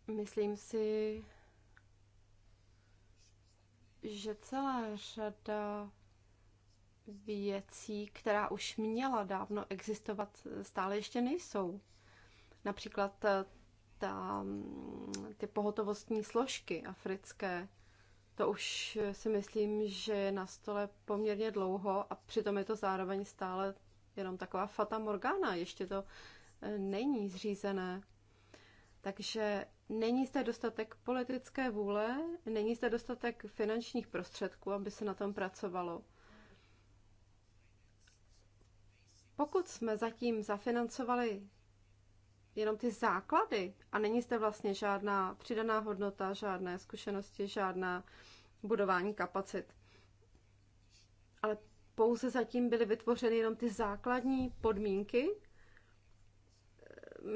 Myslím si, že celá řada věcí, která už měla dávno existovat, stále ještě nejsou. Například eh, ta, ty pohotovostní složky africké, to už si myslím, že je na stole poměrně dlouho a přitom je to zároveň stále jenom taková fata morgana, ještě to eh, není zřízené. Takže není zde dostatek politické vůle, není zde dostatek finančních prostředků, aby se na tom pracovalo. Pokud jsme zatím zafinancovali jenom ty základy a není jste vlastně žádná přidaná hodnota, žádné zkušenosti, žádná budování kapacit. Ale pouze zatím byly vytvořeny jenom ty základní podmínky.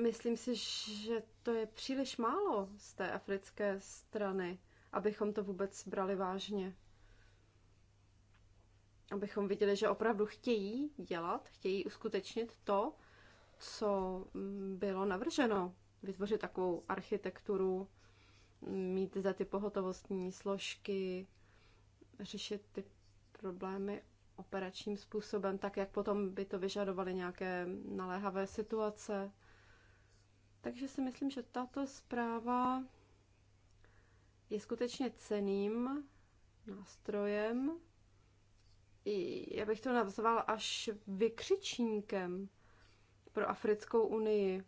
Myslím si, že to je příliš málo z té africké strany, abychom to vůbec brali vážně. Abychom viděli, že opravdu chtějí dělat, chtějí uskutečnit to, co mm, bylo navrženo. Vytvořit takovou architekturu, mít za ty pohotovostní složky, řešit ty problémy operačním způsobem, tak jak potom by to vyžadovaly nějaké naléhavé situace. Takže si myslím, že tato zpráva je skutečně ceným nástrojem. I já bych to nazval až vykřičníkem, pro Africkou unii.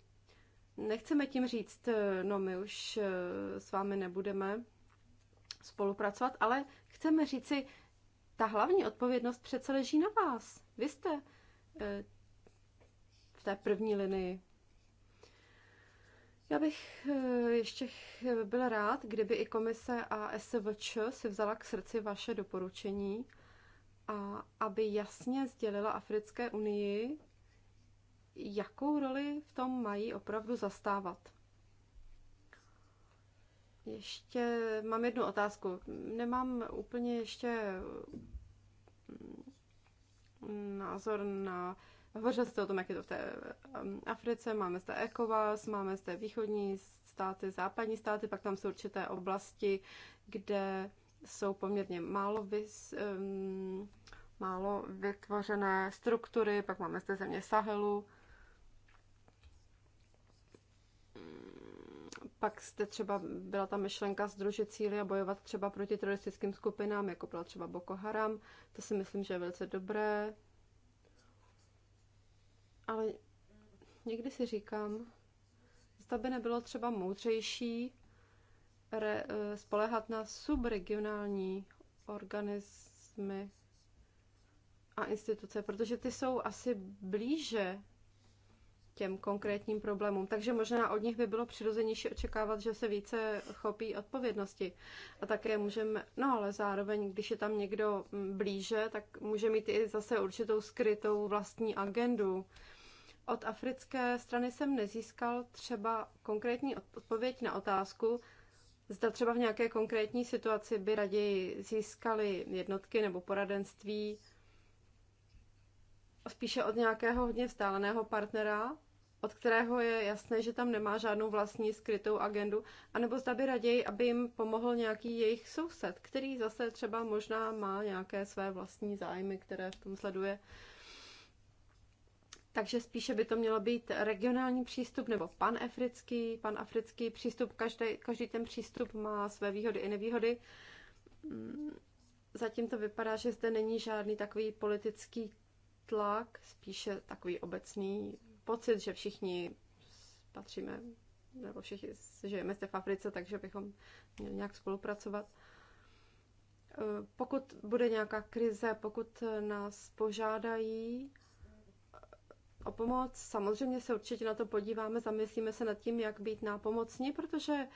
Nechceme tím říct, eh, no my už eh, s vámi nebudeme spolupracovat, ale chceme říci, ta hlavní odpovědnost přece leží na vás. Vy jste eh, v té první linii. Já bych ještě byla rád, kdyby i komise a SVČ si vzala k srdci vaše doporučení a aby jasně sdělila Africké unii, jakou roli v tom mají opravdu zastávat. Ještě mám jednu otázku. Nemám úplně ještě mm, názor na... Hovořil jste o tom, jak je to v té mm, Africe, máme zde ECOWAS, máme zde východní státy, západní státy, pak tam jsou určité oblasti, kde jsou poměrně málo, vys, um, málo vytvořené struktury, pak máme zde země Sahelu, Pak jste třeba byla ta myšlenka združit cíly a bojovat třeba proti teroristickým skupinám, jako byla třeba Boko Haram. To si myslím, že je velice dobré. Ale někdy si říkám, zda by nebylo třeba moudřejší re, eh, spolehat na subregionální organismy a instituce, protože ty jsou asi blíže těm konkrétním problémům. Takže možná od nich by bylo přirozenější očekávat, že se více chopí odpovědnosti. A také můžeme, no ale zároveň, když je tam někdo blíže, tak může mít i zase určitou skrytou vlastní agendu. Od africké strany jsem nezískal třeba konkrétní odpověď na otázku, zda třeba v nějaké konkrétní situaci by raději získali jednotky nebo poradenství spíše od nějakého hodně vzdáleného partnera, od kterého je jasné, že tam nemá žádnou vlastní skrytou agendu, anebo zda by raději, aby jim pomohl nějaký jejich soused, který zase třeba možná má nějaké své vlastní zájmy, které v tom sleduje. Takže spíše by to mělo být regionální přístup nebo panafrický, panafrický přístup. Každý, každý ten přístup má své výhody i nevýhody. Mm, zatím to vypadá, že zde není žádný takový politický tlak, spíše takový obecný pocit, že všichni patříme, nebo všichni žijeme zde v Africe, takže bychom měli nějak spolupracovat. E, pokud bude nějaká krize, pokud nás požádají o pomoc, samozřejmě se určitě na to podíváme, zamyslíme se nad tím, jak být nápomocní, protože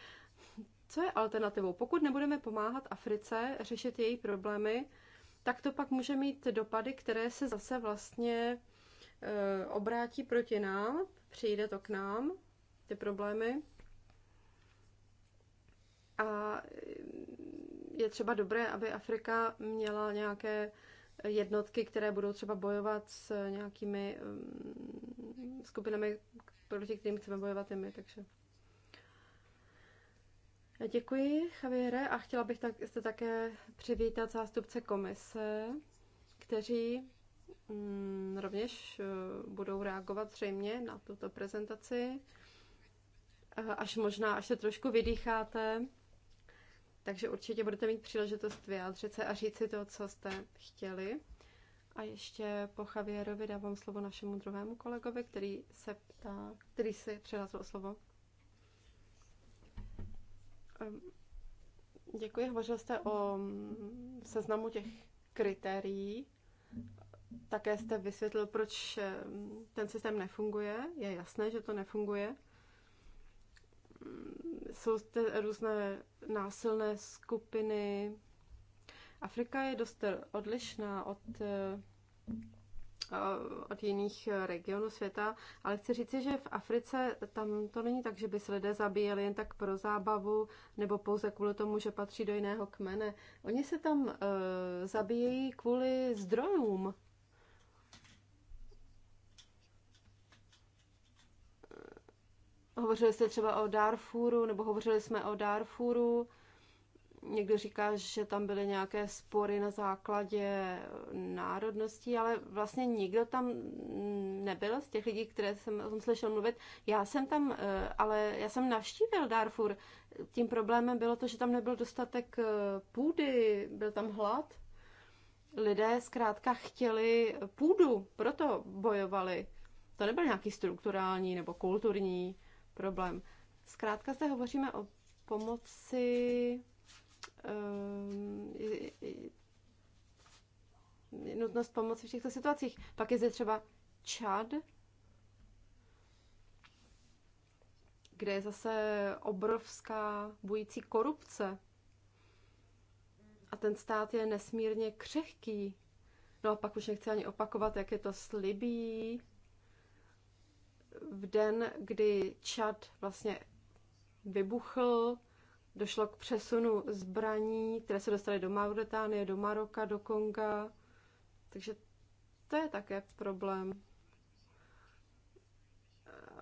co je alternativou? Pokud nebudeme pomáhat Africe řešit její problémy, tak to pak může mít dopady, které se zase vlastně Eh, obrátí proti nám, přijde to k nám, ty problémy. A eh, je třeba dobré, aby Afrika měla nějaké jednotky, které budou třeba bojovat s nějakými mm, skupinami, proti kterým chceme bojovat i my, takže... Děkuji, Javiere, a chtěla bych tak, jste také přivítat zástupce komise, kteří Mm, rovněž eh, budou reagovat zřejmě na tuto prezentaci. Eh, až možná, až se trošku vydýcháte, takže určitě budete mít příležitost vyjádřit se a říct si to, co jste chtěli. A ještě po Javierovi dávám slovo našemu druhému kolegovi, který se ptá, který si přihlásil slovo. Děkuji, hovořil jste o mm, seznamu těch kritérií, také jste vysvětlil, proč eh, ten systém nefunguje. Je jasné, že to nefunguje. Mm, jsou zde různé násilné skupiny. Afrika je dost odlišná od eh, eh, od jiných regionů světa, ale chci říci, že v Africe tam to není tak, že by se lidé zabíjeli jen tak pro zábavu nebo pouze kvůli tomu, že patří do jiného kmene. Oni se tam zabíjejí kvůli zdrojům. Hovořili jste třeba o Darfuru, nebo hovořili jsme o Darfuru. Někdo říká, že tam byly nějaké spory na základě národností, ale vlastně nikdo tam nebyl z těch lidí, které jsem o tom slyšel mluvit. Já jsem tam, eh, ale já jsem navštívil Darfur. Tím problémem bylo to, že tam nebyl dostatek eh, půdy, byl tam hlad. Lidé zkrátka chtěli půdu, proto bojovali. To nebyl nějaký strukturální nebo kulturní problém. Zkrátka zde hovoříme o pomoci um, nutnost pomoci v těchto situacích. Pak je zde třeba Čad, kde je zase obrovská bující korupce. A ten stát je nesmírně křehký. No a pak už nechci ani opakovat, jak je to slibí v den, kdy Čad vlastně vybuchl, došlo k přesunu zbraní, které se dostaly do Mauritánie, do Maroka, do Konga. Takže to je také problém.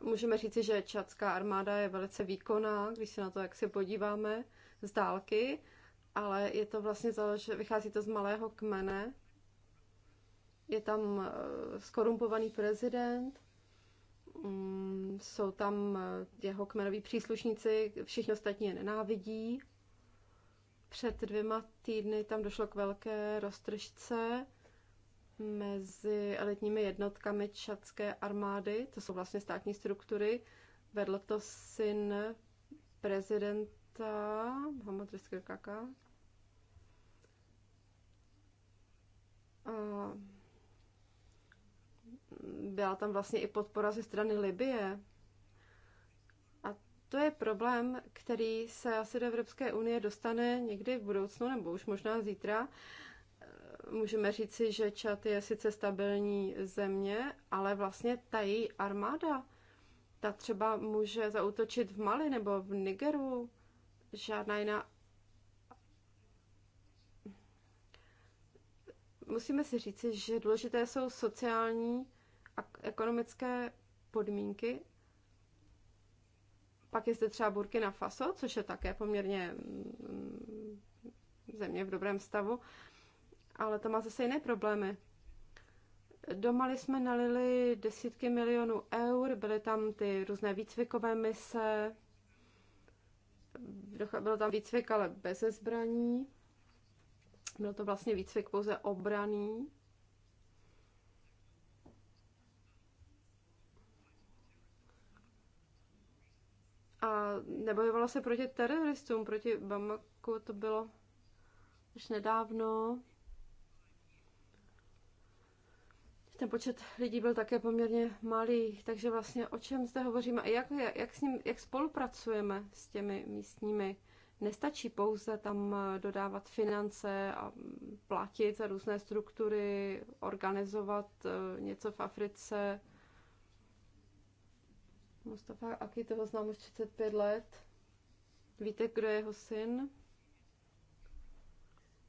Můžeme říci, že čadská armáda je velice výkonná, když se na to jak se podíváme z dálky, ale je to vlastně založené, vychází to z malého kmene. Je tam eh, skorumpovaný prezident, Mm, jsou tam eh, jeho kmenoví příslušníci, všichni ostatní je nenávidí. Před dvěma týdny tam došlo k velké roztržce mezi elitními jednotkami čatské armády, to jsou vlastně státní struktury. Vedl to syn prezidenta Mohamed Kaka. A byla tam vlastně i podpora ze strany Libie. A to je problém, který se asi do Evropské unie dostane někdy v budoucnu, nebo už možná zítra. Můžeme říci, že Čad je sice stabilní země, ale vlastně ta její armáda, ta třeba může zautočit v Mali nebo v Nigeru. Žádná jiná musíme si říci, že důležité jsou sociální ekonomické podmínky. Pak je zde třeba Burkina Faso, což je také poměrně mm, země v dobrém stavu, ale to má zase jiné problémy. Do Mali jsme nalili desítky milionů eur, byly tam ty různé výcvikové mise, byl tam výcvik, ale bez zbraní. Byl to vlastně výcvik pouze obraný, A nebojovala se proti teroristům, proti Bamaku to bylo už nedávno. Ten počet lidí byl také poměrně malý, takže vlastně o čem zde hovoříme a jak, jak, s ním, jak spolupracujeme s těmi místními. Nestačí pouze tam dodávat finance a platit za různé struktury, organizovat eh, něco v Africe, Mustafa Aki, toho znám už 35 let. Víte, kdo je jeho syn?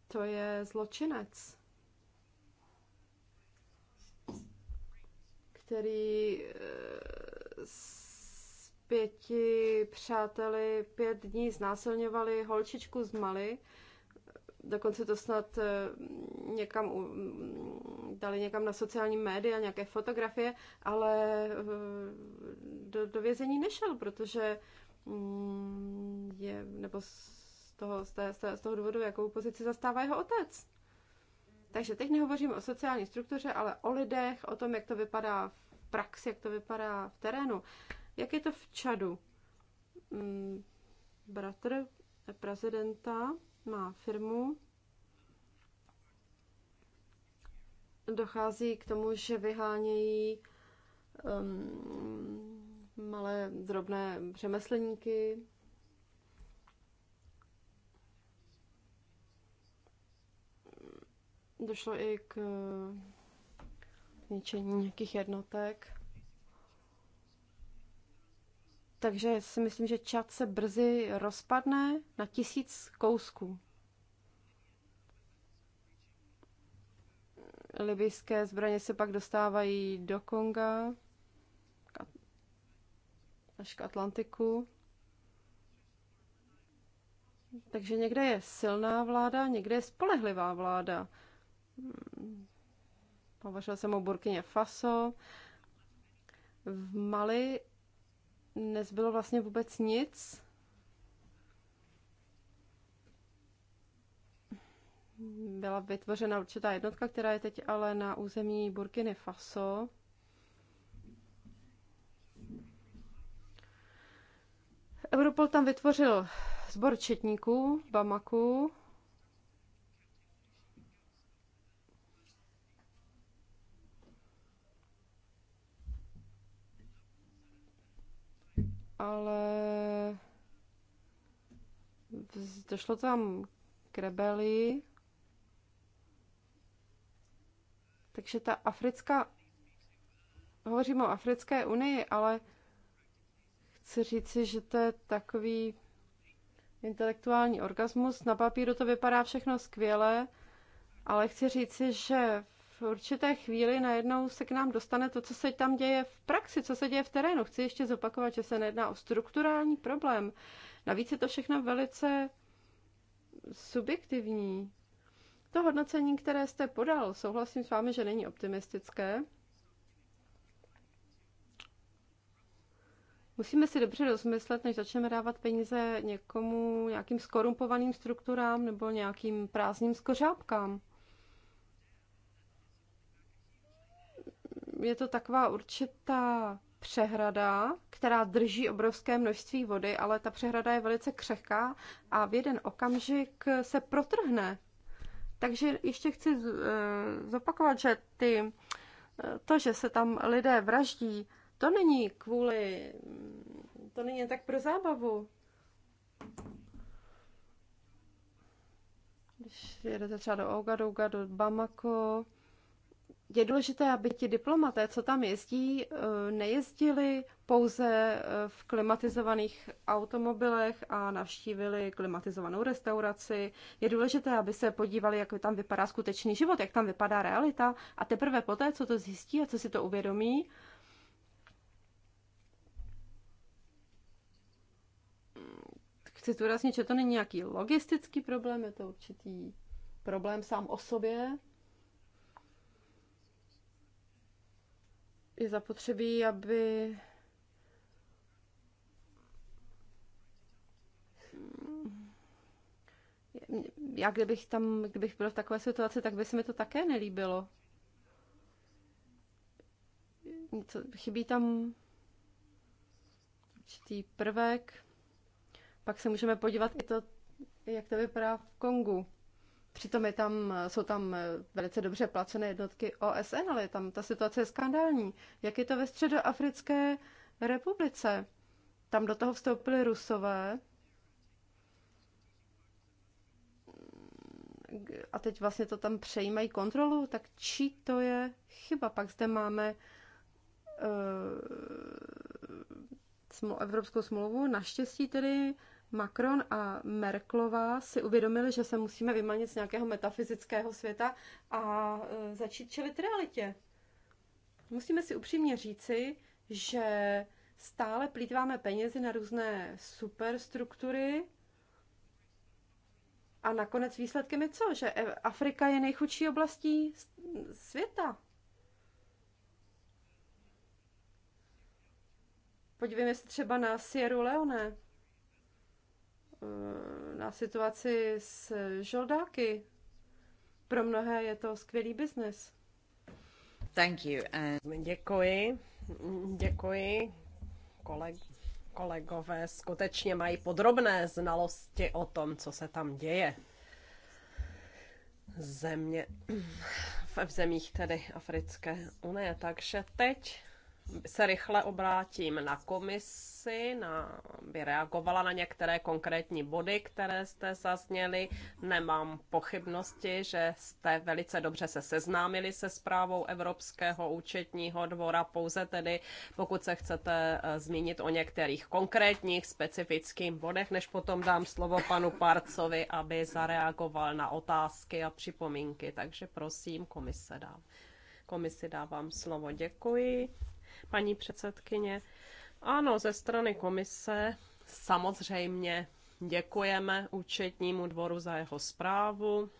To je zločinec, který eh, s pěti přáteli pět dní znásilňovali holčičku z Mali dokonce to snad eh, někam dali někam na sociální média, nějaké fotografie, ale eh, do, do vězení nešel, protože mm, je, nebo z toho, z, té, z toho důvodu, jakou pozici zastává jeho otec. Takže teď nehovořím o sociální struktuře, ale o lidech, o tom, jak to vypadá v praxi, jak to vypadá v terénu. Jak je to v Čadu? Mm, bratr prezidenta má firmu. Dochází k tomu, že vyhánějí um, malé drobné řemeslníky. Došlo i k ničení nějakých jednotek. Takže si myslím, že čat se brzy rozpadne na tisíc kousků. Libijské zbraně se pak dostávají do Konga, až k Atlantiku. Takže někde je silná vláda, někde je spolehlivá vláda. Hovořila jsem o Burkině Faso. V Mali nezbylo vlastně vůbec nic. Byla vytvořena určitá jednotka, která je teď ale na území Burkiny Faso. Europol tam vytvořil sbor četníků, Bamaku, ale došlo tam k rebeli. Takže ta africká, hovořím o Africké unii, ale chci říci, že to je takový intelektuální orgasmus. Na papíru to vypadá všechno skvěle, ale chci říci, že v určité chvíli najednou se k nám dostane to, co se tam děje v praxi, co se děje v terénu. Chci ještě zopakovat, že se nejedná o strukturální problém. Navíc je to všechno velice subjektivní. To hodnocení, které jste podal, souhlasím s vámi, že není optimistické. Musíme si dobře rozmyslet, než začneme dávat peníze někomu, nějakým skorumpovaným strukturám nebo nějakým prázdným skořápkám. je to taková určitá přehrada, která drží obrovské množství vody, ale ta přehrada je velice křehká a v jeden okamžik se protrhne. Takže ještě chci eh, zopakovat, že ty, eh, to, že se tam lidé vraždí, to není kvůli, to není tak pro zábavu. Když jedete třeba do Ouagadougou, do Bamako, je důležité, aby ti diplomaté, co tam jezdí, eh, nejezdili pouze eh, v klimatizovaných automobilech a navštívili klimatizovanou restauraci. Je důležité, aby se podívali, jak tam vypadá skutečný život, jak tam vypadá realita a teprve poté, co to zjistí a co si to uvědomí, chci zdůraznit, že to není nějaký logistický problém, je to určitý problém sám o sobě, je zapotřebí, aby já kdybych tam, kdybych byl v takové situaci, tak by se mi to také nelíbilo. Něco, chybí tam určitý prvek. Pak se můžeme podívat i to, jak to vypadá v Kongu. Přitom je tam, jsou tam eh, velice dobře placené jednotky OSN, ale tam ta situace je skandální. Jak je to ve Středoafrické republice? Tam do toho vstoupili Rusové. A teď vlastně to tam přejímají kontrolu, tak čí to je chyba? Pak zde máme uh, Evropskou smlouvu. Naštěstí tedy Macron a Merklova si uvědomili, že se musíme vymanit z nějakého metafyzického světa a e, začít čelit realitě. Musíme si upřímně říci, že stále plítváme penězi na různé superstruktury a nakonec výsledkem je co? Že e- Afrika je nejchudší oblastí světa. Podívejme se třeba na Sierra Leone. Eh, na situaci s žoldáky. Pro mnohé je to skvělý biznis. Thank you. And... Děkuji. Děkuji. Koleg, kolegové skutečně mají podrobné znalosti o tom, co se tam děje. Země v zemích tedy Africké unie. Takže teď se rychle obrátím na komisi, na, by reagovala na některé konkrétní body, které jste zazněli. Nemám pochybnosti, že jste velice dobře se seznámili se zprávou Evropského účetního dvora, pouze tedy pokud se chcete eh, zmínit o některých konkrétních specifických bodech, než potom dám slovo panu Parcovi, aby zareagoval na otázky a připomínky. Takže prosím, komise dám. Komisi dávám slovo. Děkuji paní předsedkyně. Ano, ze strany komise samozřejmě děkujeme účetnímu dvoru za jeho zprávu.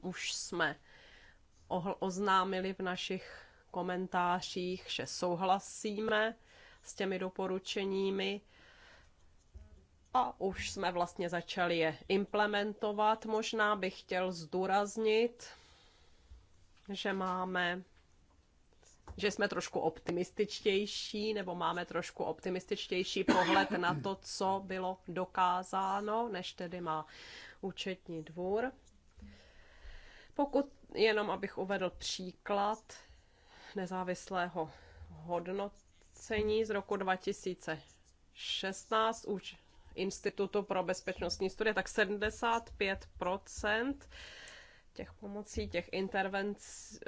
Už jsme oznámili v našich komentářích, že souhlasíme s těmi doporučeními a už jsme vlastně začali je implementovat. Možná bych chtěl zdůraznit, že máme že jsme trošku optimističtější, nebo máme trošku optimističtější pohled na to, co bylo dokázáno, než tedy má účetní dvůr. Pokud jenom abych uvedl příklad nezávislého hodnocení z roku 2016 už Institutu pro bezpečnostní studie, tak 75 těch pomocí těch intervencí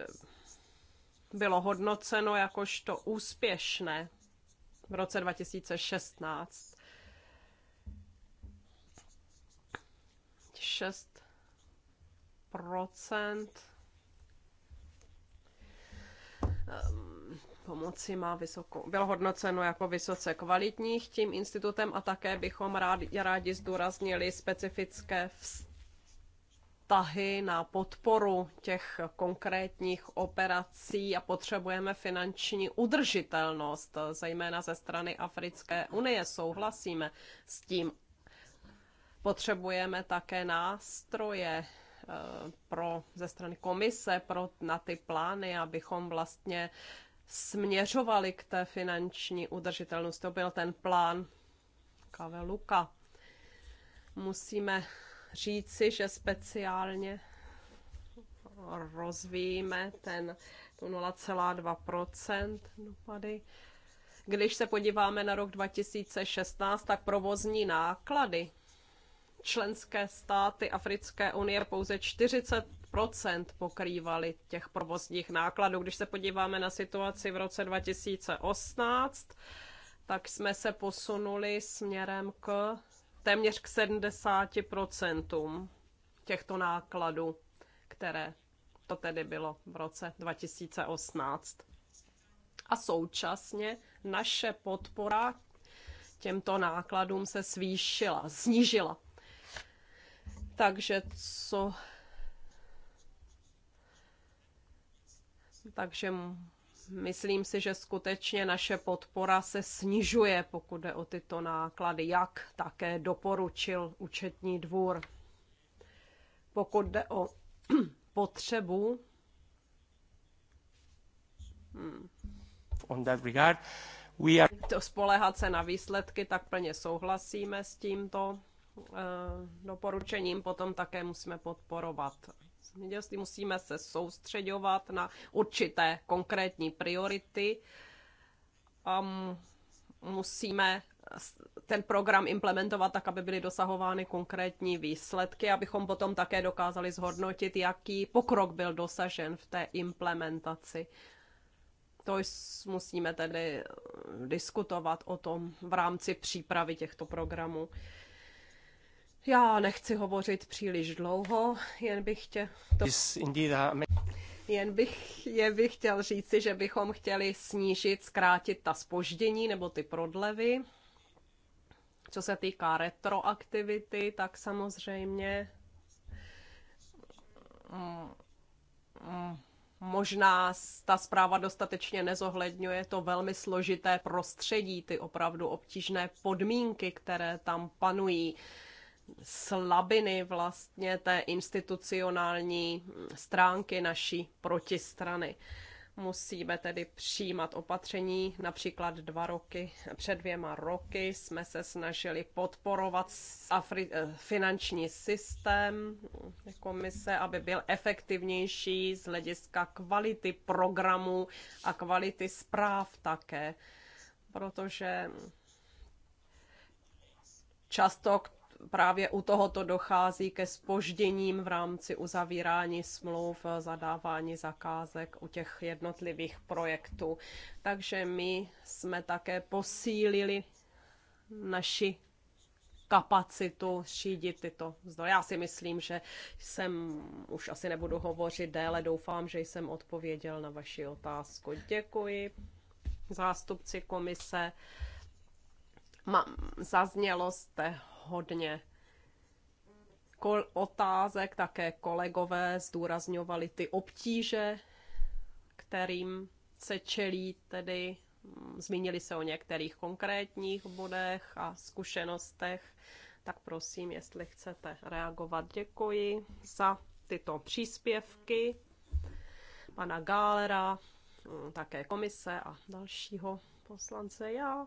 bylo hodnoceno jakožto úspěšné v roce 2016. Šest procent ehm, pomoci má vysokou, bylo hodnoceno jako vysoce kvalitních tím institutem a také bychom rádi, rádi zdůraznili specifické vztahy tahy na podporu těch konkrétních operací a potřebujeme finanční udržitelnost, zejména ze strany Africké unie. Souhlasíme s tím. Potřebujeme také nástroje eh, pro, ze strany komise pro, na ty plány, abychom vlastně směřovali k té finanční udržitelnosti. To byl ten plán Kaveluka. Musíme říci, že speciálně rozvíjíme ten, 0,2% dopady. Když se podíváme na rok 2016, tak provozní náklady členské státy Africké unie pouze 40 pokrývaly těch provozních nákladů. Když se podíváme na situaci v roce 2018, tak jsme se posunuli směrem k téměř k 70% těchto nákladů, které to tedy bylo v roce 2018. A současně naše podpora těmto nákladům se svýšila, snížila. Takže co takže Myslím si, že skutečně naše podpora se snižuje, pokud jde o tyto náklady, jak také doporučil účetní dvůr. Pokud jde o potřebu, hmm. on that regard, we are... to spolehat se na výsledky, tak plně souhlasíme s tímto eh, doporučením. Potom také musíme podporovat zemědělství musíme se soustředovat na určité konkrétní priority a musíme ten program implementovat tak, aby byly dosahovány konkrétní výsledky, abychom potom také dokázali zhodnotit, jaký pokrok byl dosažen v té implementaci. To musíme tedy diskutovat o tom v rámci přípravy těchto programů. Já nechci hovořit příliš dlouho, jen bych tě to... Uh, jen bych, je bych chtěl říci, že bychom chtěli snížit, zkrátit ta spoždění nebo ty prodlevy. Co se týká retroaktivity, tak samozřejmě mm, mm, možná ta zpráva dostatečně nezohledňuje to velmi složité prostředí, ty opravdu obtížné podmínky, které tam panují slabiny vlastně té institucionální stránky naší protistrany. Musíme tedy přijímat opatření. Například dva roky, před dvěma roky jsme se snažili podporovat Afri- eh, finanční systém komise, aby byl efektivnější z hlediska kvality programů a kvality zpráv také, protože často k právě u tohoto dochází ke spožděním v rámci uzavírání smluv, zadávání zakázek u těch jednotlivých projektů. Takže my jsme také posílili naši kapacitu šídit tyto zdroje. Já si myslím, že jsem, už asi nebudu hovořit déle, doufám, že jsem odpověděl na vaši otázku. Děkuji zástupci komise. Mám, zaznělo jste hodně kol- otázek, také kolegové zdůrazňovali ty obtíže, kterým se čelí tedy. Mm, zmínili se o některých konkrétních bodech a zkušenostech, tak prosím, jestli chcete reagovat, děkuji za tyto příspěvky pana Gálera, mm, také komise a dalšího poslance. Já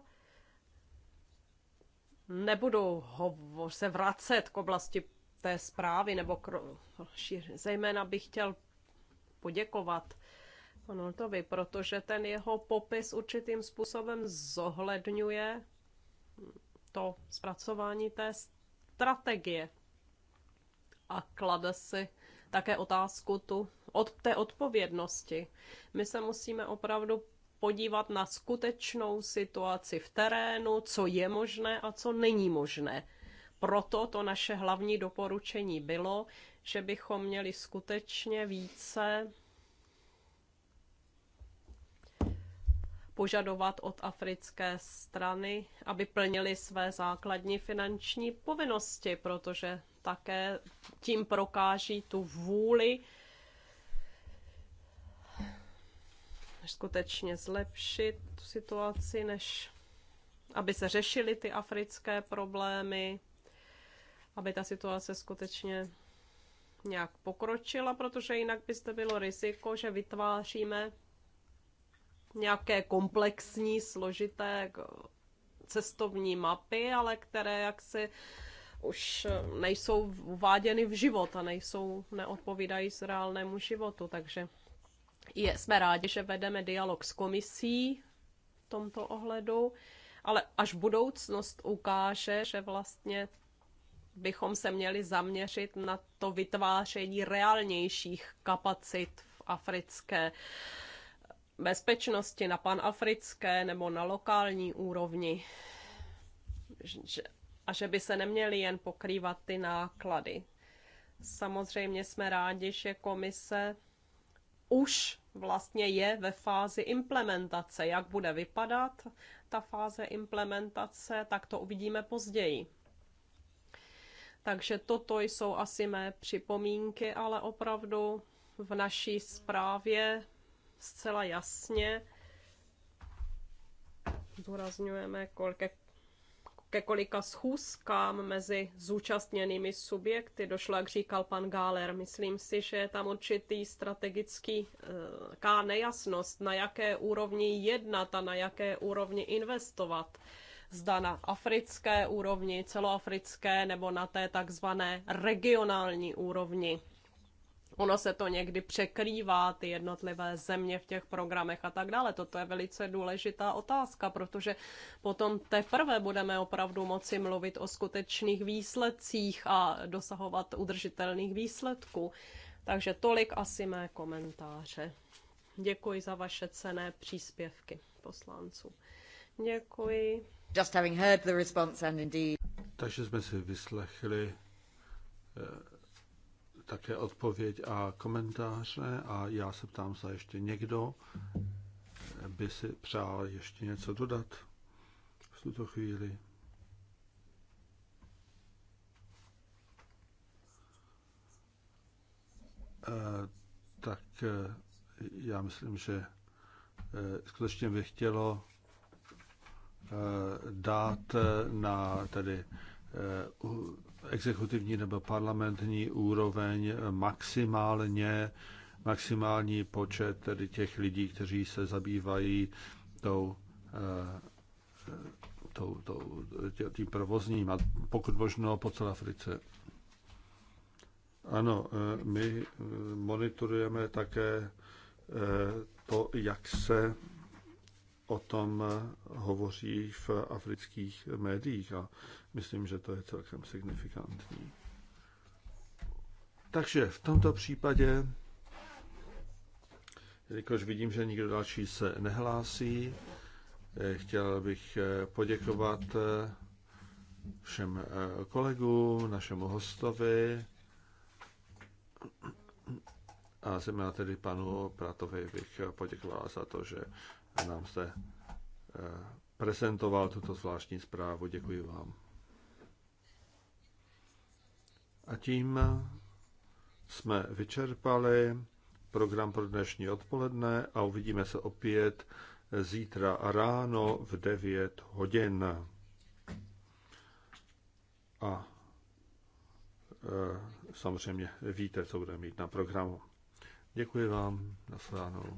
Nebudu hovo- se vracet k oblasti té zprávy, nebo k- zejména bych chtěl poděkovat Arnoldovi, protože ten jeho popis určitým způsobem zohledňuje to zpracování té strategie a klade si také otázku tu od té odpovědnosti. My se musíme opravdu podívat na skutečnou situaci v terénu, co je možné a co není možné. Proto to naše hlavní doporučení bylo, že bychom měli skutečně více požadovat od africké strany, aby plnili své základní finanční povinnosti, protože také tím prokáží tu vůli skutečně zlepšit tu situaci, než aby se řešily ty africké problémy, aby ta situace skutečně nějak pokročila, protože jinak byste bylo riziko, že vytváříme nějaké komplexní, složité cestovní mapy, ale které jaksi už nejsou uváděny v život a nejsou, neodpovídají s reálnému životu, takže je, jsme rádi, že vedeme dialog s komisí v tomto ohledu, ale až budoucnost ukáže, že vlastně bychom se měli zaměřit na to vytváření reálnějších kapacit v africké bezpečnosti na panafrické nebo na lokální úrovni. A že by se neměly jen pokrývat ty náklady. Samozřejmě jsme rádi, že komise už vlastně je ve fázi implementace. Jak bude vypadat ta fáze implementace, tak to uvidíme později. Takže toto jsou asi mé připomínky, ale opravdu v naší zprávě zcela jasně zdůrazňujeme, kolik ke kolika schůzkám mezi zúčastněnými subjekty došlo, jak říkal pan Gáler. Myslím si, že je tam určitý strategický eh, ká nejasnost, na jaké úrovni jednat a na jaké úrovni investovat. Zda na africké úrovni, celoafrické nebo na té takzvané regionální úrovni Ono se to někdy překrývá, ty jednotlivé země v těch programech a tak dále. Toto je velice důležitá otázka, protože potom teprve budeme opravdu moci mluvit o skutečných výsledcích a dosahovat udržitelných výsledků. Takže tolik asi mé komentáře. Děkuji za vaše cené příspěvky poslanců. Děkuji. Just having heard the response and indeed. Takže jsme si vyslechli eh, také odpověď a komentáře a já se ptám, za ještě někdo by si přál ještě něco dodat v tuto chvíli. Eh, tak eh, já myslím, že eh, skutečně bych chtělo dát na tedy exekutivní nebo parlamentní úroveň maximálně, maximální počet tedy těch lidí, kteří se zabývají tou, eh, tou, tou, tím provozním a pokud možno po celé Africe. Ano, eh, my eh, monitorujeme také to, jak se o tom hovoří v afrických médiích a myslím, že to je celkem signifikantní. Takže v tomto případě, jelikož vidím, že nikdo další se nehlásí, chtěl bych poděkovat všem kolegům, našemu hostovi a zejména tedy panu Pratovi bych poděkoval za to, že nám se eh, prezentoval tuto zvláštní zprávu. Děkuji vám. A tím eh, jsme vyčerpali program pro dnešní odpoledne a uvidíme se opět zítra ráno v 9 hodin. A e, samozřejmě víte, co budeme mít na programu. Děkuji vám, nasledanou.